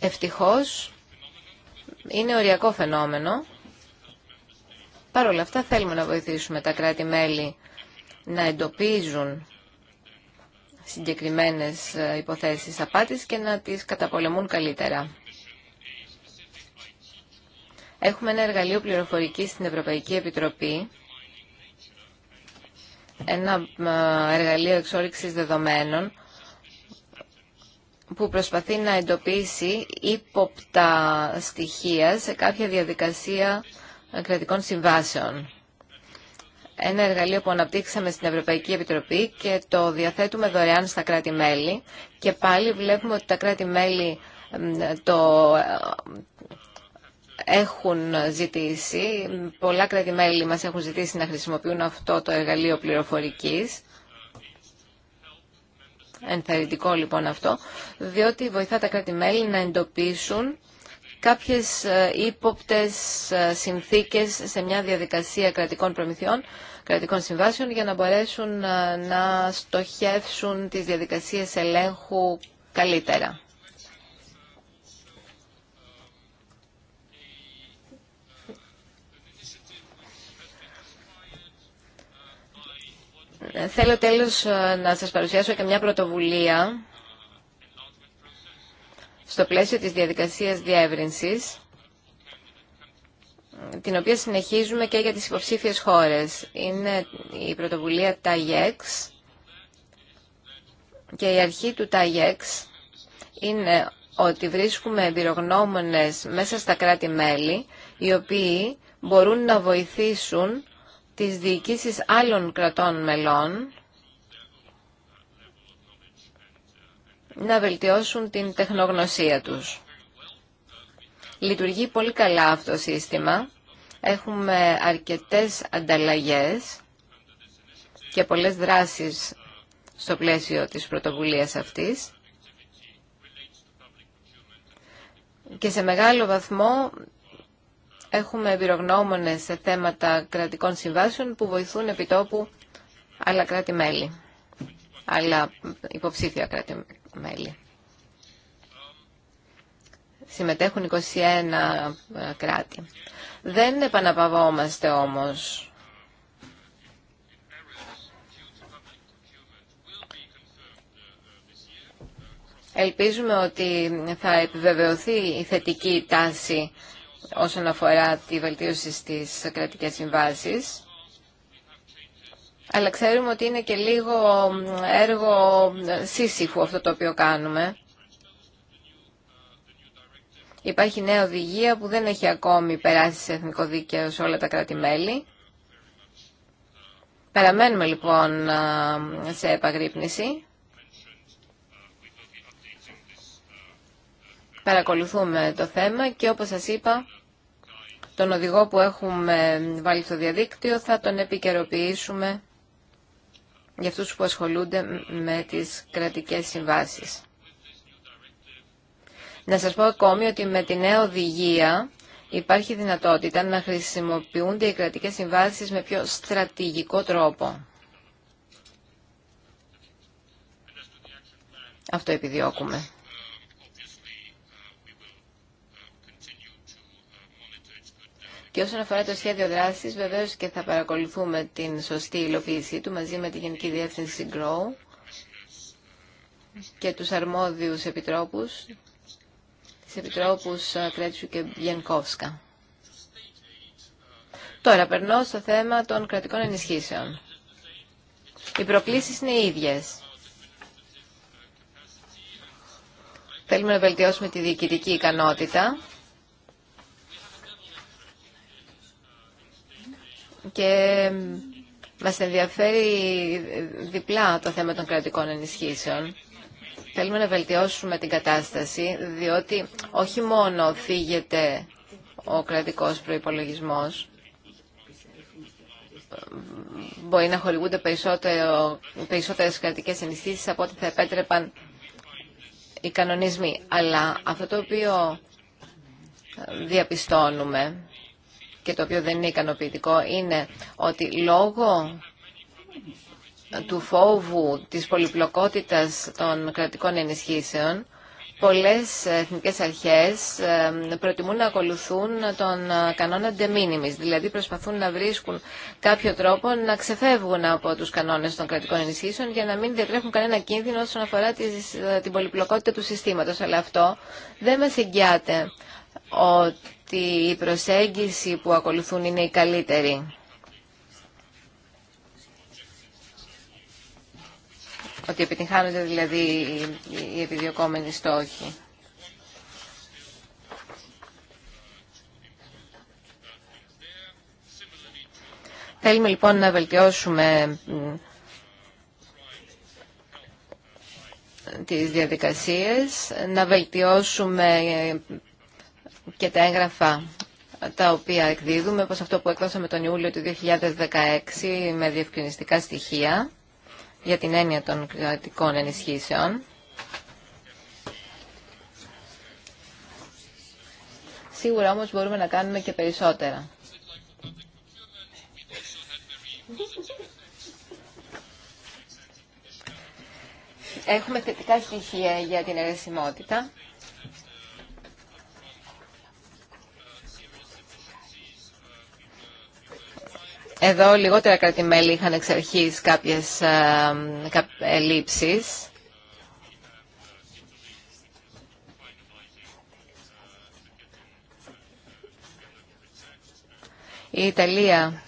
Ευτυχώς είναι οριακό φαινόμενο. Παρ' όλα αυτά θέλουμε να βοηθήσουμε τα κράτη-μέλη να εντοπίζουν συγκεκριμένες ε, υποθέσεις απάτης και να τις καταπολεμούν καλύτερα. Έχουμε ένα εργαλείο πληροφορικής στην Ευρωπαϊκή Επιτροπή, ένα ε, εργαλείο εξόριξης δεδομένων, που προσπαθεί να εντοπίσει ύποπτα στοιχεία σε κάποια διαδικασία κρατικών συμβάσεων. Ένα εργαλείο που αναπτύξαμε στην Ευρωπαϊκή Επιτροπή και το διαθέτουμε δωρεάν στα κράτη-μέλη και πάλι βλέπουμε ότι τα κράτη-μέλη το ε, έχουν ζητήσει, πολλά κράτη-μέλη μας έχουν ζητήσει να χρησιμοποιούν αυτό το εργαλείο πληροφορικής Ενθαρρυντικό λοιπόν αυτό, διότι βοηθά τα κράτη-μέλη να εντοπίσουν κάποιες ε, ύποπτες ε, συνθήκες σε μια διαδικασία κρατικών προμηθειών, κρατικών συμβάσεων, για να μπορέσουν ε, να στοχεύσουν τις διαδικασίες ελέγχου καλύτερα. Θέλω τέλος ε, να σας παρουσιάσω και μια πρωτοβουλία στο πλαίσιο της διαδικασίας διεύρυνσης, την οποία συνεχίζουμε και για τις υποψήφιες χώρες. Είναι η πρωτοβουλία ΤΑΙΕΚΣ και η αρχή του ΤΑΙΕΚΣ είναι ότι βρίσκουμε εμπειρογνώμονες μέσα στα κράτη-μέλη, οι οποίοι μπορούν να βοηθήσουν τις διοικήσεις άλλων κρατών μελών να βελτιώσουν την τεχνογνωσία τους. Λειτουργεί πολύ καλά αυτό το σύστημα. Έχουμε αρκετές ανταλλαγές και πολλές δράσεις στο πλαίσιο της πρωτοβουλίας αυτής και σε μεγάλο βαθμό Έχουμε εμπειρογνώμονε σε θέματα κρατικών συμβάσεων που βοηθούν επιτόπου άλλα κράτη-μέλη, άλλα υποψήφια κράτη-μέλη. Συμμετέχουν 21 ε, κράτη. Δεν επαναπαυόμαστε όμως. Ελπίζουμε ότι θα επιβεβαιωθεί η θετική τάση όσον αφορά τη βελτίωση στις κρατικές συμβάσεις. Αλλά ξέρουμε ότι είναι και λίγο έργο σύσυφου αυτό το οποίο κάνουμε. Υπάρχει νέα οδηγία που δεν έχει ακόμη περάσει σε εθνικό δίκαιο σε όλα τα κράτη-μέλη. Παραμένουμε λοιπόν σε επαγρύπνηση. Παρακολουθούμε το θέμα και όπως σας είπα τον οδηγό που έχουμε βάλει στο διαδίκτυο θα τον επικαιροποιήσουμε για αυτούς που ασχολούνται με τις κρατικές συμβάσεις. Να σας πω ακόμη ότι με τη νέα οδηγία υπάρχει δυνατότητα να χρησιμοποιούνται οι κρατικές συμβάσεις με πιο στρατηγικό τρόπο. Αυτό επιδιώκουμε. Και όσον αφορά το σχέδιο δράσης, βεβαίως και θα παρακολουθούμε την σωστή υλοποίησή του μαζί με τη Γενική Διεύθυνση GROW και τους αρμόδιους επιτρόπους, τις επιτρόπους ε, Κρέτσου και Βιενκόφσκα. Τώρα περνώ στο θέμα των κρατικών ενισχύσεων. Οι προκλήσεις είναι οι ίδιες. Θέλουμε να βελτιώσουμε τη διοικητική ικανότητα και μας ενδιαφέρει διπλά το θέμα των κρατικών ενισχύσεων. Θέλουμε να βελτιώσουμε την κατάσταση, διότι όχι μόνο φύγεται ο κρατικός προϋπολογισμός, μπορεί να χορηγούνται περισσότερο, περισσότερες κρατικές ενισχύσεις από ό,τι θα επέτρεπαν οι κανονισμοί. Αλλά αυτό το οποίο διαπιστώνουμε και το οποίο δεν είναι ικανοποιητικό είναι ότι λόγω του φόβου της πολυπλοκότητας των κρατικών ενισχύσεων πολλές εθνικές αρχές ε, προτιμούν να ακολουθούν τον κανόνα de minimis, δηλαδή προσπαθούν να βρίσκουν κάποιο τρόπο να ξεφεύγουν από τους κανόνες των κρατικών ενισχύσεων για να μην διατρέχουν κανένα κίνδυνο όσον αφορά ε, την πολυπλοκότητα του συστήματος. Αλλά αυτό δεν μας εγγυάται ότι η προσέγγιση που ακολουθούν είναι η καλύτερη. Ότι επιτυγχάνονται δηλαδή οι επιδιωκόμενοι στόχοι. Θέλουμε λοιπόν να βελτιώσουμε τις διαδικασίες, να βελτιώσουμε και τα έγγραφα τα οποία εκδίδουμε, όπως αυτό που έκδοσαμε τον Ιούλιο του 2016 με διευκρινιστικά στοιχεία για την έννοια των κρατικών ενισχύσεων. Σίγουρα όμως μπορούμε να κάνουμε και περισσότερα. Έχουμε θετικά στοιχεία για την αιρεσιμότητα. Εδώ λιγότερα κρατημέλη είχαν εξ αρχής κάποιες ελλείψεις. Ε, η Ιταλία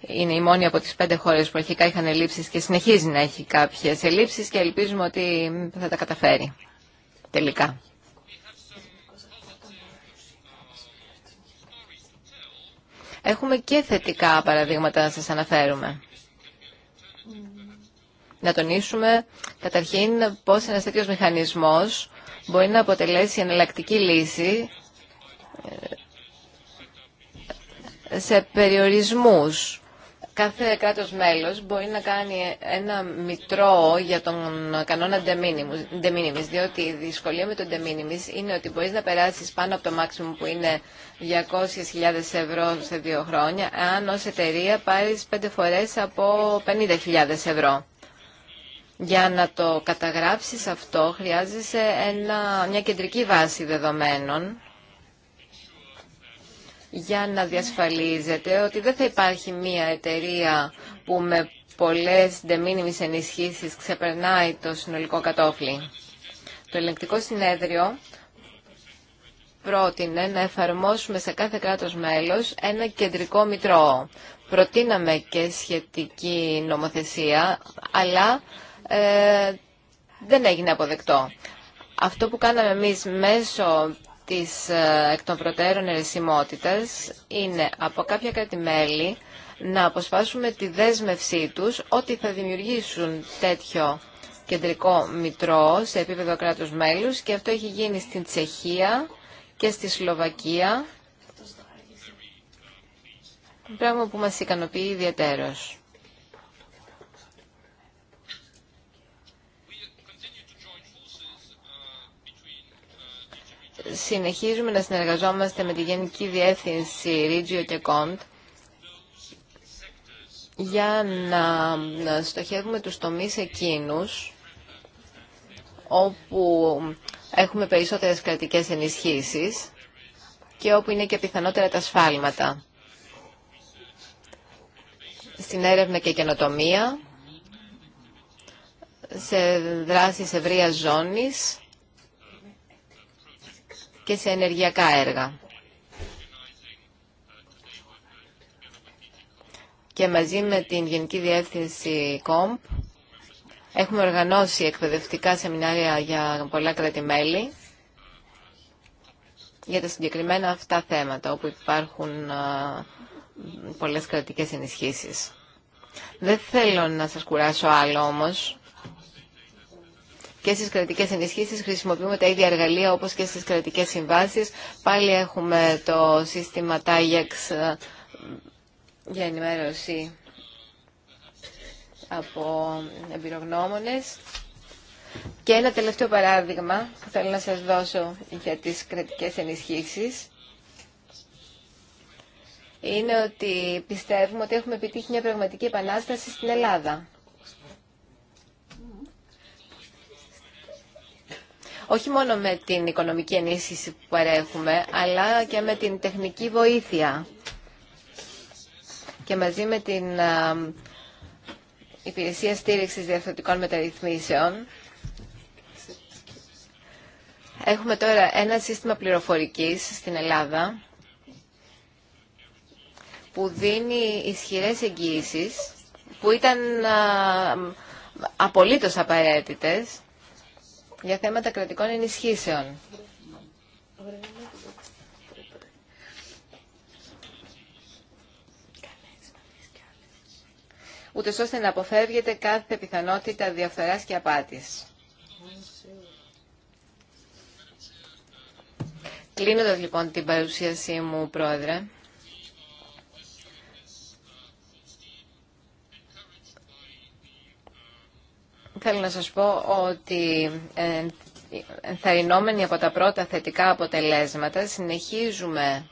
είναι η μόνη από τις πέντε χώρες που αρχικά είχαν ελλείψεις και συνεχίζει να έχει κάποιες ελλείψεις και ελπίζουμε ότι θα τα καταφέρει τελικά. Έχουμε και θετικά παραδείγματα να σας αναφέρουμε. Να τονίσουμε καταρχήν πώς ένας τέτοιος μηχανισμός μπορεί να αποτελέσει εναλλακτική λύση ε, σε περιορισμούς Κάθε κράτος μέλος μπορεί να κάνει ένα μητρό για τον κανόνα de minimis, διότι η δυσκολία με τον de minimis είναι ότι μπορεί να περάσεις πάνω από το maximum που είναι 200.000 ευρώ σε δύο χρόνια, αν ως εταιρεία πάρεις πέντε φορές από 50.000 ευρώ. Για να το καταγράψεις αυτό χρειάζεσαι μια κεντρική βάση δεδομένων για να διασφαλίζεται ότι δεν θα υπάρχει μία εταιρεία που με πολλές de minimis ενισχύσεις ξεπερνάει το συνολικό κατόφλι. Το ελεγκτικό συνέδριο πρότεινε να εφαρμόσουμε σε κάθε κράτος μέλος ένα κεντρικό μητρό. Προτείναμε και σχετική νομοθεσία, αλλά ε, δεν έγινε αποδεκτό. Αυτό που κάναμε εμείς μέσω της ε, εκ των προτέρων ερεσιμότητας είναι από κάποια κράτη-μέλη να αποσπάσουμε τη δέσμευσή τους ότι θα δημιουργήσουν τέτοιο κεντρικό μητρό σε επίπεδο κράτους μέλους και αυτό έχει γίνει στην Τσεχία και στη Σλοβακία, πράγμα που μας ικανοποιεί ιδιαίτερος. συνεχίζουμε να συνεργαζόμαστε με τη Γενική Διεύθυνση Ρίτζιο και Κοντ για να, να στοχεύουμε τους τομείς εκείνους όπου έχουμε περισσότερες κρατικές ενισχύσεις και όπου είναι και πιθανότερα τα σφάλματα. Στην έρευνα και καινοτομία, σε δράσεις ευρείας ζώνης, και σε ενεργειακά έργα. Και μαζί με την Γενική Διεύθυνση ΚΟΜΠ έχουμε οργανώσει εκπαιδευτικά σεμινάρια για πολλά κράτη-μέλη για τα συγκεκριμένα αυτά θέματα όπου υπάρχουν πολλές κρατικές ενισχύσεις. Δεν θέλω να σας κουράσω άλλο όμως και στις κρατικές ενισχύσεις χρησιμοποιούμε τα ίδια εργαλεία όπως και στις κρατικές συμβάσεις. Πάλι έχουμε το σύστημα TAIEX ε, για ενημέρωση από εμπειρογνώμονες. Και ένα τελευταίο παράδειγμα που θέλω να σας δώσω για τις κρατικές ενισχύσεις είναι ότι πιστεύουμε ότι έχουμε επιτύχει μια πραγματική επανάσταση στην Ελλάδα. όχι μόνο με την οικονομική ενίσχυση που παρέχουμε, αλλά και με την τεχνική βοήθεια. Και μαζί με την Υπηρεσία Στήριξης Διαφορετικών Μεταρρυθμίσεων, Έχουμε τώρα ένα σύστημα πληροφορικής στην Ελλάδα που δίνει ισχυρές εγγύησεις που ήταν απολύτως απαραίτητες για θέματα κρατικών ενισχύσεων. Ούτε ώστε να αποφεύγεται κάθε πιθανότητα διαφθοράς και απάτης. Κλείνοντας λοιπόν την παρουσίασή μου, Πρόεδρε, Θέλω να σας πω ότι ε, ενθαρρυνόμενοι από τα πρώτα θετικά αποτελέσματα συνεχίζουμε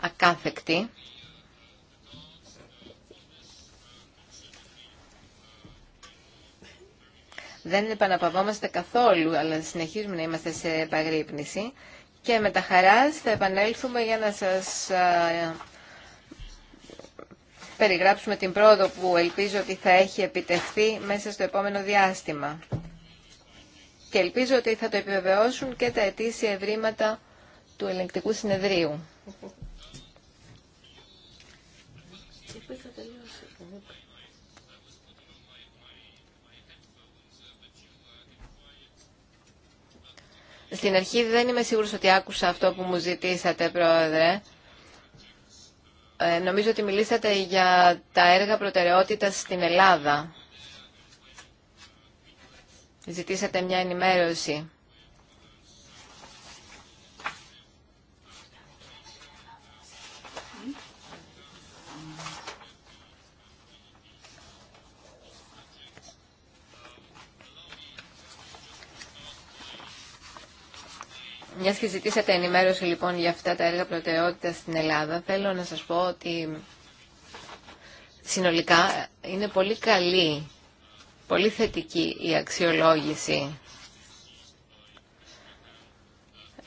ακάθεκτοι Δεν επαναπαυόμαστε καθόλου, αλλά συνεχίζουμε να είμαστε σε επαγρύπνηση και με τα χαράς θα επανέλθουμε για να σας ε, περιγράψουμε την πρόοδο που ελπίζω ότι θα έχει επιτευχθεί μέσα στο επόμενο διάστημα. Και ελπίζω ότι θα το επιβεβαιώσουν και τα ετήσια ευρήματα του ελεγκτικού συνεδρίου. Στην αρχή δεν είμαι σίγουρος ότι άκουσα αυτό που μου ζητήσατε, Πρόεδρε. Ε, νομίζω ότι μιλήσατε για τα έργα προτεραιότητας στην Ελλάδα. Ζητήσατε μια ενημέρωση. Μιας και ζητήσατε ενημέρωση λοιπόν για αυτά τα έργα προτεραιότητα στην Ελλάδα, θέλω να σας πω ότι συνολικά είναι πολύ καλή, πολύ θετική η αξιολόγηση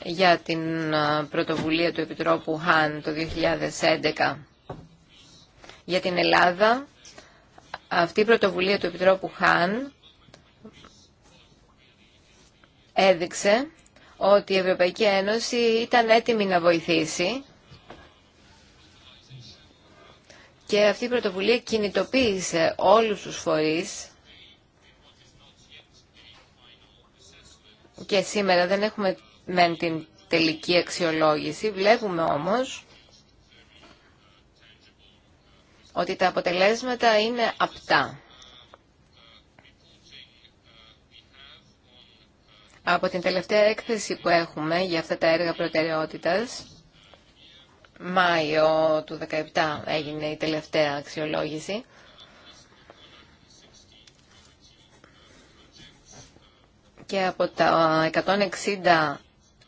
για την πρωτοβουλία του Επιτρόπου ΧΑΝ το 2011. Για την Ελλάδα, αυτή η πρωτοβουλία του Επιτρόπου ΧΑΝ έδειξε ότι η Ευρωπαϊκή Ένωση ήταν έτοιμη να βοηθήσει και αυτή η πρωτοβουλία κινητοποίησε όλους τους φορείς και σήμερα δεν έχουμε μεν την τελική αξιολόγηση. Βλέπουμε όμως ότι τα αποτελέσματα είναι απτά. Από την τελευταία έκθεση που έχουμε για αυτά τα έργα προτεραιότητας, Μάιο του 2017 έγινε η τελευταία αξιολόγηση, και από τα 160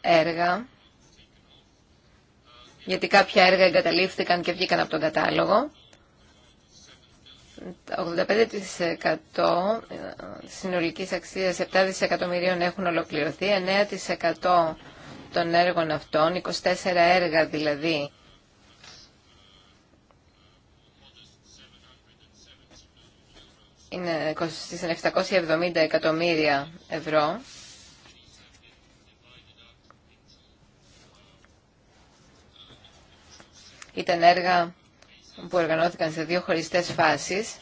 έργα, γιατί κάποια έργα εγκαταλείφθηκαν και βγήκαν από τον κατάλογο, 85% της συνολικής αξίας 7 δισεκατομμυρίων έχουν ολοκληρωθεί, 9% των έργων αυτών, 24 έργα δηλαδή, είναι 770 εκατομμύρια ευρώ. Ήταν έργα που οργανώθηκαν σε δύο χωριστές φάσεις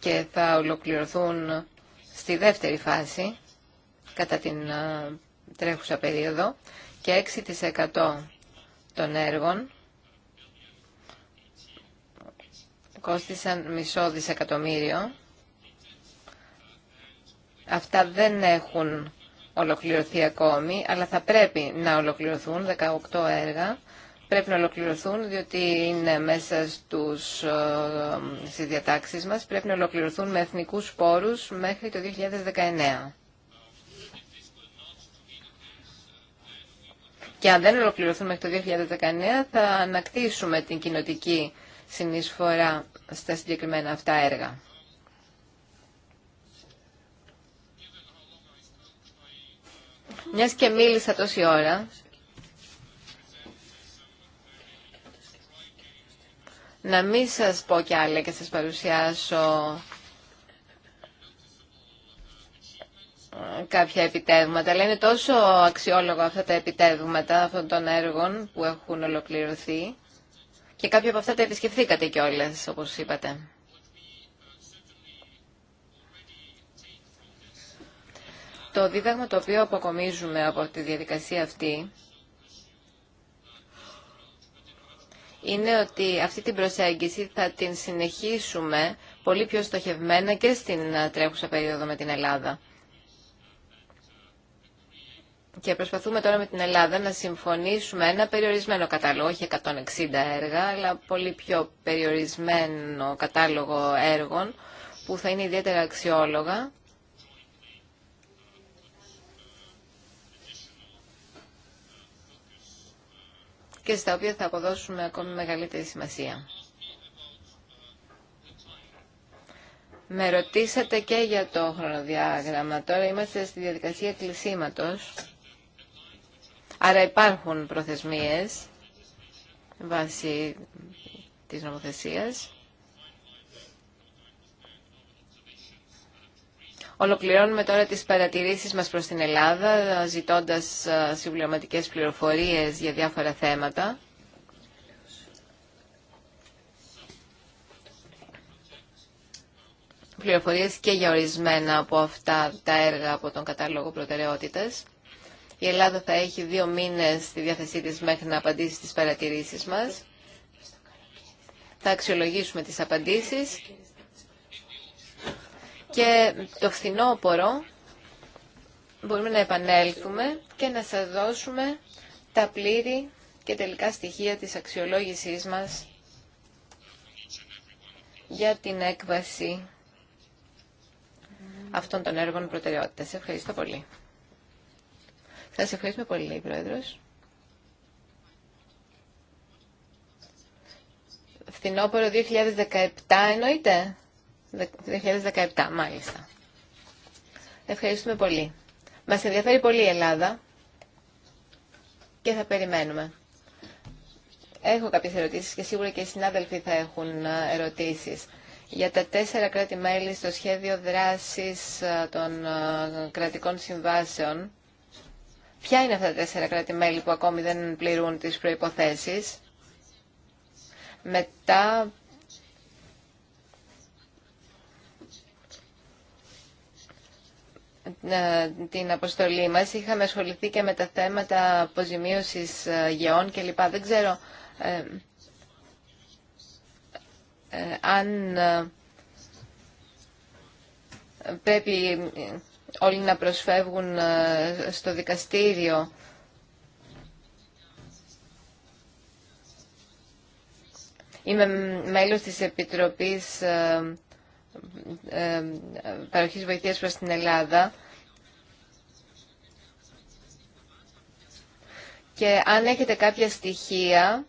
και θα ολοκληρωθούν στη δεύτερη φάση κατά την τρέχουσα περίοδο και 6% των έργων κόστησαν μισό δισεκατομμύριο. Αυτά δεν έχουν ολοκληρωθεί ακόμη, αλλά θα πρέπει να ολοκληρωθούν 18 έργα πρέπει να ολοκληρωθούν, διότι είναι μέσα στους, ε, στις διατάξεις μας, πρέπει να ολοκληρωθούν με εθνικούς πόρους μέχρι το 2019. Και αν δεν ολοκληρωθούν μέχρι το 2019, θα ανακτήσουμε την κοινοτική συνεισφορά στα συγκεκριμένα αυτά έργα. Μιας και μίλησα τόση ώρα, Να μην σας πω κι άλλα και σας παρουσιάσω κάποια επιτεύγματα, αλλά είναι τόσο αξιόλογα αυτά τα επιτεύγματα αυτών των έργων που έχουν ολοκληρωθεί και κάποια από αυτά τα επισκεφθήκατε όλες, όπως είπατε. Το δίδαγμα το οποίο αποκομίζουμε από τη διαδικασία αυτή είναι ότι αυτή την προσέγγιση θα την συνεχίσουμε πολύ πιο στοχευμένα και στην τρέχουσα περίοδο με την Ελλάδα. Και προσπαθούμε τώρα με την Ελλάδα να συμφωνήσουμε ένα περιορισμένο κατάλογο, όχι 160 έργα, αλλά πολύ πιο περιορισμένο κατάλογο έργων που θα είναι ιδιαίτερα αξιόλογα και στα οποία θα αποδώσουμε ακόμη μεγαλύτερη σημασία. Με ρωτήσατε και για το χρονοδιάγραμμα. Τώρα είμαστε στη διαδικασία κλεισίματος. Άρα υπάρχουν προθεσμίες βάσει της νομοθεσίας. Ολοκληρώνουμε τώρα τις παρατηρήσεις μας προς την Ελλάδα, ζητώντας ε, συμπληρωματικές πληροφορίες για διάφορα θέματα. Πληροφορίες και για ορισμένα από αυτά τα έργα από τον κατάλογο προτεραιότητας. Η Ελλάδα θα έχει δύο μήνες στη διάθεσή της μέχρι να απαντήσει στις παρατηρήσεις μας. Θα αξιολογήσουμε τις απαντήσεις και το φθινόπωρο μπορούμε να επανέλθουμε και να σας δώσουμε τα πλήρη και τελικά στοιχεία της αξιολόγησής μας για την έκβαση αυτών των έργων προτεραιότητας. Ευχαριστώ πολύ. Σας ευχαριστούμε πολύ, λέει Πρόεδρος. Φθινόπωρο 2017 εννοείται. 2017, μάλιστα. Ευχαριστούμε πολύ. Μας ενδιαφέρει πολύ η Ελλάδα και θα περιμένουμε. Έχω κάποιες ερωτήσεις και σίγουρα και οι συνάδελφοι θα έχουν ε, ερωτήσεις. Για τα τέσσερα κράτη-μέλη στο σχέδιο δράσης ε, των ε, κρατικών συμβάσεων, ποια είναι αυτά τα τέσσερα κράτη-μέλη που ακόμη δεν πληρούν τις προϋποθέσεις. Μετά Ε, την αποστολή μας είχαμε ασχοληθεί και με τα θέματα αποζημίωσης ε, γεών λοιπά. Δεν ξέρω ε, αν πρέπει όλοι να προσφεύγουν στο δικαστήριο Είμαι μέλος της Επιτροπής ε, παροχής βοηθείας προς την Ελλάδα και αν έχετε κάποια στοιχεία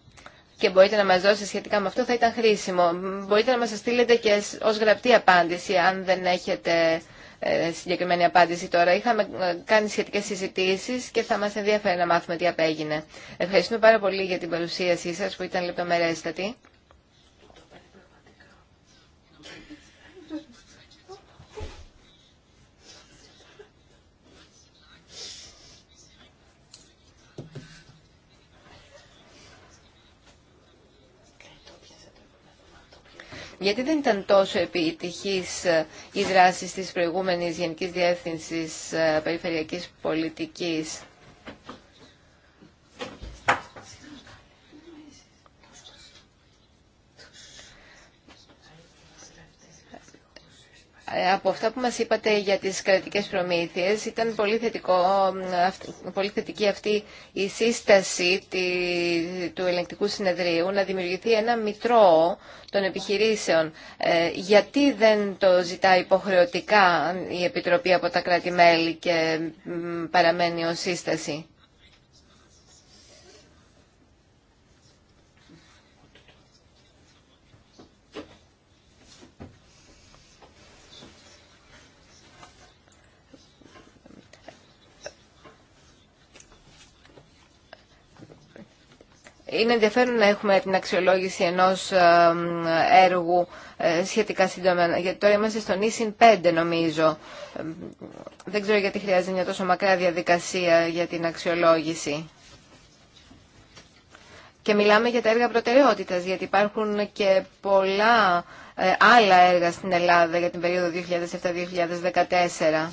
και μπορείτε να μας δώσετε σχετικά με αυτό θα ήταν χρήσιμο. Μπορείτε να μας στείλετε και ως γραπτή απάντηση αν δεν έχετε ε, συγκεκριμένη απάντηση τώρα. Είχαμε ε, κάνει σχετικές συζητήσεις και θα μας ενδιαφέρει να μάθουμε τι απέγινε. Ευχαριστούμε πάρα πολύ για την παρουσίασή σας που ήταν λεπτομερέστατη. γιατί δεν ήταν τόσο επιτυχής ε, η δράση της προηγούμενης Γενικής Διεύθυνσης ε, Περιφερειακής Πολιτικής Από αυτά που μας είπατε για τις κρατικές προμήθειες ήταν πολύ, θετικό, θετική αυτή η σύσταση του ελεγκτικού συνεδρίου να δημιουργηθεί ένα μητρό των επιχειρήσεων. Ε, γιατί δεν το ζητά υποχρεωτικά η Επιτροπή από τα κράτη-μέλη και παραμένει ως σύσταση. Είναι ενδιαφέρον να έχουμε την αξιολόγηση ενός έργου ε, σχετικά σύντομα, γιατί τώρα είμαστε στον ΙΣΙΝ 5 νομίζω. Δεν ξέρω γιατί χρειάζεται μια τόσο μακρά διαδικασία για την αξιολόγηση. Και μιλάμε για τα έργα προτεραιότητας, γιατί υπάρχουν και πολλά ε, άλλα έργα στην Ελλάδα για την περίοδο 2007-2014.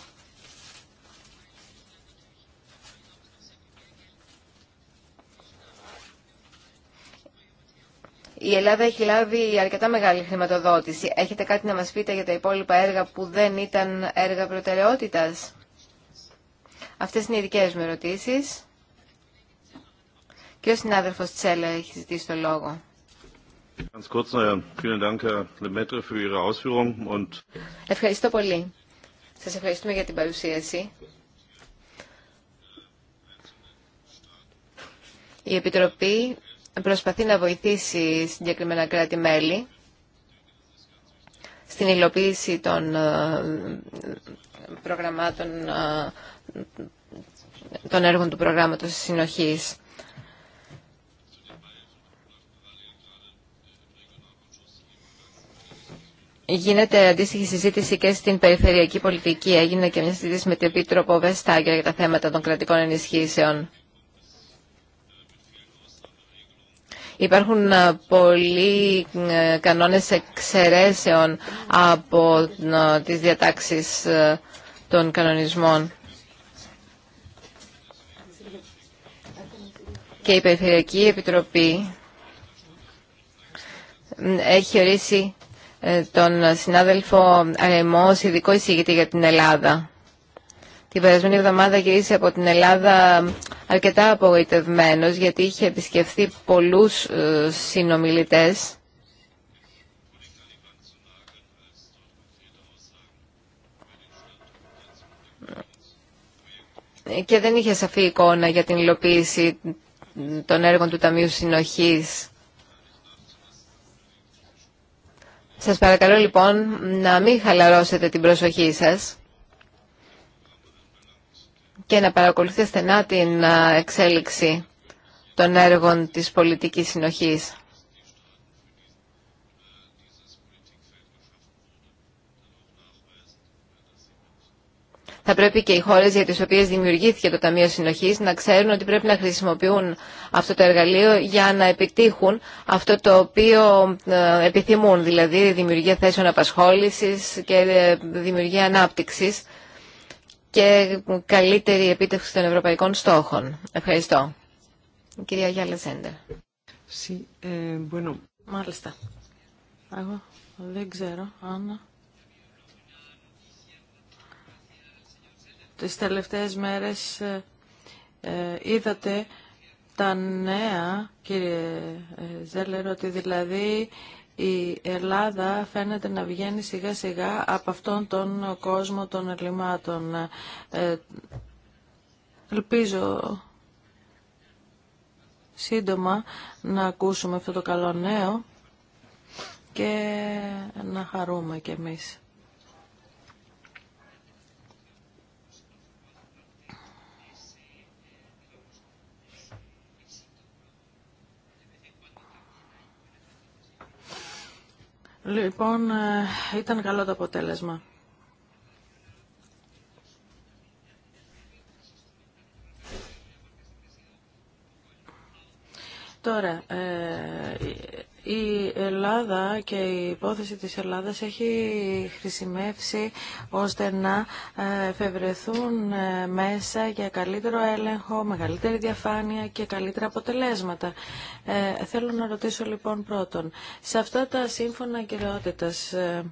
Η Ελλάδα έχει λάβει αρκετά μεγάλη χρηματοδότηση. Έχετε κάτι να μας πείτε για τα υπόλοιπα έργα που δεν ήταν έργα προτεραιότητας. Αυτές είναι οι δικές μου ερωτήσεις. Και ο συνάδελφος Τσέλα έχει ζητήσει το λόγο. Äh, Ευχαριστώ πολύ. Σας ευχαριστούμε για την παρουσίαση. Η Επιτροπή προσπαθεί να βοηθήσει συγκεκριμένα κράτη-μέλη στην υλοποίηση των ε, προγραμμάτων ε, των έργων του προγράμματος συνοχής. Γίνεται αντίστοιχη συζήτηση και στην περιφερειακή πολιτική. Έγινε και μια συζήτηση με την Επίτροπο Βεστάγκερ για τα θέματα των κρατικών ενισχύσεων. Υπάρχουν ε, πολλοί ε, κανόνες εξαιρέσεων από ε, τις διατάξεις των κανονισμών. Και η Περιφερειακή Επιτροπή έχει ορίσει τον συνάδελφο Αρεμό ως ειδικό εισηγητή για την Ελλάδα. Την περασμένη εβδομάδα γυρίσει από την Ελλάδα αρκετά απογοητευμένος γιατί είχε επισκεφθεί πολλούς ε, συνομιλητές και δεν είχε σαφή εικόνα για την υλοποίηση των έργων του Ταμείου Συνοχής. Σας παρακαλώ λοιπόν να μην χαλαρώσετε την προσοχή σας και να παρακολουθεί στενά την εξέλιξη των έργων της πολιτικής συνοχής. Θα πρέπει και οι χώρες για τις οποίες δημιουργήθηκε το Ταμείο Συνοχής να ξέρουν ότι πρέπει να χρησιμοποιούν αυτό το εργαλείο για να επιτύχουν αυτό το οποίο ε, επιθυμούν, δηλαδή δημιουργία θέσεων απασχόλησης και ε, δημιουργία ανάπτυξης και καλύτερη επίτευξη των ευρωπαϊκών στόχων. Ευχαριστώ. κυρία Γιάλε Σέντερ. Eh, Μάλιστα. Εγώ δεν ξέρω αν τις τελευταίες μέρες ε, ε, είδατε τα νέα, κύριε ε, Ζέλερ, ότι δηλαδή η Ελλάδα φαίνεται να βγαίνει σιγά σιγά από αυτόν τον κόσμο των ελλημάτων. Ε, ελπίζω σύντομα να ακούσουμε αυτό το καλό νέο και να χαρούμε κι εμείς. Λοιπόν, ε, ήταν καλό το αποτέλεσμα. Τώρα, ε, η Ελλάδα και η υπόθεση της Ελλάδας έχει χρησιμεύσει ώστε να ε, εφευρεθούν ε, μέσα για καλύτερο έλεγχο, μεγαλύτερη διαφάνεια και καλύτερα αποτελέσματα. Ε, θέλω να ρωτήσω λοιπόν πρώτον, σε αυτά τα σύμφωνα κυριότητας, ε,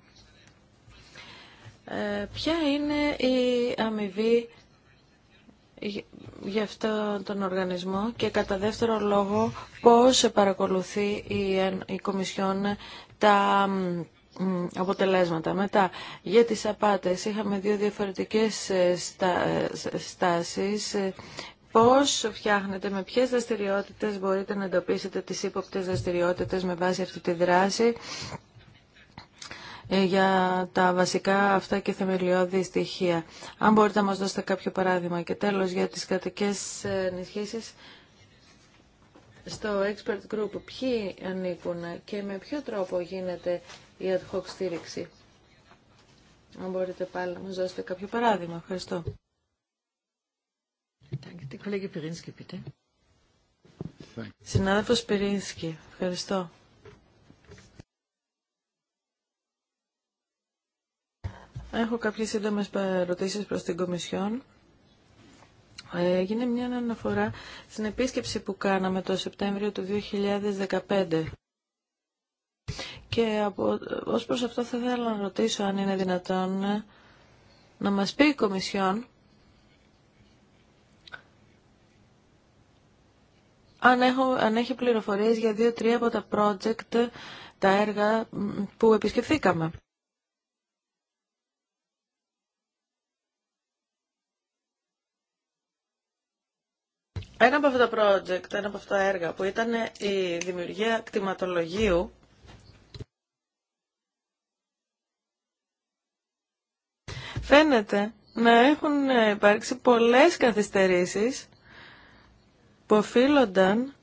ε, ποια είναι η αμοιβή για αυτό τον οργανισμό και κατά δεύτερο λόγο πώς παρακολουθεί η Κομισιόν τα αποτελέσματα. Μετά, για τις απάτες είχαμε δύο διαφορετικές ε, ε, στάσεις. Ε, πώς φτιάχνετε, με ποιες δραστηριότητες μπορείτε να εντοπίσετε τις ύποπτες δραστηριότητες με βάση αυτή τη δράση ε, για τα βασικά αυτά και θεμελιώδη στοιχεία. Αν μπορείτε να μας δώσετε κάποιο παράδειγμα. Και τέλος για τις κρατικές ε, ενισχύσεις στο expert group ποιοι ανήκουν και με ποιο τρόπο γίνεται η ad hoc στήριξη. Αν μπορείτε πάλι να μας δώσετε κάποιο παράδειγμα. Ευχαριστώ. Συνάδελφος Πυρίνσκι, ευχαριστώ. Έχω κάποιες σύντομες ερωτήσεις προς την Κομισιόν. Έγινε μια αναφορά στην επίσκεψη που κάναμε το Σεπτέμβριο του 2015. Και από, ως προς αυτό θα ήθελα να ρωτήσω αν είναι δυνατόν να μας πει η Κομισιόν αν, έχω, αν έχει πληροφορίες για δύο-τρία από τα project, τα έργα που επισκεφθήκαμε. Ένα από αυτά τα project, ένα από αυτά τα έργα που ήταν η δημιουργία κτηματολογίου φαίνεται να έχουν υπάρξει πολλές καθυστερήσεις που οφείλονταν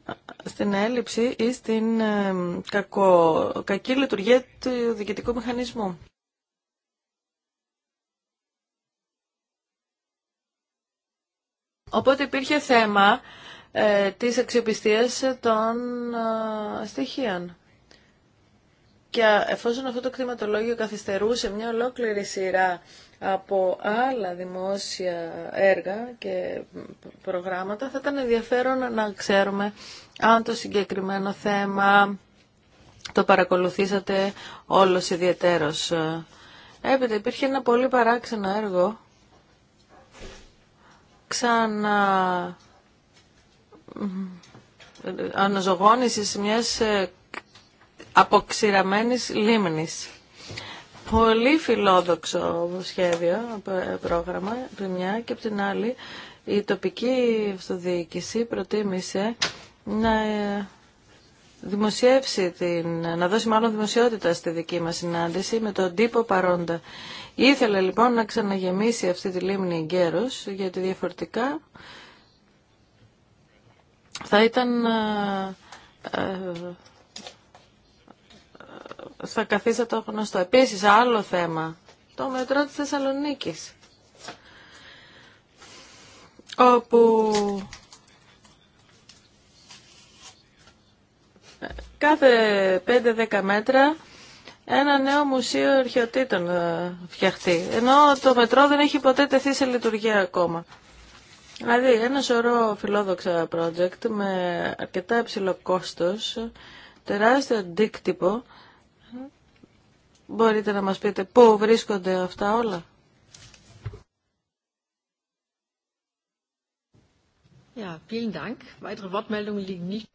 στην έλλειψη ή στην ε, κακή λειτουργία του διοικητικού μηχανισμού. Οπότε υπήρχε θέμα ε, της αξιοπιστίας των ε, στοιχείων. Και εφόσον αυτό το κτηματολόγιο καθυστερούσε μια ολόκληρη σειρά από άλλα δημόσια έργα και προγράμματα, θα ήταν ενδιαφέρον να ξέρουμε αν το συγκεκριμένο θέμα το παρακολουθήσατε όλος ιδιαίτερος. Ε, έπειτα υπήρχε ένα πολύ παράξενο έργο ξανα αναζωγόνησης μιας ε, αποξηραμένης λίμνης. Πολύ φιλόδοξο σχέδιο, πρόγραμμα, από μια και από την άλλη η τοπική αυτοδιοίκηση προτίμησε να ε, δημοσιεύσει, την, να δώσει μάλλον δημοσιότητα στη δική μας συνάντηση με τον τύπο παρόντα. Ήθελε λοιπόν να ξαναγεμίσει αυτή τη λίμνη εγκαίρως, γιατί διαφορετικά θα ήταν... Ε, ε, θα καθίσα το γνωστό. Επίσης, άλλο θέμα, το μετρό της Θεσσαλονίκης, όπου κάθε 5-10 μέτρα ένα νέο μουσείο αρχαιοτήτων ε, φτιαχτεί. Ενώ το μετρό δεν έχει ποτέ τεθεί σε λειτουργία ακόμα. Δηλαδή ένα σωρό φιλόδοξα project με αρκετά υψηλό κόστος, τεράστιο αντίκτυπο. Μπορείτε να μας πείτε πού βρίσκονται αυτά όλα. Ja, vielen Dank. Weitere Wortmeldungen liegen nicht.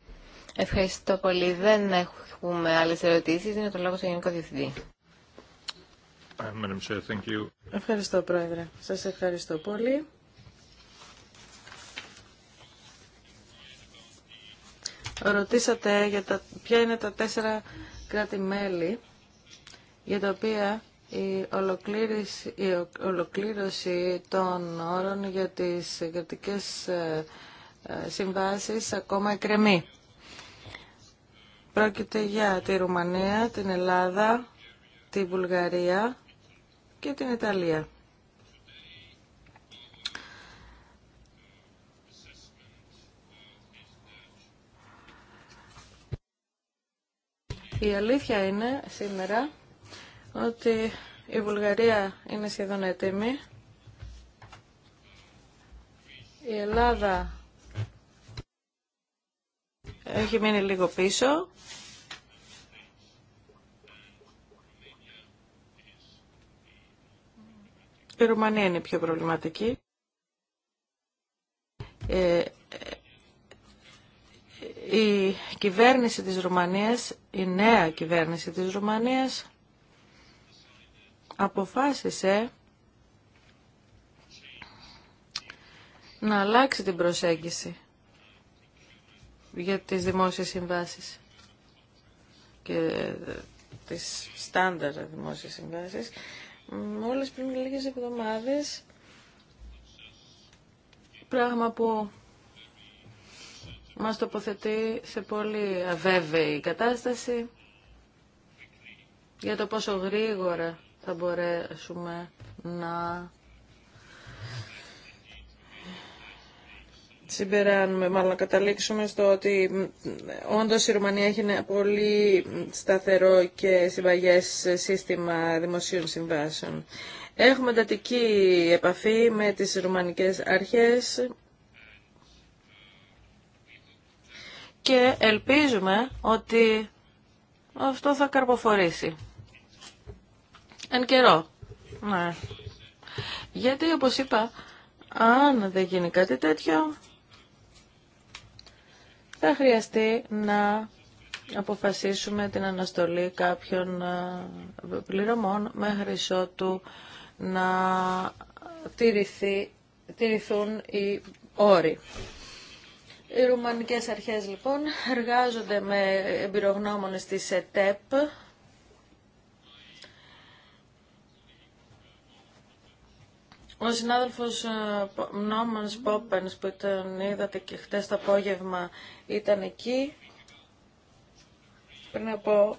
Ευχαριστώ πολύ. Δεν έχουμε άλλες ερωτήσεις. Είναι το λόγο στον Γενικό Διευθυντή. Ε, ευχαριστώ, Πρόεδρε. Σας ευχαριστώ πολύ. Ρωτήσατε για τα, ποια είναι τα τέσσερα κράτη-μέλη για τα οποία η ολοκλήρωση, η ολοκλήρωση των όρων για τις κρατικές ε, ε, συμβάσεις ακόμα εκκρεμεί. Πρόκειται για τη Ρουμανία, την Ελλάδα, τη Βουλγαρία και την Ιταλία. Η αλήθεια είναι σήμερα ότι η Βουλγαρία είναι σχεδόν έτοιμη. Η Ελλάδα έχει μείνει λίγο πίσω. Η Ρουμανία είναι πιο προβληματική. Ε, ε, η κυβέρνηση της Ρουμανίας, η νέα κυβέρνηση της Ρουμανίας αποφάσισε να αλλάξει την προσέγγιση για τις δημόσιες συμβάσεις και ε, τις στάνταρ δημόσιες συμβάσεις. μόλις πριν λίγες εβδομάδες, πράγμα που μας τοποθετεί σε πολύ αβέβαιη κατάσταση για το πόσο γρήγορα θα μπορέσουμε να συμπεράνουμε, μάλλον καταλήξουμε στο ότι όντως η Ρουμανία έχει ένα πολύ σταθερό και συμβαγές σύστημα δημοσίων συμβάσεων. Έχουμε εντατική επαφή με τις ρουμανικές αρχές και ελπίζουμε ότι αυτό θα καρποφορήσει. Εν καιρό. Ναι. Γιατί όπως είπα, αν δεν γίνει κάτι τέτοιο, θα χρειαστεί να αποφασίσουμε την αναστολή κάποιων ε, πληρωμών μέχρι ότου να τηρηθεί, τηρηθούν οι όροι. Οι ρουμανικές αρχές λοιπόν εργάζονται με εμπειρογνώμονες της ΕΤΕΠ Ο συνάδελφο ε, Νόμανς Πόπεν που τον είδατε και χτες το απόγευμα ήταν εκεί πριν από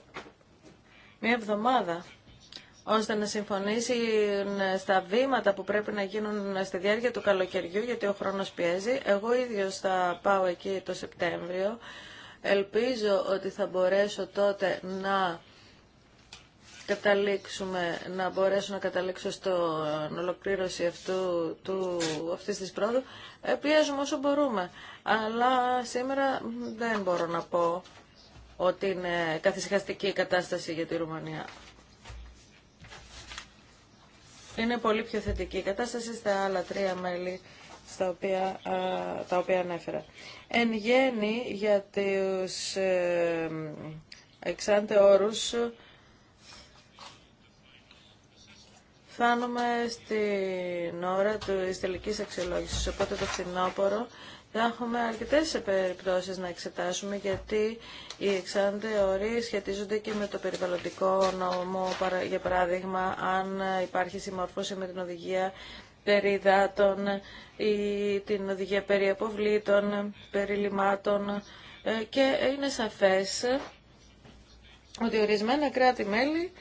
μία εβδομάδα ώστε να συμφωνήσει ε, στα βήματα που πρέπει να γίνουν ε, στη διάρκεια του καλοκαιριού, γιατί ο χρόνος πιέζει. Εγώ ίδιος θα πάω εκεί το Σεπτέμβριο. Ελπίζω ότι θα μπορέσω τότε να καταλήξουμε, να μπορέσω να καταλήξω στο ολοκλήρωση αυτού, του, αυτής της πρόοδου, ε, πιέζουμε όσο μπορούμε. Αλλά σήμερα δεν μπορώ να πω ότι είναι καθυσυχαστική η κατάσταση για τη Ρουμανία. Είναι πολύ πιο θετική η κατάσταση στα άλλα τρία μέλη στα οποία, τα οποία ανέφερα. Εν γέννη για τους ε, εξάντε όρους φτάνουμε στην ώρα του τελική αξιολογήση, οπότε το φθινόπωρο θα έχουμε αρκετές περιπτώσει να εξετάσουμε γιατί οι εξάντε οροί σχετίζονται και με το περιβαλλοντικό νόμο, για παράδειγμα αν υπάρχει συμμόρφωση με την οδηγία περί υδάτων ή την οδηγία περί αποβλήτων, περί λιμάτων ε, και είναι σαφές ότι ορισμένα κράτη-μέλη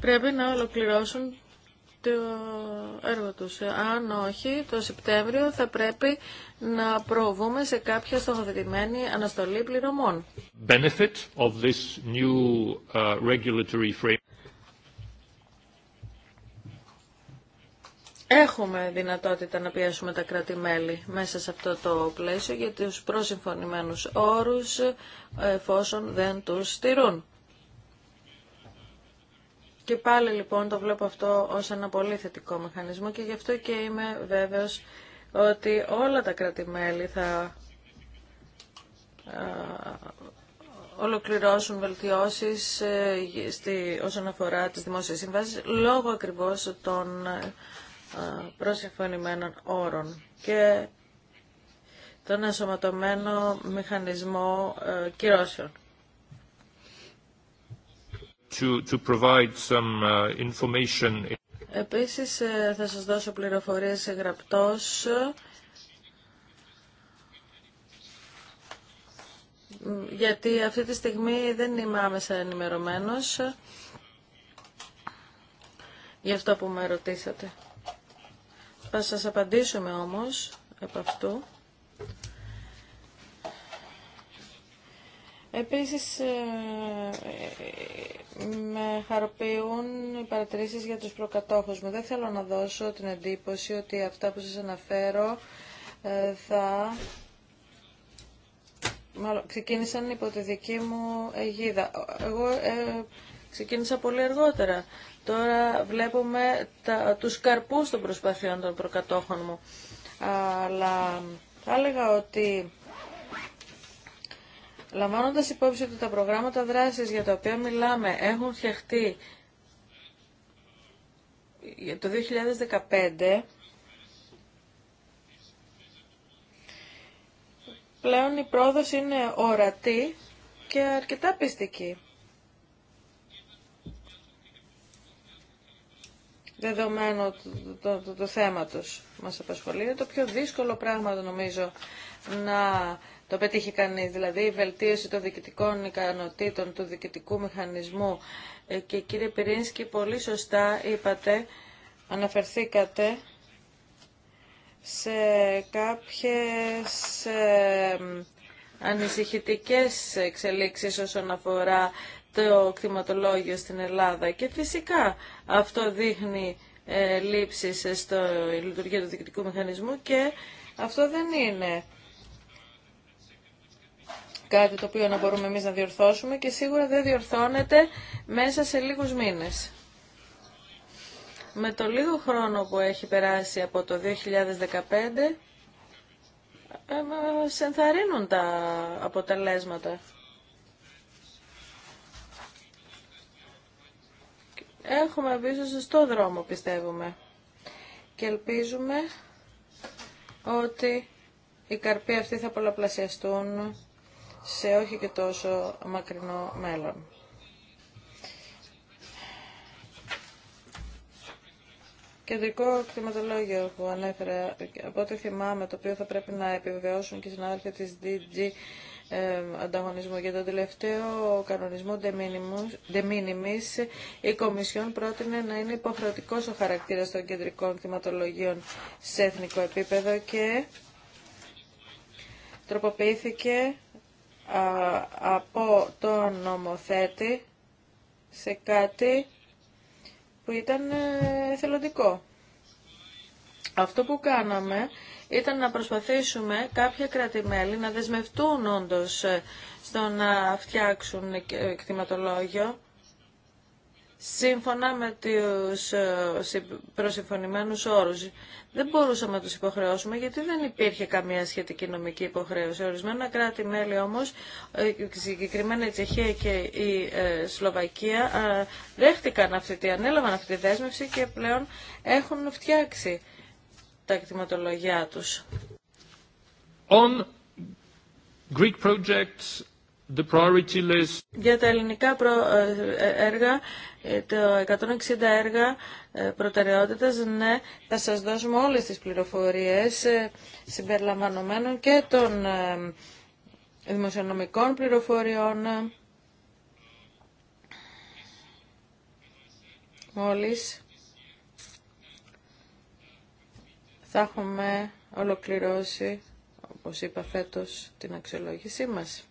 πρέπει να ολοκληρώσουν το έργο τους. Αν όχι, το Σεπτέμβριο θα πρέπει να προβούμε σε κάποια στοχοθετημένη αναστολή πληρωμών. Benefit of this new uh, regulatory frame. Έχουμε δυνατότητα να πιέσουμε τα κράτη-μέλη μέσα σε αυτό το πλαίσιο για τους προσυμφωνημένους όρους ε, εφόσον δεν τους στηρούν. Και πάλι λοιπόν το βλέπω αυτό ως ένα πολύ θετικό μηχανισμό και γι' αυτό και είμαι βέβαιος ότι όλα τα κράτη-μέλη θα ολοκληρώσουν βελτιώσεις ε, στη, όσον αφορά τις δημόσιες συμβάσεις λόγω ακριβώς των ε, προσυμφωνημένων όρων και τον ενσωματωμένο μηχανισμό ε, κυρώσεων to, uh, Επίσης ε, θα σας δώσω πληροφορίες γραπτός. γιατί αυτή τη στιγμή δεν είμαι άμεσα ενημερωμένος για αυτό που με ρωτήσατε. Θα σας απαντήσουμε όμως από αυτού. Επίσης, ε, ε, με χαροποιούν οι παρατηρήσεις για τους προκατόχους μου. Δεν θέλω να δώσω την εντύπωση ότι αυτά που σας αναφέρω ε, θα... Μάλλον, ξεκίνησαν υπό τη δική μου αιγίδα. Εγώ ξεκίνησα πολύ αργότερα. Τώρα βλέπουμε τα, τους καρπούς των προσπαθειών των προκατόχων μου. Αλλά θα έλεγα ότι Λαμβάνοντας υπόψη ότι τα προγράμματα δράσης για τα οποία μιλάμε έχουν φτιαχτεί το 2015, πλέον η πρόοδος είναι ορατή και αρκετά πιστική. Δεδομένου του το, το, το, θέματος μας απασχολεί, είναι το πιο δύσκολο πράγμα νομίζω να το πετύχει κανεί, Δηλαδή η βελτίωση των διοικητικών ικανοτήτων του διοικητικού μηχανισμού. Ε, και κύριε Πυρίνσκι, πολύ σωστά είπατε, αναφερθήκατε σε κάποιες ανησυχητικές εξελίξεις όσον αφορά το κτηματολόγιο στην Ελλάδα. Και φυσικά αυτό δείχνει ε, λήψεις στο λειτουργία του διοικητικού μηχανισμού και αυτό δεν είναι κάτι το οποίο να μπορούμε εμείς να διορθώσουμε και σίγουρα δεν διορθώνεται μέσα σε λίγους μήνες. Με το λίγο χρόνο που έχει περάσει από το 2015, σε ε, ενθαρρύνουν τα αποτελέσματα. Έχουμε μπει στο δρόμο, πιστεύουμε. Και ελπίζουμε ότι οι καρποί αυτοί θα πολλαπλασιαστούν σε όχι και τόσο μακρινό μέλλον. Κεντρικό κτηματολόγιο που ανέφερα, από ό,τι θυμάμαι, το οποίο θα πρέπει να επιβεβαιώσουν και οι συνάδελφοι της DG ε, ανταγωνισμού. Για τον τελευταίο κανονισμό de η Κομισιόν πρότεινε να είναι υποχρεωτικός ο χαρακτήρας των κεντρικών κτηματολογίων σε εθνικό επίπεδο και τροποποιήθηκε από τον νομοθέτη σε κάτι που ήταν ε, θελοντικό. Αυτό που κάναμε ήταν να προσπαθήσουμε κάποια κράτη-μέλη να δεσμευτούν όντως στο να φτιάξουν ε, κτηματολόγιο σύμφωνα με τους ε, προσυμφωνημένους όρους. Δεν μπορούσαμε να τους υποχρεώσουμε γιατί δεν υπήρχε καμία σχετική νομική υποχρέωση. Ορισμένα κράτη-μέλη όμως, ε, συγκεκριμένα η Τσεχία και η ε, Σλοβακία, δέχτηκαν αυτή τη, ανέλαβαν αυτή τη δέσμευση και πλέον έχουν φτιάξει τα εκτιματολογιά τους. On Greek projects για τα ελληνικά ε, ε, έργα, ε, το 160 έργα προτεραιότητας, ναι, θα σας δώσουμε όλες τις πληροφορίες συμπεριλαμβανομένων και των δημοσιονομικών πληροφοριών μόλις θα έχουμε ολοκληρώσει, όπως είπα φέτος, την αξιολόγησή μας.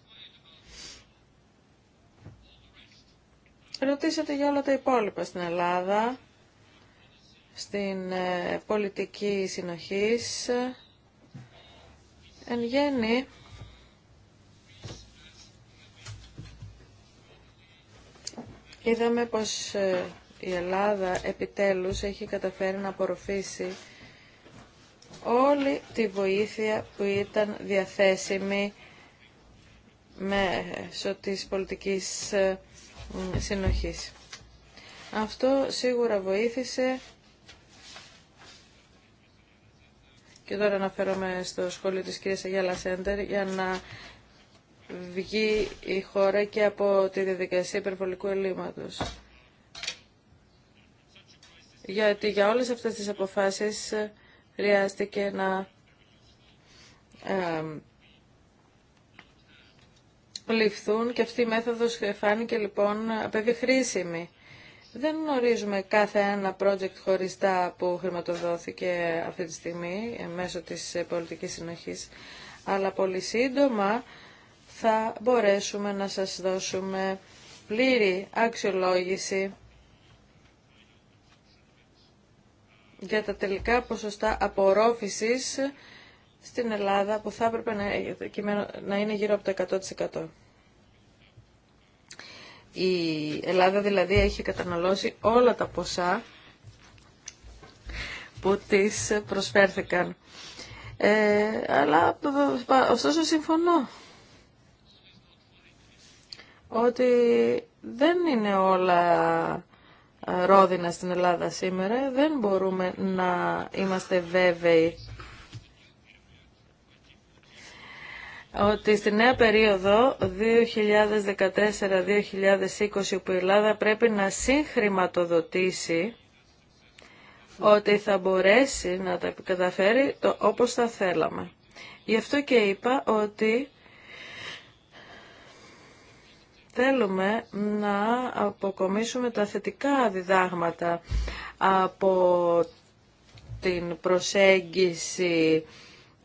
Ρωτήσατε για όλα τα υπόλοιπα στην Ελλάδα, στην ε, πολιτική συνοχής. Εν γέννη, είδαμε πως ε, η Ελλάδα επιτέλους έχει καταφέρει να απορροφήσει όλη τη βοήθεια που ήταν διαθέσιμη μέσω της πολιτικής ε, συνοχής. Αυτό σίγουρα βοήθησε και τώρα αναφέρομαι στο σχόλιο της κυρίας Αγιάλα Σέντερ για να βγει η χώρα και από τη διαδικασία υπερβολικού ελλείμματος. Γιατί για όλες αυτές τις αποφάσεις χρειάστηκε να ε, και αυτή η μέθοδος φάνηκε λοιπόν απευχρήσιμη. Δεν γνωρίζουμε κάθε ένα project χωριστά που χρηματοδόθηκε αυτή τη στιγμή ε, μέσω της ε, πολιτικής συνοχής, αλλά πολύ σύντομα θα μπορέσουμε να σας δώσουμε πλήρη αξιολόγηση για τα τελικά ποσοστά απορρόφησης στην Ελλάδα που θα έπρεπε να ε, είναι γύρω από το 100%. Η Ελλάδα δηλαδή έχει καταναλώσει όλα τα ποσά που τις προσφέρθηκαν. Ε, αλλά ωστόσο συμφωνώ ότι δεν είναι όλα ε, ρόδινα στην Ελλάδα σήμερα. Δεν μπορούμε να είμαστε βέβαιοι ότι στη νέα περίοδο 2014-2020 που η Ελλάδα πρέπει να συγχρηματοδοτήσει ότι θα μπορέσει να τα καταφέρει το όπως θα θέλαμε. Γι' αυτό και είπα ότι θέλουμε να αποκομίσουμε τα θετικά διδάγματα από την προσέγγιση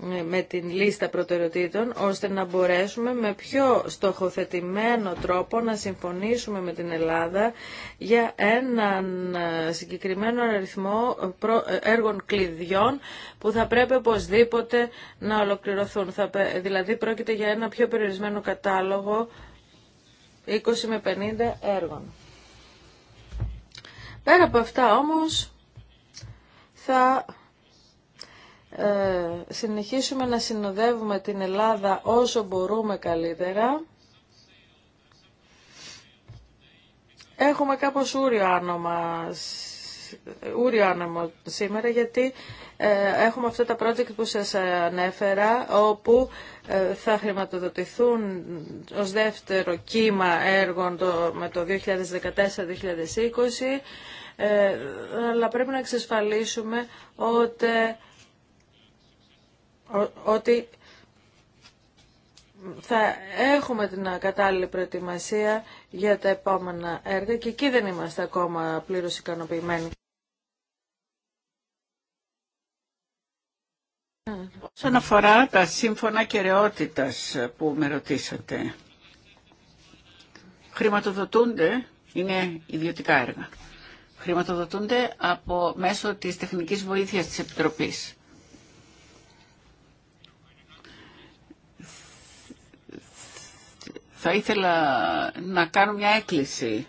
με την λίστα προτεραιοτήτων, ώστε να μπορέσουμε με πιο στοχοθετημένο τρόπο να συμφωνήσουμε με την Ελλάδα για έναν ε, συγκεκριμένο αριθμό ε, ε, έργων κλειδιών που θα πρέπει οπωσδήποτε να ολοκληρωθούν. Θα, δηλαδή πρόκειται για ένα πιο περιορισμένο κατάλογο 20 με 50 έργων. Πέρα από αυτά όμως θα ε, συνεχίσουμε να συνοδεύουμε την Ελλάδα όσο μπορούμε καλύτερα. Έχουμε κάπως ούριο άνομα, σήμερα γιατί ε, έχουμε αυτά τα project που σας ανέφερα όπου ε, θα χρηματοδοτηθούν ως δεύτερο κύμα έργων με το 2014-2020 αλλά πρέπει να εξασφαλίσουμε ότι ότι θα έχουμε την κατάλληλη προετοιμασία για τα επόμενα έργα και εκεί δεν είμαστε ακόμα πλήρως ικανοποιημένοι. Όσον αφορά τα σύμφωνα κεραιότητας που με ρωτήσατε, χρηματοδοτούνται, είναι ιδιωτικά έργα, χρηματοδοτούνται από μέσω της τεχνικής βοήθειας της Επιτροπής. Θα ήθελα να κάνω μια έκκληση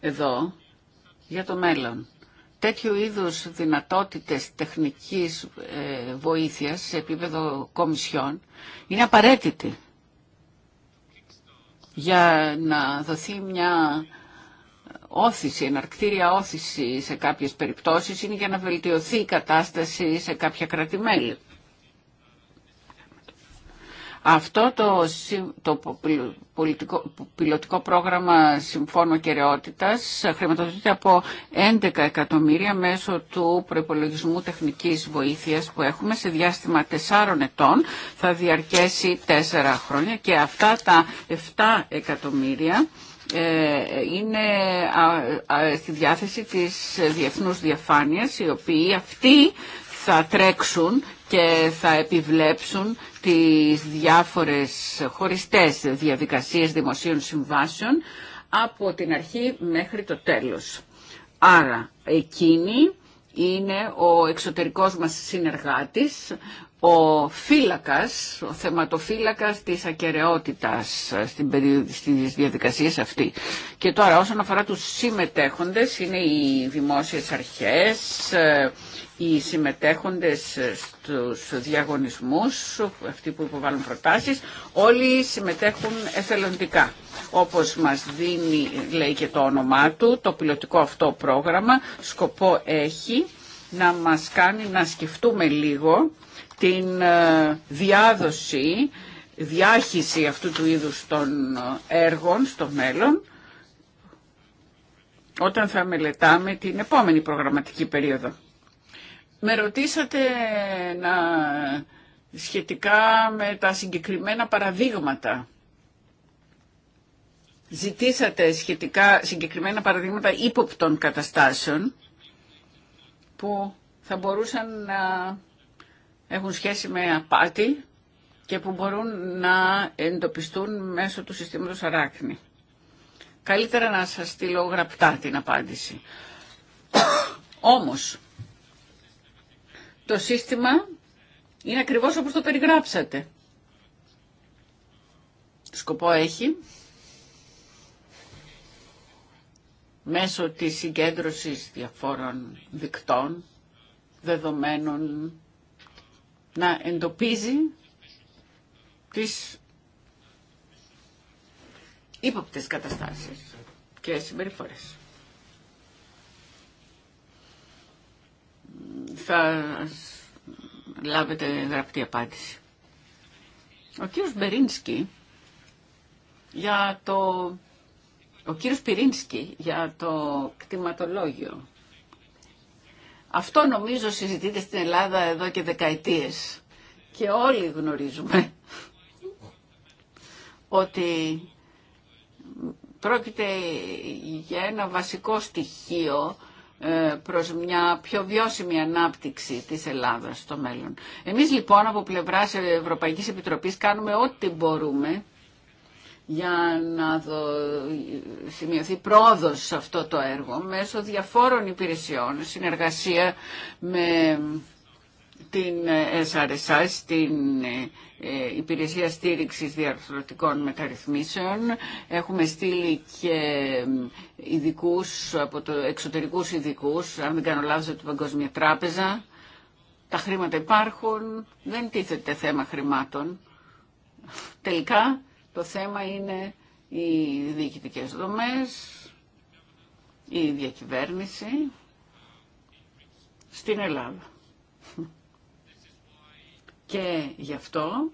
εδώ για το μέλλον. Τέτοιου είδους δυνατότητες τεχνικής ε, βοήθειας σε επίπεδο κομισιών είναι απαραίτητη για να δοθεί μια όθηση, εναρκτήρια όθηση σε κάποιες περιπτώσεις είναι για να βελτιωθεί η κατάσταση σε κάποια κράτη-μέλη. Αυτό το, το πολιτικό, πιλωτικό πρόγραμμα Συμφώνου Κεραιότητας χρηματοδοτείται από 11 εκατομμύρια μέσω του προϋπολογισμού τεχνικής βοήθειας που έχουμε σε διάστημα 4 ετών. Θα διαρκέσει τέσσερα χρόνια και αυτά τα 7 εκατομμύρια ε, είναι στη διάθεση της διεθνούς διαφάνειας οι οποίοι αυτοί θα τρέξουν και θα επιβλέψουν τις διάφορες χωριστές διαδικασίες δημοσίων συμβάσεων από την αρχή μέχρι το τέλος. Άρα εκείνη είναι ο εξωτερικός μας συνεργάτης ο φύλακας, ο θεματοφύλακας της ακαιρεότητας ε, στην στις διαδικασίες αυτή. Και τώρα όσον αφορά τους συμμετέχοντες είναι οι δημόσιες αρχές, ε, οι συμμετέχοντες στους διαγωνισμούς, αυτοί που υποβάλλουν προτάσεις, όλοι συμμετέχουν εθελοντικά. Όπως μας δίνει, λέει και το όνομά του, το πιλωτικό αυτό πρόγραμμα σκοπό έχει να μας κάνει να σκεφτούμε λίγο την ε, διάδοση, διάχυση αυτού του είδους των ε, έργων στο μέλλον όταν θα μελετάμε την επόμενη προγραμματική περίοδο. Με ρωτήσατε να, σχετικά με τα συγκεκριμένα παραδείγματα. Ζητήσατε σχετικά συγκεκριμένα παραδείγματα ύποπτων καταστάσεων που θα μπορούσαν να έχουν σχέση με απάτη και που μπορούν να εντοπιστούν μέσω του συστήματος Αράκνη. Καλύτερα να σας στείλω γραπτά την απάντηση. Όμως, το σύστημα είναι ακριβώς όπως το περιγράψατε. Σκοπό έχει μέσω της συγκέντρωσης διαφόρων δικτών, δεδομένων να εντοπίζει τις ύποπτες καταστάσεις και συμπεριφορές. Θα λάβετε γραπτή απάντηση. Ο κύριος Μπερίνσκι για το... Ο κύριος Πυρίνσκι για το κτηματολόγιο αυτό νομίζω συζητείται στην Ελλάδα εδώ και δεκαετίες. Και όλοι γνωρίζουμε ότι πρόκειται για ένα βασικό στοιχείο ε, προς μια πιο βιώσιμη ανάπτυξη της Ελλάδας στο μέλλον. Εμείς λοιπόν από πλευράς Ευρωπαϊκής Επιτροπής κάνουμε ό,τι μπορούμε για να δω σημειωθεί πρόοδος σε αυτό το έργο μέσω διαφόρων υπηρεσιών, συνεργασία με την SRSI, την ε, Υπηρεσία Στήριξης Διαρθρωτικών Μεταρρυθμίσεων. Έχουμε στείλει και ειδικούς, από το εξωτερικούς ειδικούς, αν δεν κάνω λάθος, την Παγκόσμια Τράπεζα. Τα χρήματα υπάρχουν, δεν τίθεται θέμα χρημάτων. Τελικά το θέμα είναι οι διοικητικές δομές, η διακυβέρνηση στην Ελλάδα. Και γι' αυτό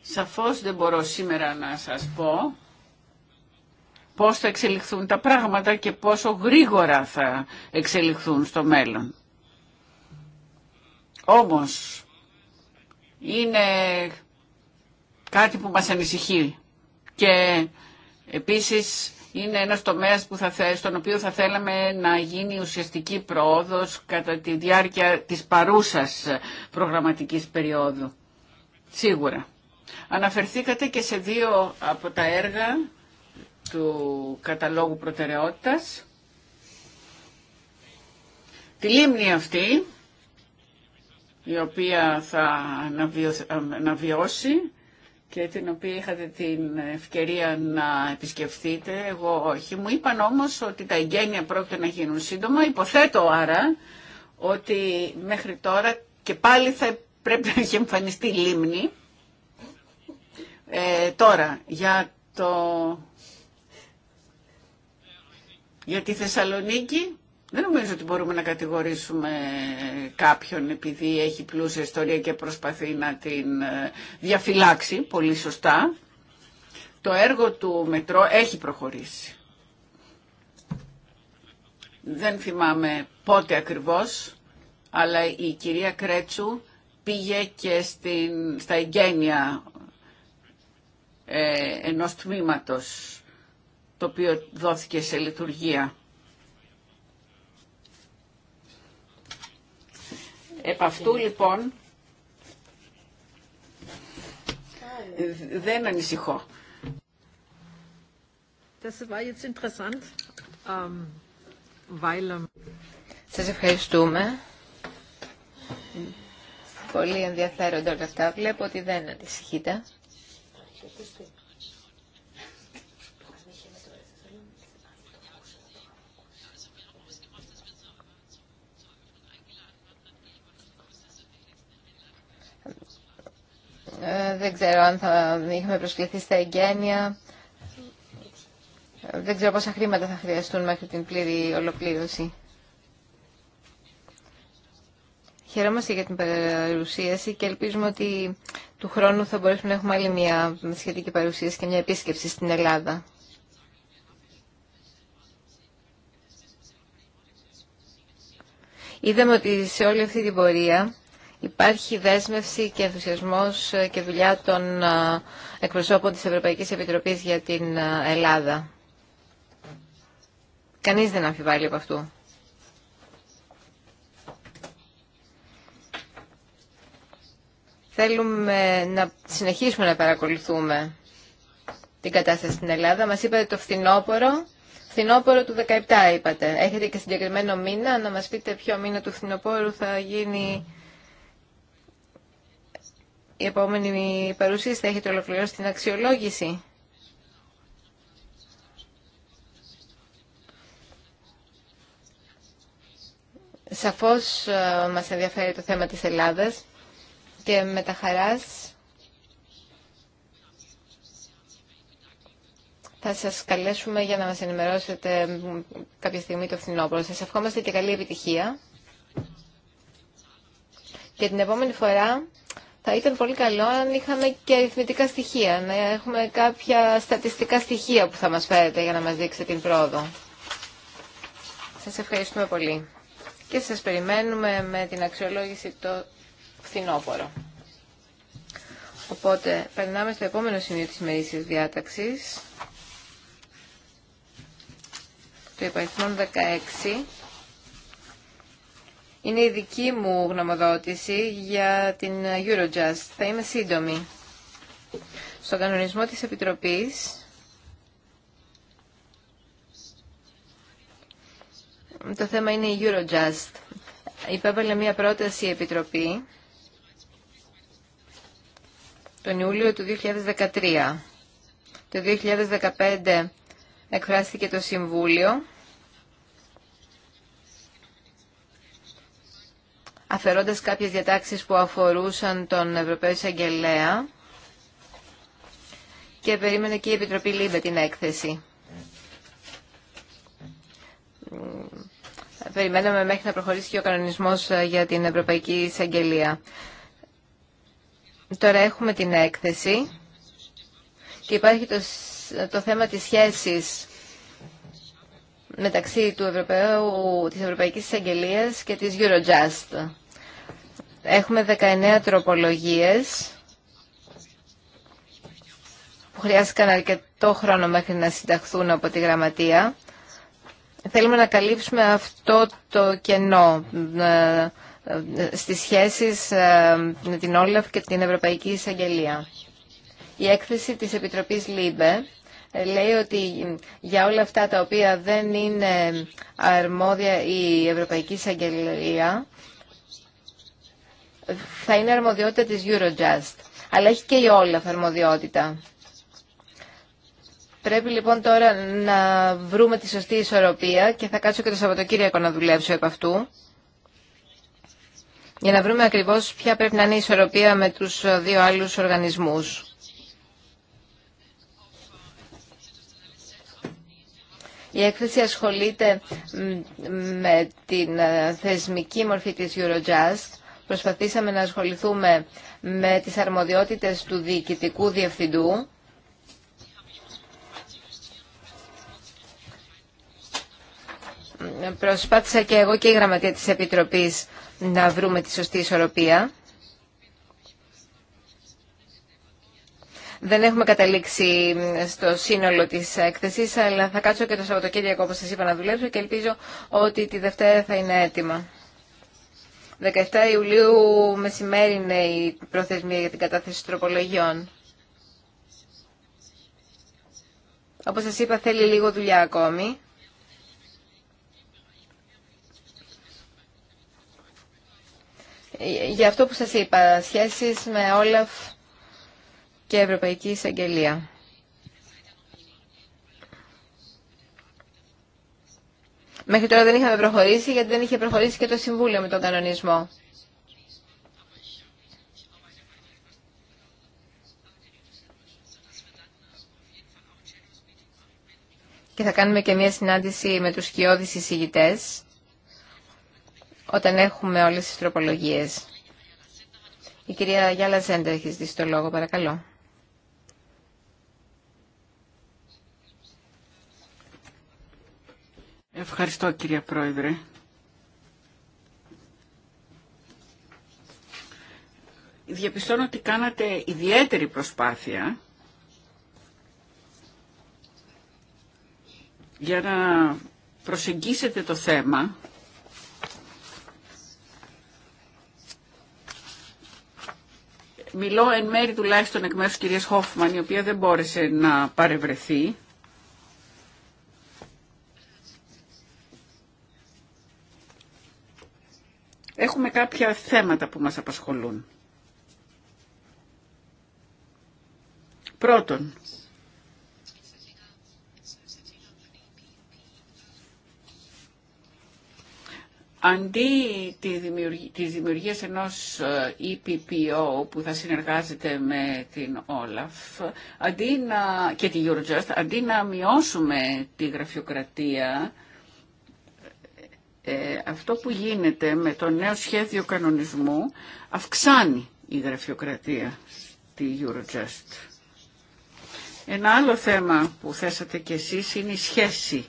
σαφώς δεν μπορώ σήμερα να σας πω πώς θα εξελιχθούν τα πράγματα και πόσο γρήγορα θα εξελιχθούν στο μέλλον. Όμως είναι κάτι που μας ανησυχεί. Και επίσης είναι ένας τομέας που θα, θέ, στον οποίο θα θέλαμε να γίνει ουσιαστική πρόοδος κατά τη διάρκεια της παρούσας προγραμματικής περίοδου. Σίγουρα. Αναφερθήκατε και σε δύο από τα έργα του καταλόγου προτεραιότητας. Τη λίμνη αυτή, η οποία θα αναβιώσει και την οποία είχατε την ευκαιρία να επισκεφτείτε, εγώ όχι. Μου είπαν όμως ότι τα εγγένεια πρόκειται να γίνουν σύντομα. Υποθέτω άρα ότι μέχρι τώρα και πάλι θα πρέπει να έχει εμφανιστεί λίμνη. Ε, τώρα, για, το... για τη Θεσσαλονίκη, δεν νομίζω ότι μπορούμε να κατηγορήσουμε κάποιον επειδή έχει πλούσια ιστορία και προσπαθεί να την ε, διαφυλάξει πολύ σωστά. Το έργο του Μετρό έχει προχωρήσει. Δεν θυμάμαι πότε ακριβώς, αλλά η κυρία Κρέτσου πήγε και στην, στα εγγένεια ε, ενός τμήματος το οποίο δόθηκε σε λειτουργία. Επ' αυτού λοιπόν δεν ανησυχώ. Ähm, ähm, Σας ευχαριστούμε. Πολύ ενδιαφέρονται όλα αυτά. Βλέπω ότι δεν ανησυχείτε. Ε, δεν ξέρω αν θα είχαμε προσκληθεί στα εγγένεια. Ε, δεν ξέρω πόσα χρήματα θα χρειαστούν μέχρι την πλήρη ολοκλήρωση. Χαιρόμαστε για την παρουσίαση και ελπίζουμε ότι του χρόνου θα μπορέσουμε να έχουμε άλλη μια σχετική παρουσίαση και μια επίσκεψη στην Ελλάδα. Είδαμε ότι σε όλη αυτή την πορεία Υπάρχει δέσμευση και ενθουσιασμός και δουλειά των ε, εκπροσώπων της Ευρωπαϊκής Επιτροπής για την ε, Ελλάδα. Κανείς δεν αμφιβάλλει από αυτού. Θέλουμε να συνεχίσουμε να παρακολουθούμε την κατάσταση στην Ελλάδα. Μας είπατε το φθινόπωρο. Φθινόπωρο του 17 είπατε. Έχετε και συγκεκριμένο μήνα να μας πείτε ποιο μήνα του φθινοπόρου θα γίνει η επόμενη παρουσίαση θα έχετε ολοκληρώσει την αξιολόγηση. Σαφώς ε, μας ενδιαφέρει το θέμα της Ελλάδας και με τα χαράς θα σας καλέσουμε για να μας ενημερώσετε κάποια στιγμή το φθινόπωρο. Σας ευχόμαστε και καλή επιτυχία. Και την επόμενη φορά θα ήταν πολύ καλό αν είχαμε και αριθμητικά στοιχεία, να έχουμε κάποια στατιστικά στοιχεία που θα μας φέρετε για να μας δείξετε την πρόοδο. Σας ευχαριστούμε πολύ. Και σας περιμένουμε με την αξιολόγηση το φθινόπωρο. Οπότε, περνάμε στο επόμενο σημείο της ημερήσιας διάταξης. Το υπαριθμό 16 είναι η δική μου γνωμοδότηση για την Eurojust. Θα είμαι σύντομη. Στον κανονισμό της Επιτροπής το θέμα είναι η Eurojust. Υπέβαλε μια πρόταση η Επιτροπή τον Ιούλιο του 2013. Το 2015 εκφράστηκε το Συμβούλιο αφαιρώντας κάποιες διατάξεις που αφορούσαν τον Ευρωπαίο Εισαγγελέα και περίμενε και η Επιτροπή ΛΥΜΕ την έκθεση. Περιμέναμε μέχρι να προχωρήσει και ο κανονισμός ε, για την Ευρωπαϊκή Εισαγγελία. Τώρα έχουμε την έκθεση και υπάρχει το, θέμα της σχέσης μεταξύ του Ευρωπαίου, της Ευρωπαϊκής Εισαγγελίας και της Eurojust. Έχουμε 19 τροπολογίες που χρειάστηκαν αρκετό χρόνο μέχρι να συνταχθούν από τη γραμματεία. Θέλουμε να καλύψουμε αυτό το κενό ε, ε, στις σχέσεις ε, με την Όλαφ και την Ευρωπαϊκή Εισαγγελία. Η έκθεση της Επιτροπής ΛΥΜΠΕ λέει ότι για όλα αυτά τα οποία δεν είναι αρμόδια η Ευρωπαϊκή Εισαγγελία θα είναι αρμοδιότητα της Eurojust. Αλλά έχει και η όλα αρμοδιότητα. Πρέπει λοιπόν τώρα να βρούμε τη σωστή ισορροπία και θα κάτσω και το Σαββατοκύριακο να δουλέψω επ' αυτού για να βρούμε ακριβώς ποια πρέπει να είναι η ισορροπία με τους δύο άλλους οργανισμούς. Η έκθεση ασχολείται με την ε, θεσμική μορφή της Eurojust Προσπαθήσαμε να ασχοληθούμε με τις αρμοδιότητες του διοικητικού διευθυντού προσπάθησα και εγώ και η γραμματεία της Επιτροπής να βρούμε τη σωστή ισορροπία. Δεν έχουμε καταλήξει στο σύνολο της έκθεσης, αλλά θα κάτσω και το Σαββατοκύριακο, όπως σας είπα, να δουλέψω και ελπίζω ότι τη Δευτέρα θα είναι έτοιμα. 17 Ιουλίου μεσημέρι η προθεσμία για την κατάθεση τροπολογιών. Όπως σας είπα θέλει λίγο δουλειά ακόμη. Για αυτό που σας είπα, σχέσεις με Όλαφ και Ευρωπαϊκή Εισαγγελία. Μέχρι τώρα δεν είχαμε προχωρήσει γιατί δεν είχε προχωρήσει και το Συμβούλιο με τον κανονισμό. Και θα κάνουμε και μια συνάντηση με τους σκιώδεις εισηγητές όταν έχουμε όλες τις τροπολογίες. Η κυρία Γιάλα Ζέντα έχει ζητήσει το λόγο, παρακαλώ. Ευχαριστώ κυρία Πρόεδρε. Διαπιστώνω ότι κάνατε ιδιαίτερη προσπάθεια για να προσεγγίσετε το θέμα Μιλώ εν μέρη τουλάχιστον εκ μέρους κυρίας Χόφμαν, η οποία δεν μπόρεσε να παρευρεθεί. έχουμε κάποια θέματα που μας απασχολούν. Πρώτον, αντί τη δημιουργία ενός EPPO ε, που θα συνεργάζεται με την OLAF αντί να, και τη Eurojust, αντί να μειώσουμε τη γραφειοκρατία ε, αυτό που γίνεται με το νέο σχέδιο κανονισμού αυξάνει η γραφειοκρατία στη Eurojust. Ένα άλλο θέμα που θέσατε κι εσείς είναι η σχέση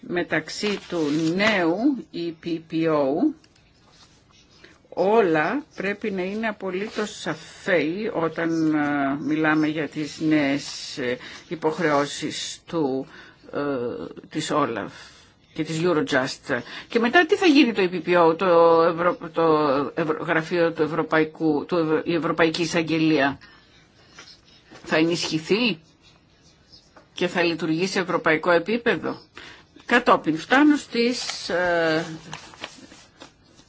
μεταξύ του νέου EPPO όλα πρέπει να είναι απολύτως σαφέ όταν ε, μιλάμε για τις νέες ε, υποχρεώσεις του, της Όλαφ και της Eurojust. Και μετά τι θα γίνει το ΕΠΠΟ, το, Γραφείο του Ευρωπαϊκού, η Ευρωπαϊκή Εισαγγελία. Θα ενισχυθεί και θα λειτουργήσει σε ευρωπαϊκό επίπεδο. Κατόπιν φτάνω στις ε,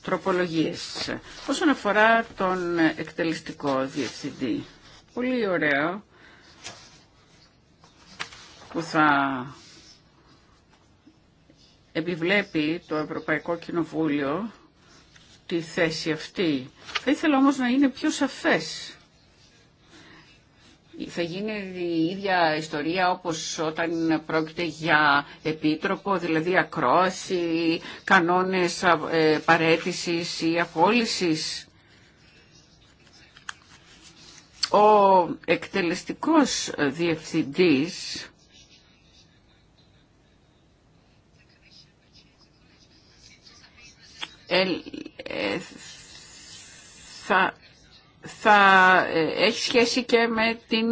τροπολογίες. Όσον αφορά τον εκτελεστικό διευθυντή. Πολύ ωραίο που θα επιβλέπει το Ευρωπαϊκό Κοινοβούλιο τη θέση αυτή. Θα ήθελα όμως να είναι πιο σαφές. Θα γίνει η ίδια ιστορία όπως όταν πρόκειται για επίτροπο, δηλαδή ακρόαση, κανόνες ε, παρέτησης ή απόλυσης. Ο εκτελεστικός διευθυντής Ε, θα, θα ε, έχει σχέση και με την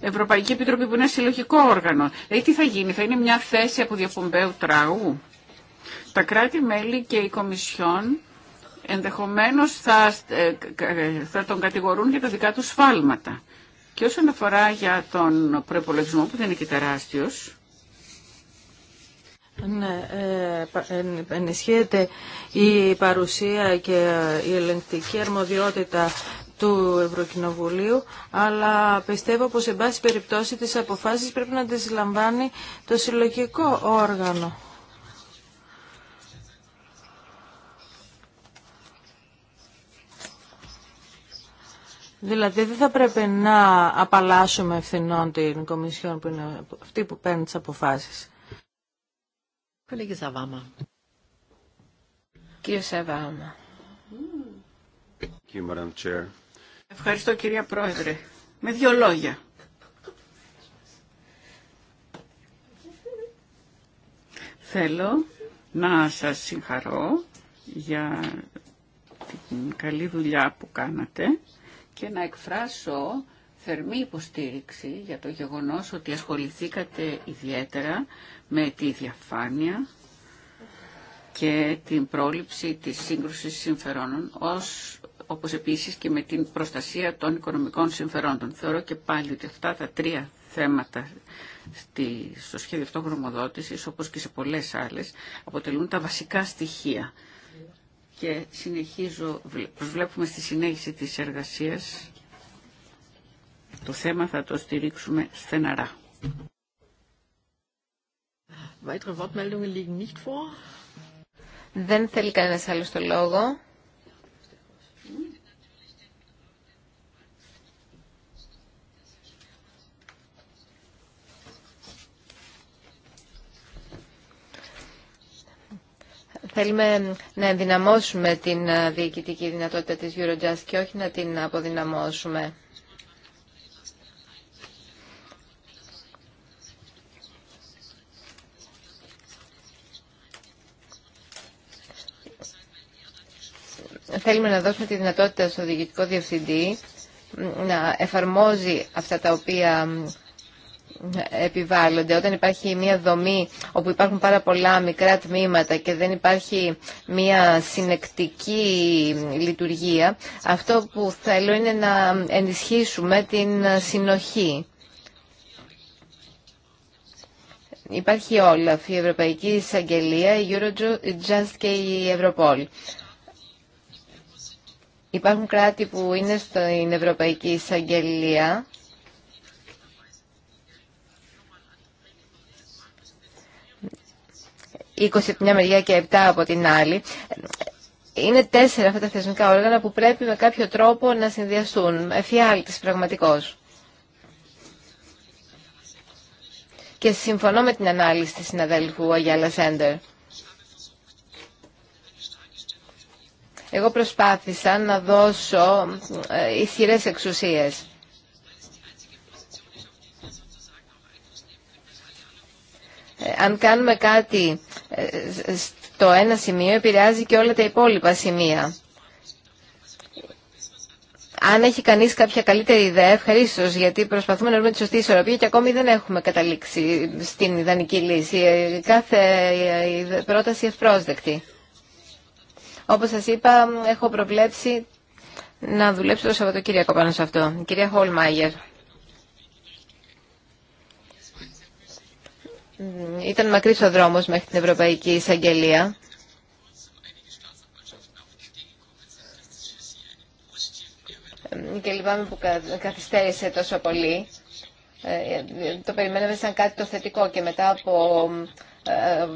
Ευρωπαϊκή Επιτροπή που είναι συλλογικό όργανο. Δηλαδή τι θα γίνει, θα είναι μια θέση από διαφομπέου τραγού. Τα κράτη-μέλη και οι Κομισιόν ενδεχομένως θα, θα τον κατηγορούν για τα δικά του σφάλματα. Και όσον αφορά για τον προπολογισμό που δεν είναι και τεράστιος, ναι, ε, ενισχύεται η παρουσία και η ελεγκτική αρμοδιότητα του Ευρωκοινοβουλίου, αλλά πιστεύω πως, σε πάση περιπτώσει, τις αποφάσεις πρέπει να τις λαμβάνει το συλλογικό όργανο. Δηλαδή δεν θα πρέπει να απαλλάσσουμε ευθυνών την Κομισιόν που είναι αυτή που παίρνει τις αποφάσεις. Kollege Κύριε Ευχαριστώ κυρία Πρόεδρε. Με δύο λόγια. Θέλω να σας συγχαρώ για την καλή δουλειά που κάνατε και να εκφράσω θερμή υποστήριξη για το γεγονός ότι ασχοληθήκατε ιδιαίτερα με τη διαφάνεια και την πρόληψη της σύγκρουσης συμφερόνων, ως, όπως επίσης και με την προστασία των οικονομικών συμφερόντων. Θεωρώ και πάλι ότι αυτά τα τρία θέματα στη, στο σχέδιο αυτό γνωμοδότησης, όπως και σε πολλές άλλες, αποτελούν τα βασικά στοιχεία. Και συνεχίζω, προσβλέπουμε στη συνέχιση της εργασίας. Το θέμα θα το στηρίξουμε στεναρά. Weitere Wortmeldungen liegen nicht vor. Δεν θέλει κανένας άλλος το λόγο. Θέλουμε να ενδυναμώσουμε την ε, διοικητική δυνατότητα της Eurojust και όχι να την αποδυναμώσουμε. θέλουμε να δώσουμε τη δυνατότητα στο διοικητικό διευθυντή να εφαρμόζει αυτά τα οποία επιβάλλονται. Όταν υπάρχει μια δομή όπου υπάρχουν πάρα πολλά μικρά τμήματα και δεν υπάρχει μια συνεκτική λειτουργία, αυτό που θέλω είναι να ενισχύσουμε την συνοχή. Υπάρχει όλα, η Ευρωπαϊκή Εισαγγελία, η Eurojust και η Europol. Υπάρχουν κράτη που είναι στην Ευρωπαϊκή Εισαγγελία είκοσι από μια μεριά και 7 από την άλλη. Είναι τέσσερα αυτά τα θεσμικά όργανα που πρέπει με κάποιο τρόπο να συνδυαστούν. Εφιάλτης πραγματικός. Και συμφωνώ με την ανάλυση της συναδέλφου Αγιάλα Σέντερ. Εγώ προσπάθησα να δώσω ε, ισχυρές εξουσίες. Ε, αν κάνουμε κάτι ε, στο ένα σημείο, επηρεάζει και όλα τα υπόλοιπα σημεία. Αν έχει κανείς κάποια καλύτερη ιδέα, ευχαρίστω, γιατί προσπαθούμε να βρούμε τη σωστή ισορροπία και ακόμη δεν έχουμε καταλήξει στην ιδανική λύση. Κάθε πρόταση ευπρόσδεκτη. Όπως σας είπα, έχω προβλέψει να δουλέψω το Σαββατοκύριακο πάνω σε αυτό. κυρία Χολμάγερ. Ήταν μακρύς ο δρόμος μέχρι την Ευρωπαϊκή Εισαγγελία. Και λυπάμαι που καθυστέρησε τόσο πολύ. Ε, το περιμέναμε σαν κάτι το θετικό και μετά από ε,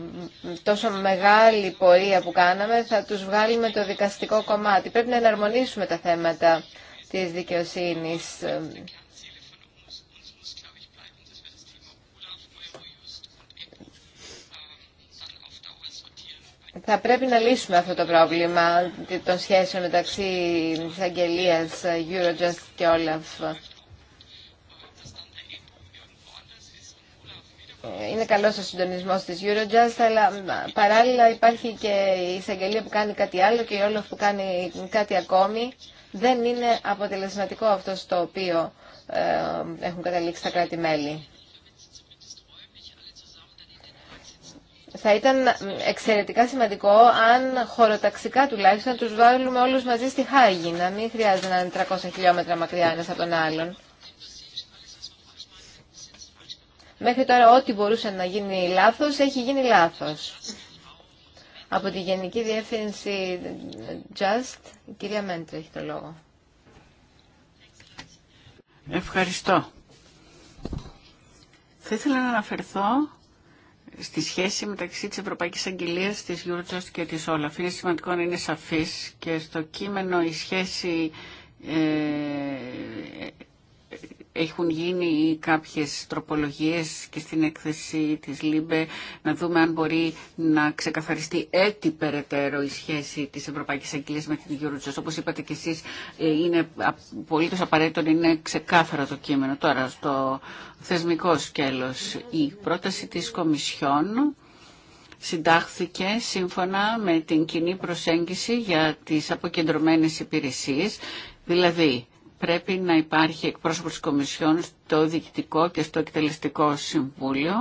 τόσο μεγάλη πορεία που κάναμε θα τους βγάλει με το δικαστικό κομμάτι. Πρέπει να εναρμονίσουμε τα θέματα της δικαιοσύνης. Θα πρέπει να λύσουμε αυτό το πρόβλημα των σχέσεων μεταξύ της Αγγελίας, Eurojust και Όλαφ. είναι καλό ο συντονισμό τη Eurojust, αλλά παράλληλα υπάρχει και η εισαγγελία που κάνει κάτι άλλο και η Όλοφ που κάνει κάτι ακόμη. Δεν είναι αποτελεσματικό αυτό στο οποίο ε, έχουν καταλήξει τα κράτη-μέλη. Θα ήταν εξαιρετικά σημαντικό αν χωροταξικά τουλάχιστον τους βάλουμε όλους μαζί στη Χάγη, να μην χρειάζεται να είναι 300 χιλιόμετρα μακριά ένας από τον άλλον. Μέχρι τώρα ό,τι μπορούσε να γίνει λάθος, έχει γίνει λάθος. Από τη Γενική Διεύθυνση Just, η κυρία Μέντρη έχει το λόγο. Ευχαριστώ. Θα ήθελα να αναφερθώ στη σχέση μεταξύ της Ευρωπαϊκής Αγγελίας, της Eurojust και της Όλα. Είναι σημαντικό να είναι σαφής και στο κείμενο η σχέση ε, έχουν γίνει κάποιες τροπολογίες και στην έκθεση της ΛΥΜΠΕ να δούμε αν μπορεί να ξεκαθαριστεί έτσι περαιτέρω η σχέση της Ευρωπαϊκής Αγγλίας με την Eurojust. Όπως είπατε και εσείς, ε, είναι απολύτως απαραίτητο είναι ξεκάθαρο το κείμενο. Τώρα, στο θεσμικό σκέλος, η πρόταση της Κομισιόν συντάχθηκε σύμφωνα με την κοινή προσέγγιση για τις αποκεντρωμένες υπηρεσίες, δηλαδή πρέπει να υπάρχει εκπρόσωπο της Κομισιόν στο Διοικητικό και στο Εκτελεστικό Συμβούλιο.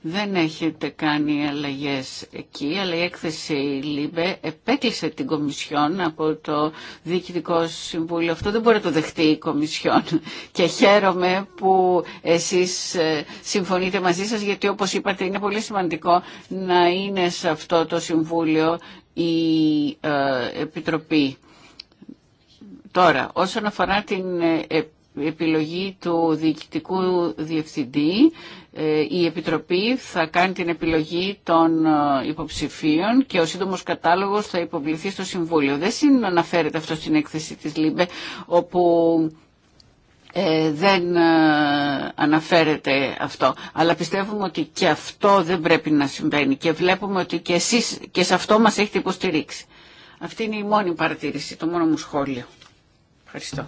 Δεν έχετε κάνει αλλαγές εκεί, αλλά η έκθεση ΛΥΜΠΕ επέκλεισε την Κομισιόν από το Διοικητικό Συμβούλιο. Αυτό δεν μπορεί να το δεχτεί η Κομισιόν και χαίρομαι που εσείς ε, συμφωνείτε μαζί σας, γιατί όπως είπατε είναι πολύ σημαντικό να είναι σε αυτό το Συμβούλιο η ε, Επιτροπή Τώρα, όσον αφορά την ε, ε, επιλογή του διοικητικού διευθυντή, ε, η Επιτροπή θα κάνει την επιλογή των υποψηφίων και ο σύντομος κατάλογος θα υποβληθεί στο Συμβούλιο. Δεν συναναφέρεται αυτό στην έκθεση της ΛΥΜΠΕ, όπου δεν αναφέρεται αυτό. Αλλά πιστεύουμε ότι και αυτό δεν πρέπει να συμβαίνει και βλέπουμε ότι και εσείς και σε αυτό μας έχετε υποστηρίξει. Αυτή είναι η μόνη παρατήρηση, το μόνο μου σχόλιο. Ευχαριστώ.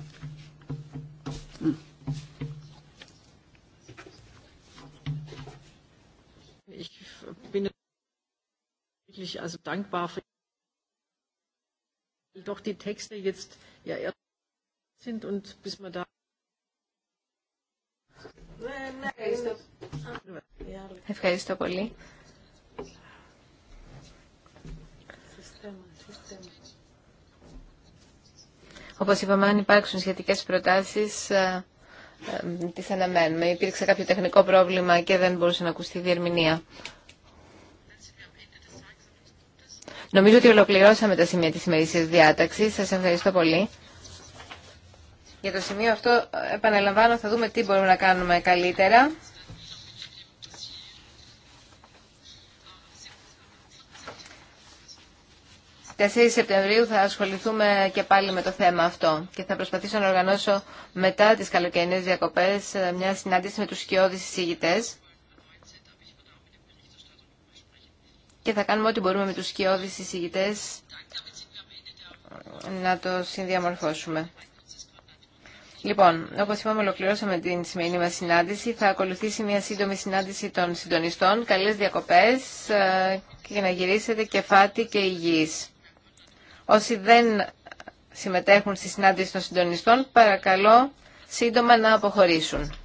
wirklich also dankbar für doch die Texte jetzt ja sind und bis man da Ευχαριστώ πολύ. Όπως είπαμε, αν υπάρξουν σχετικές προτάσεις, ε, ε, τις αναμένουμε. Υπήρξε κάποιο τεχνικό πρόβλημα και δεν μπορούσε να ακουστεί η διερμηνία. Νομίζω ότι ολοκληρώσαμε τα σημεία της σημερινής διάταξης. Σας ευχαριστώ πολύ. Για το σημείο αυτό, επαναλαμβάνω, θα δούμε τι μπορούμε να κάνουμε καλύτερα. 4 Σεπτεμβρίου θα ασχοληθούμε και πάλι με το θέμα αυτό και θα προσπαθήσω να οργανώσω μετά τις καλοκαιρινές διακοπές ε, μια συνάντηση με τους σκιώδεις εισηγητές και θα κάνουμε ό,τι μπορούμε με τους σκιώδεις εισηγητές ε, να το συνδιαμορφώσουμε. Λοιπόν, όπω είπαμε, ολοκληρώσαμε την σημερινή μα συνάντηση. Θα ακολουθήσει μια σύντομη συνάντηση των συντονιστών. Καλέ διακοπέ ε, και να γυρίσετε κεφάτη και υγιείς. Όσοι δεν συμμετέχουν στη συνάντηση των συντονιστών, παρακαλώ σύντομα να αποχωρήσουν.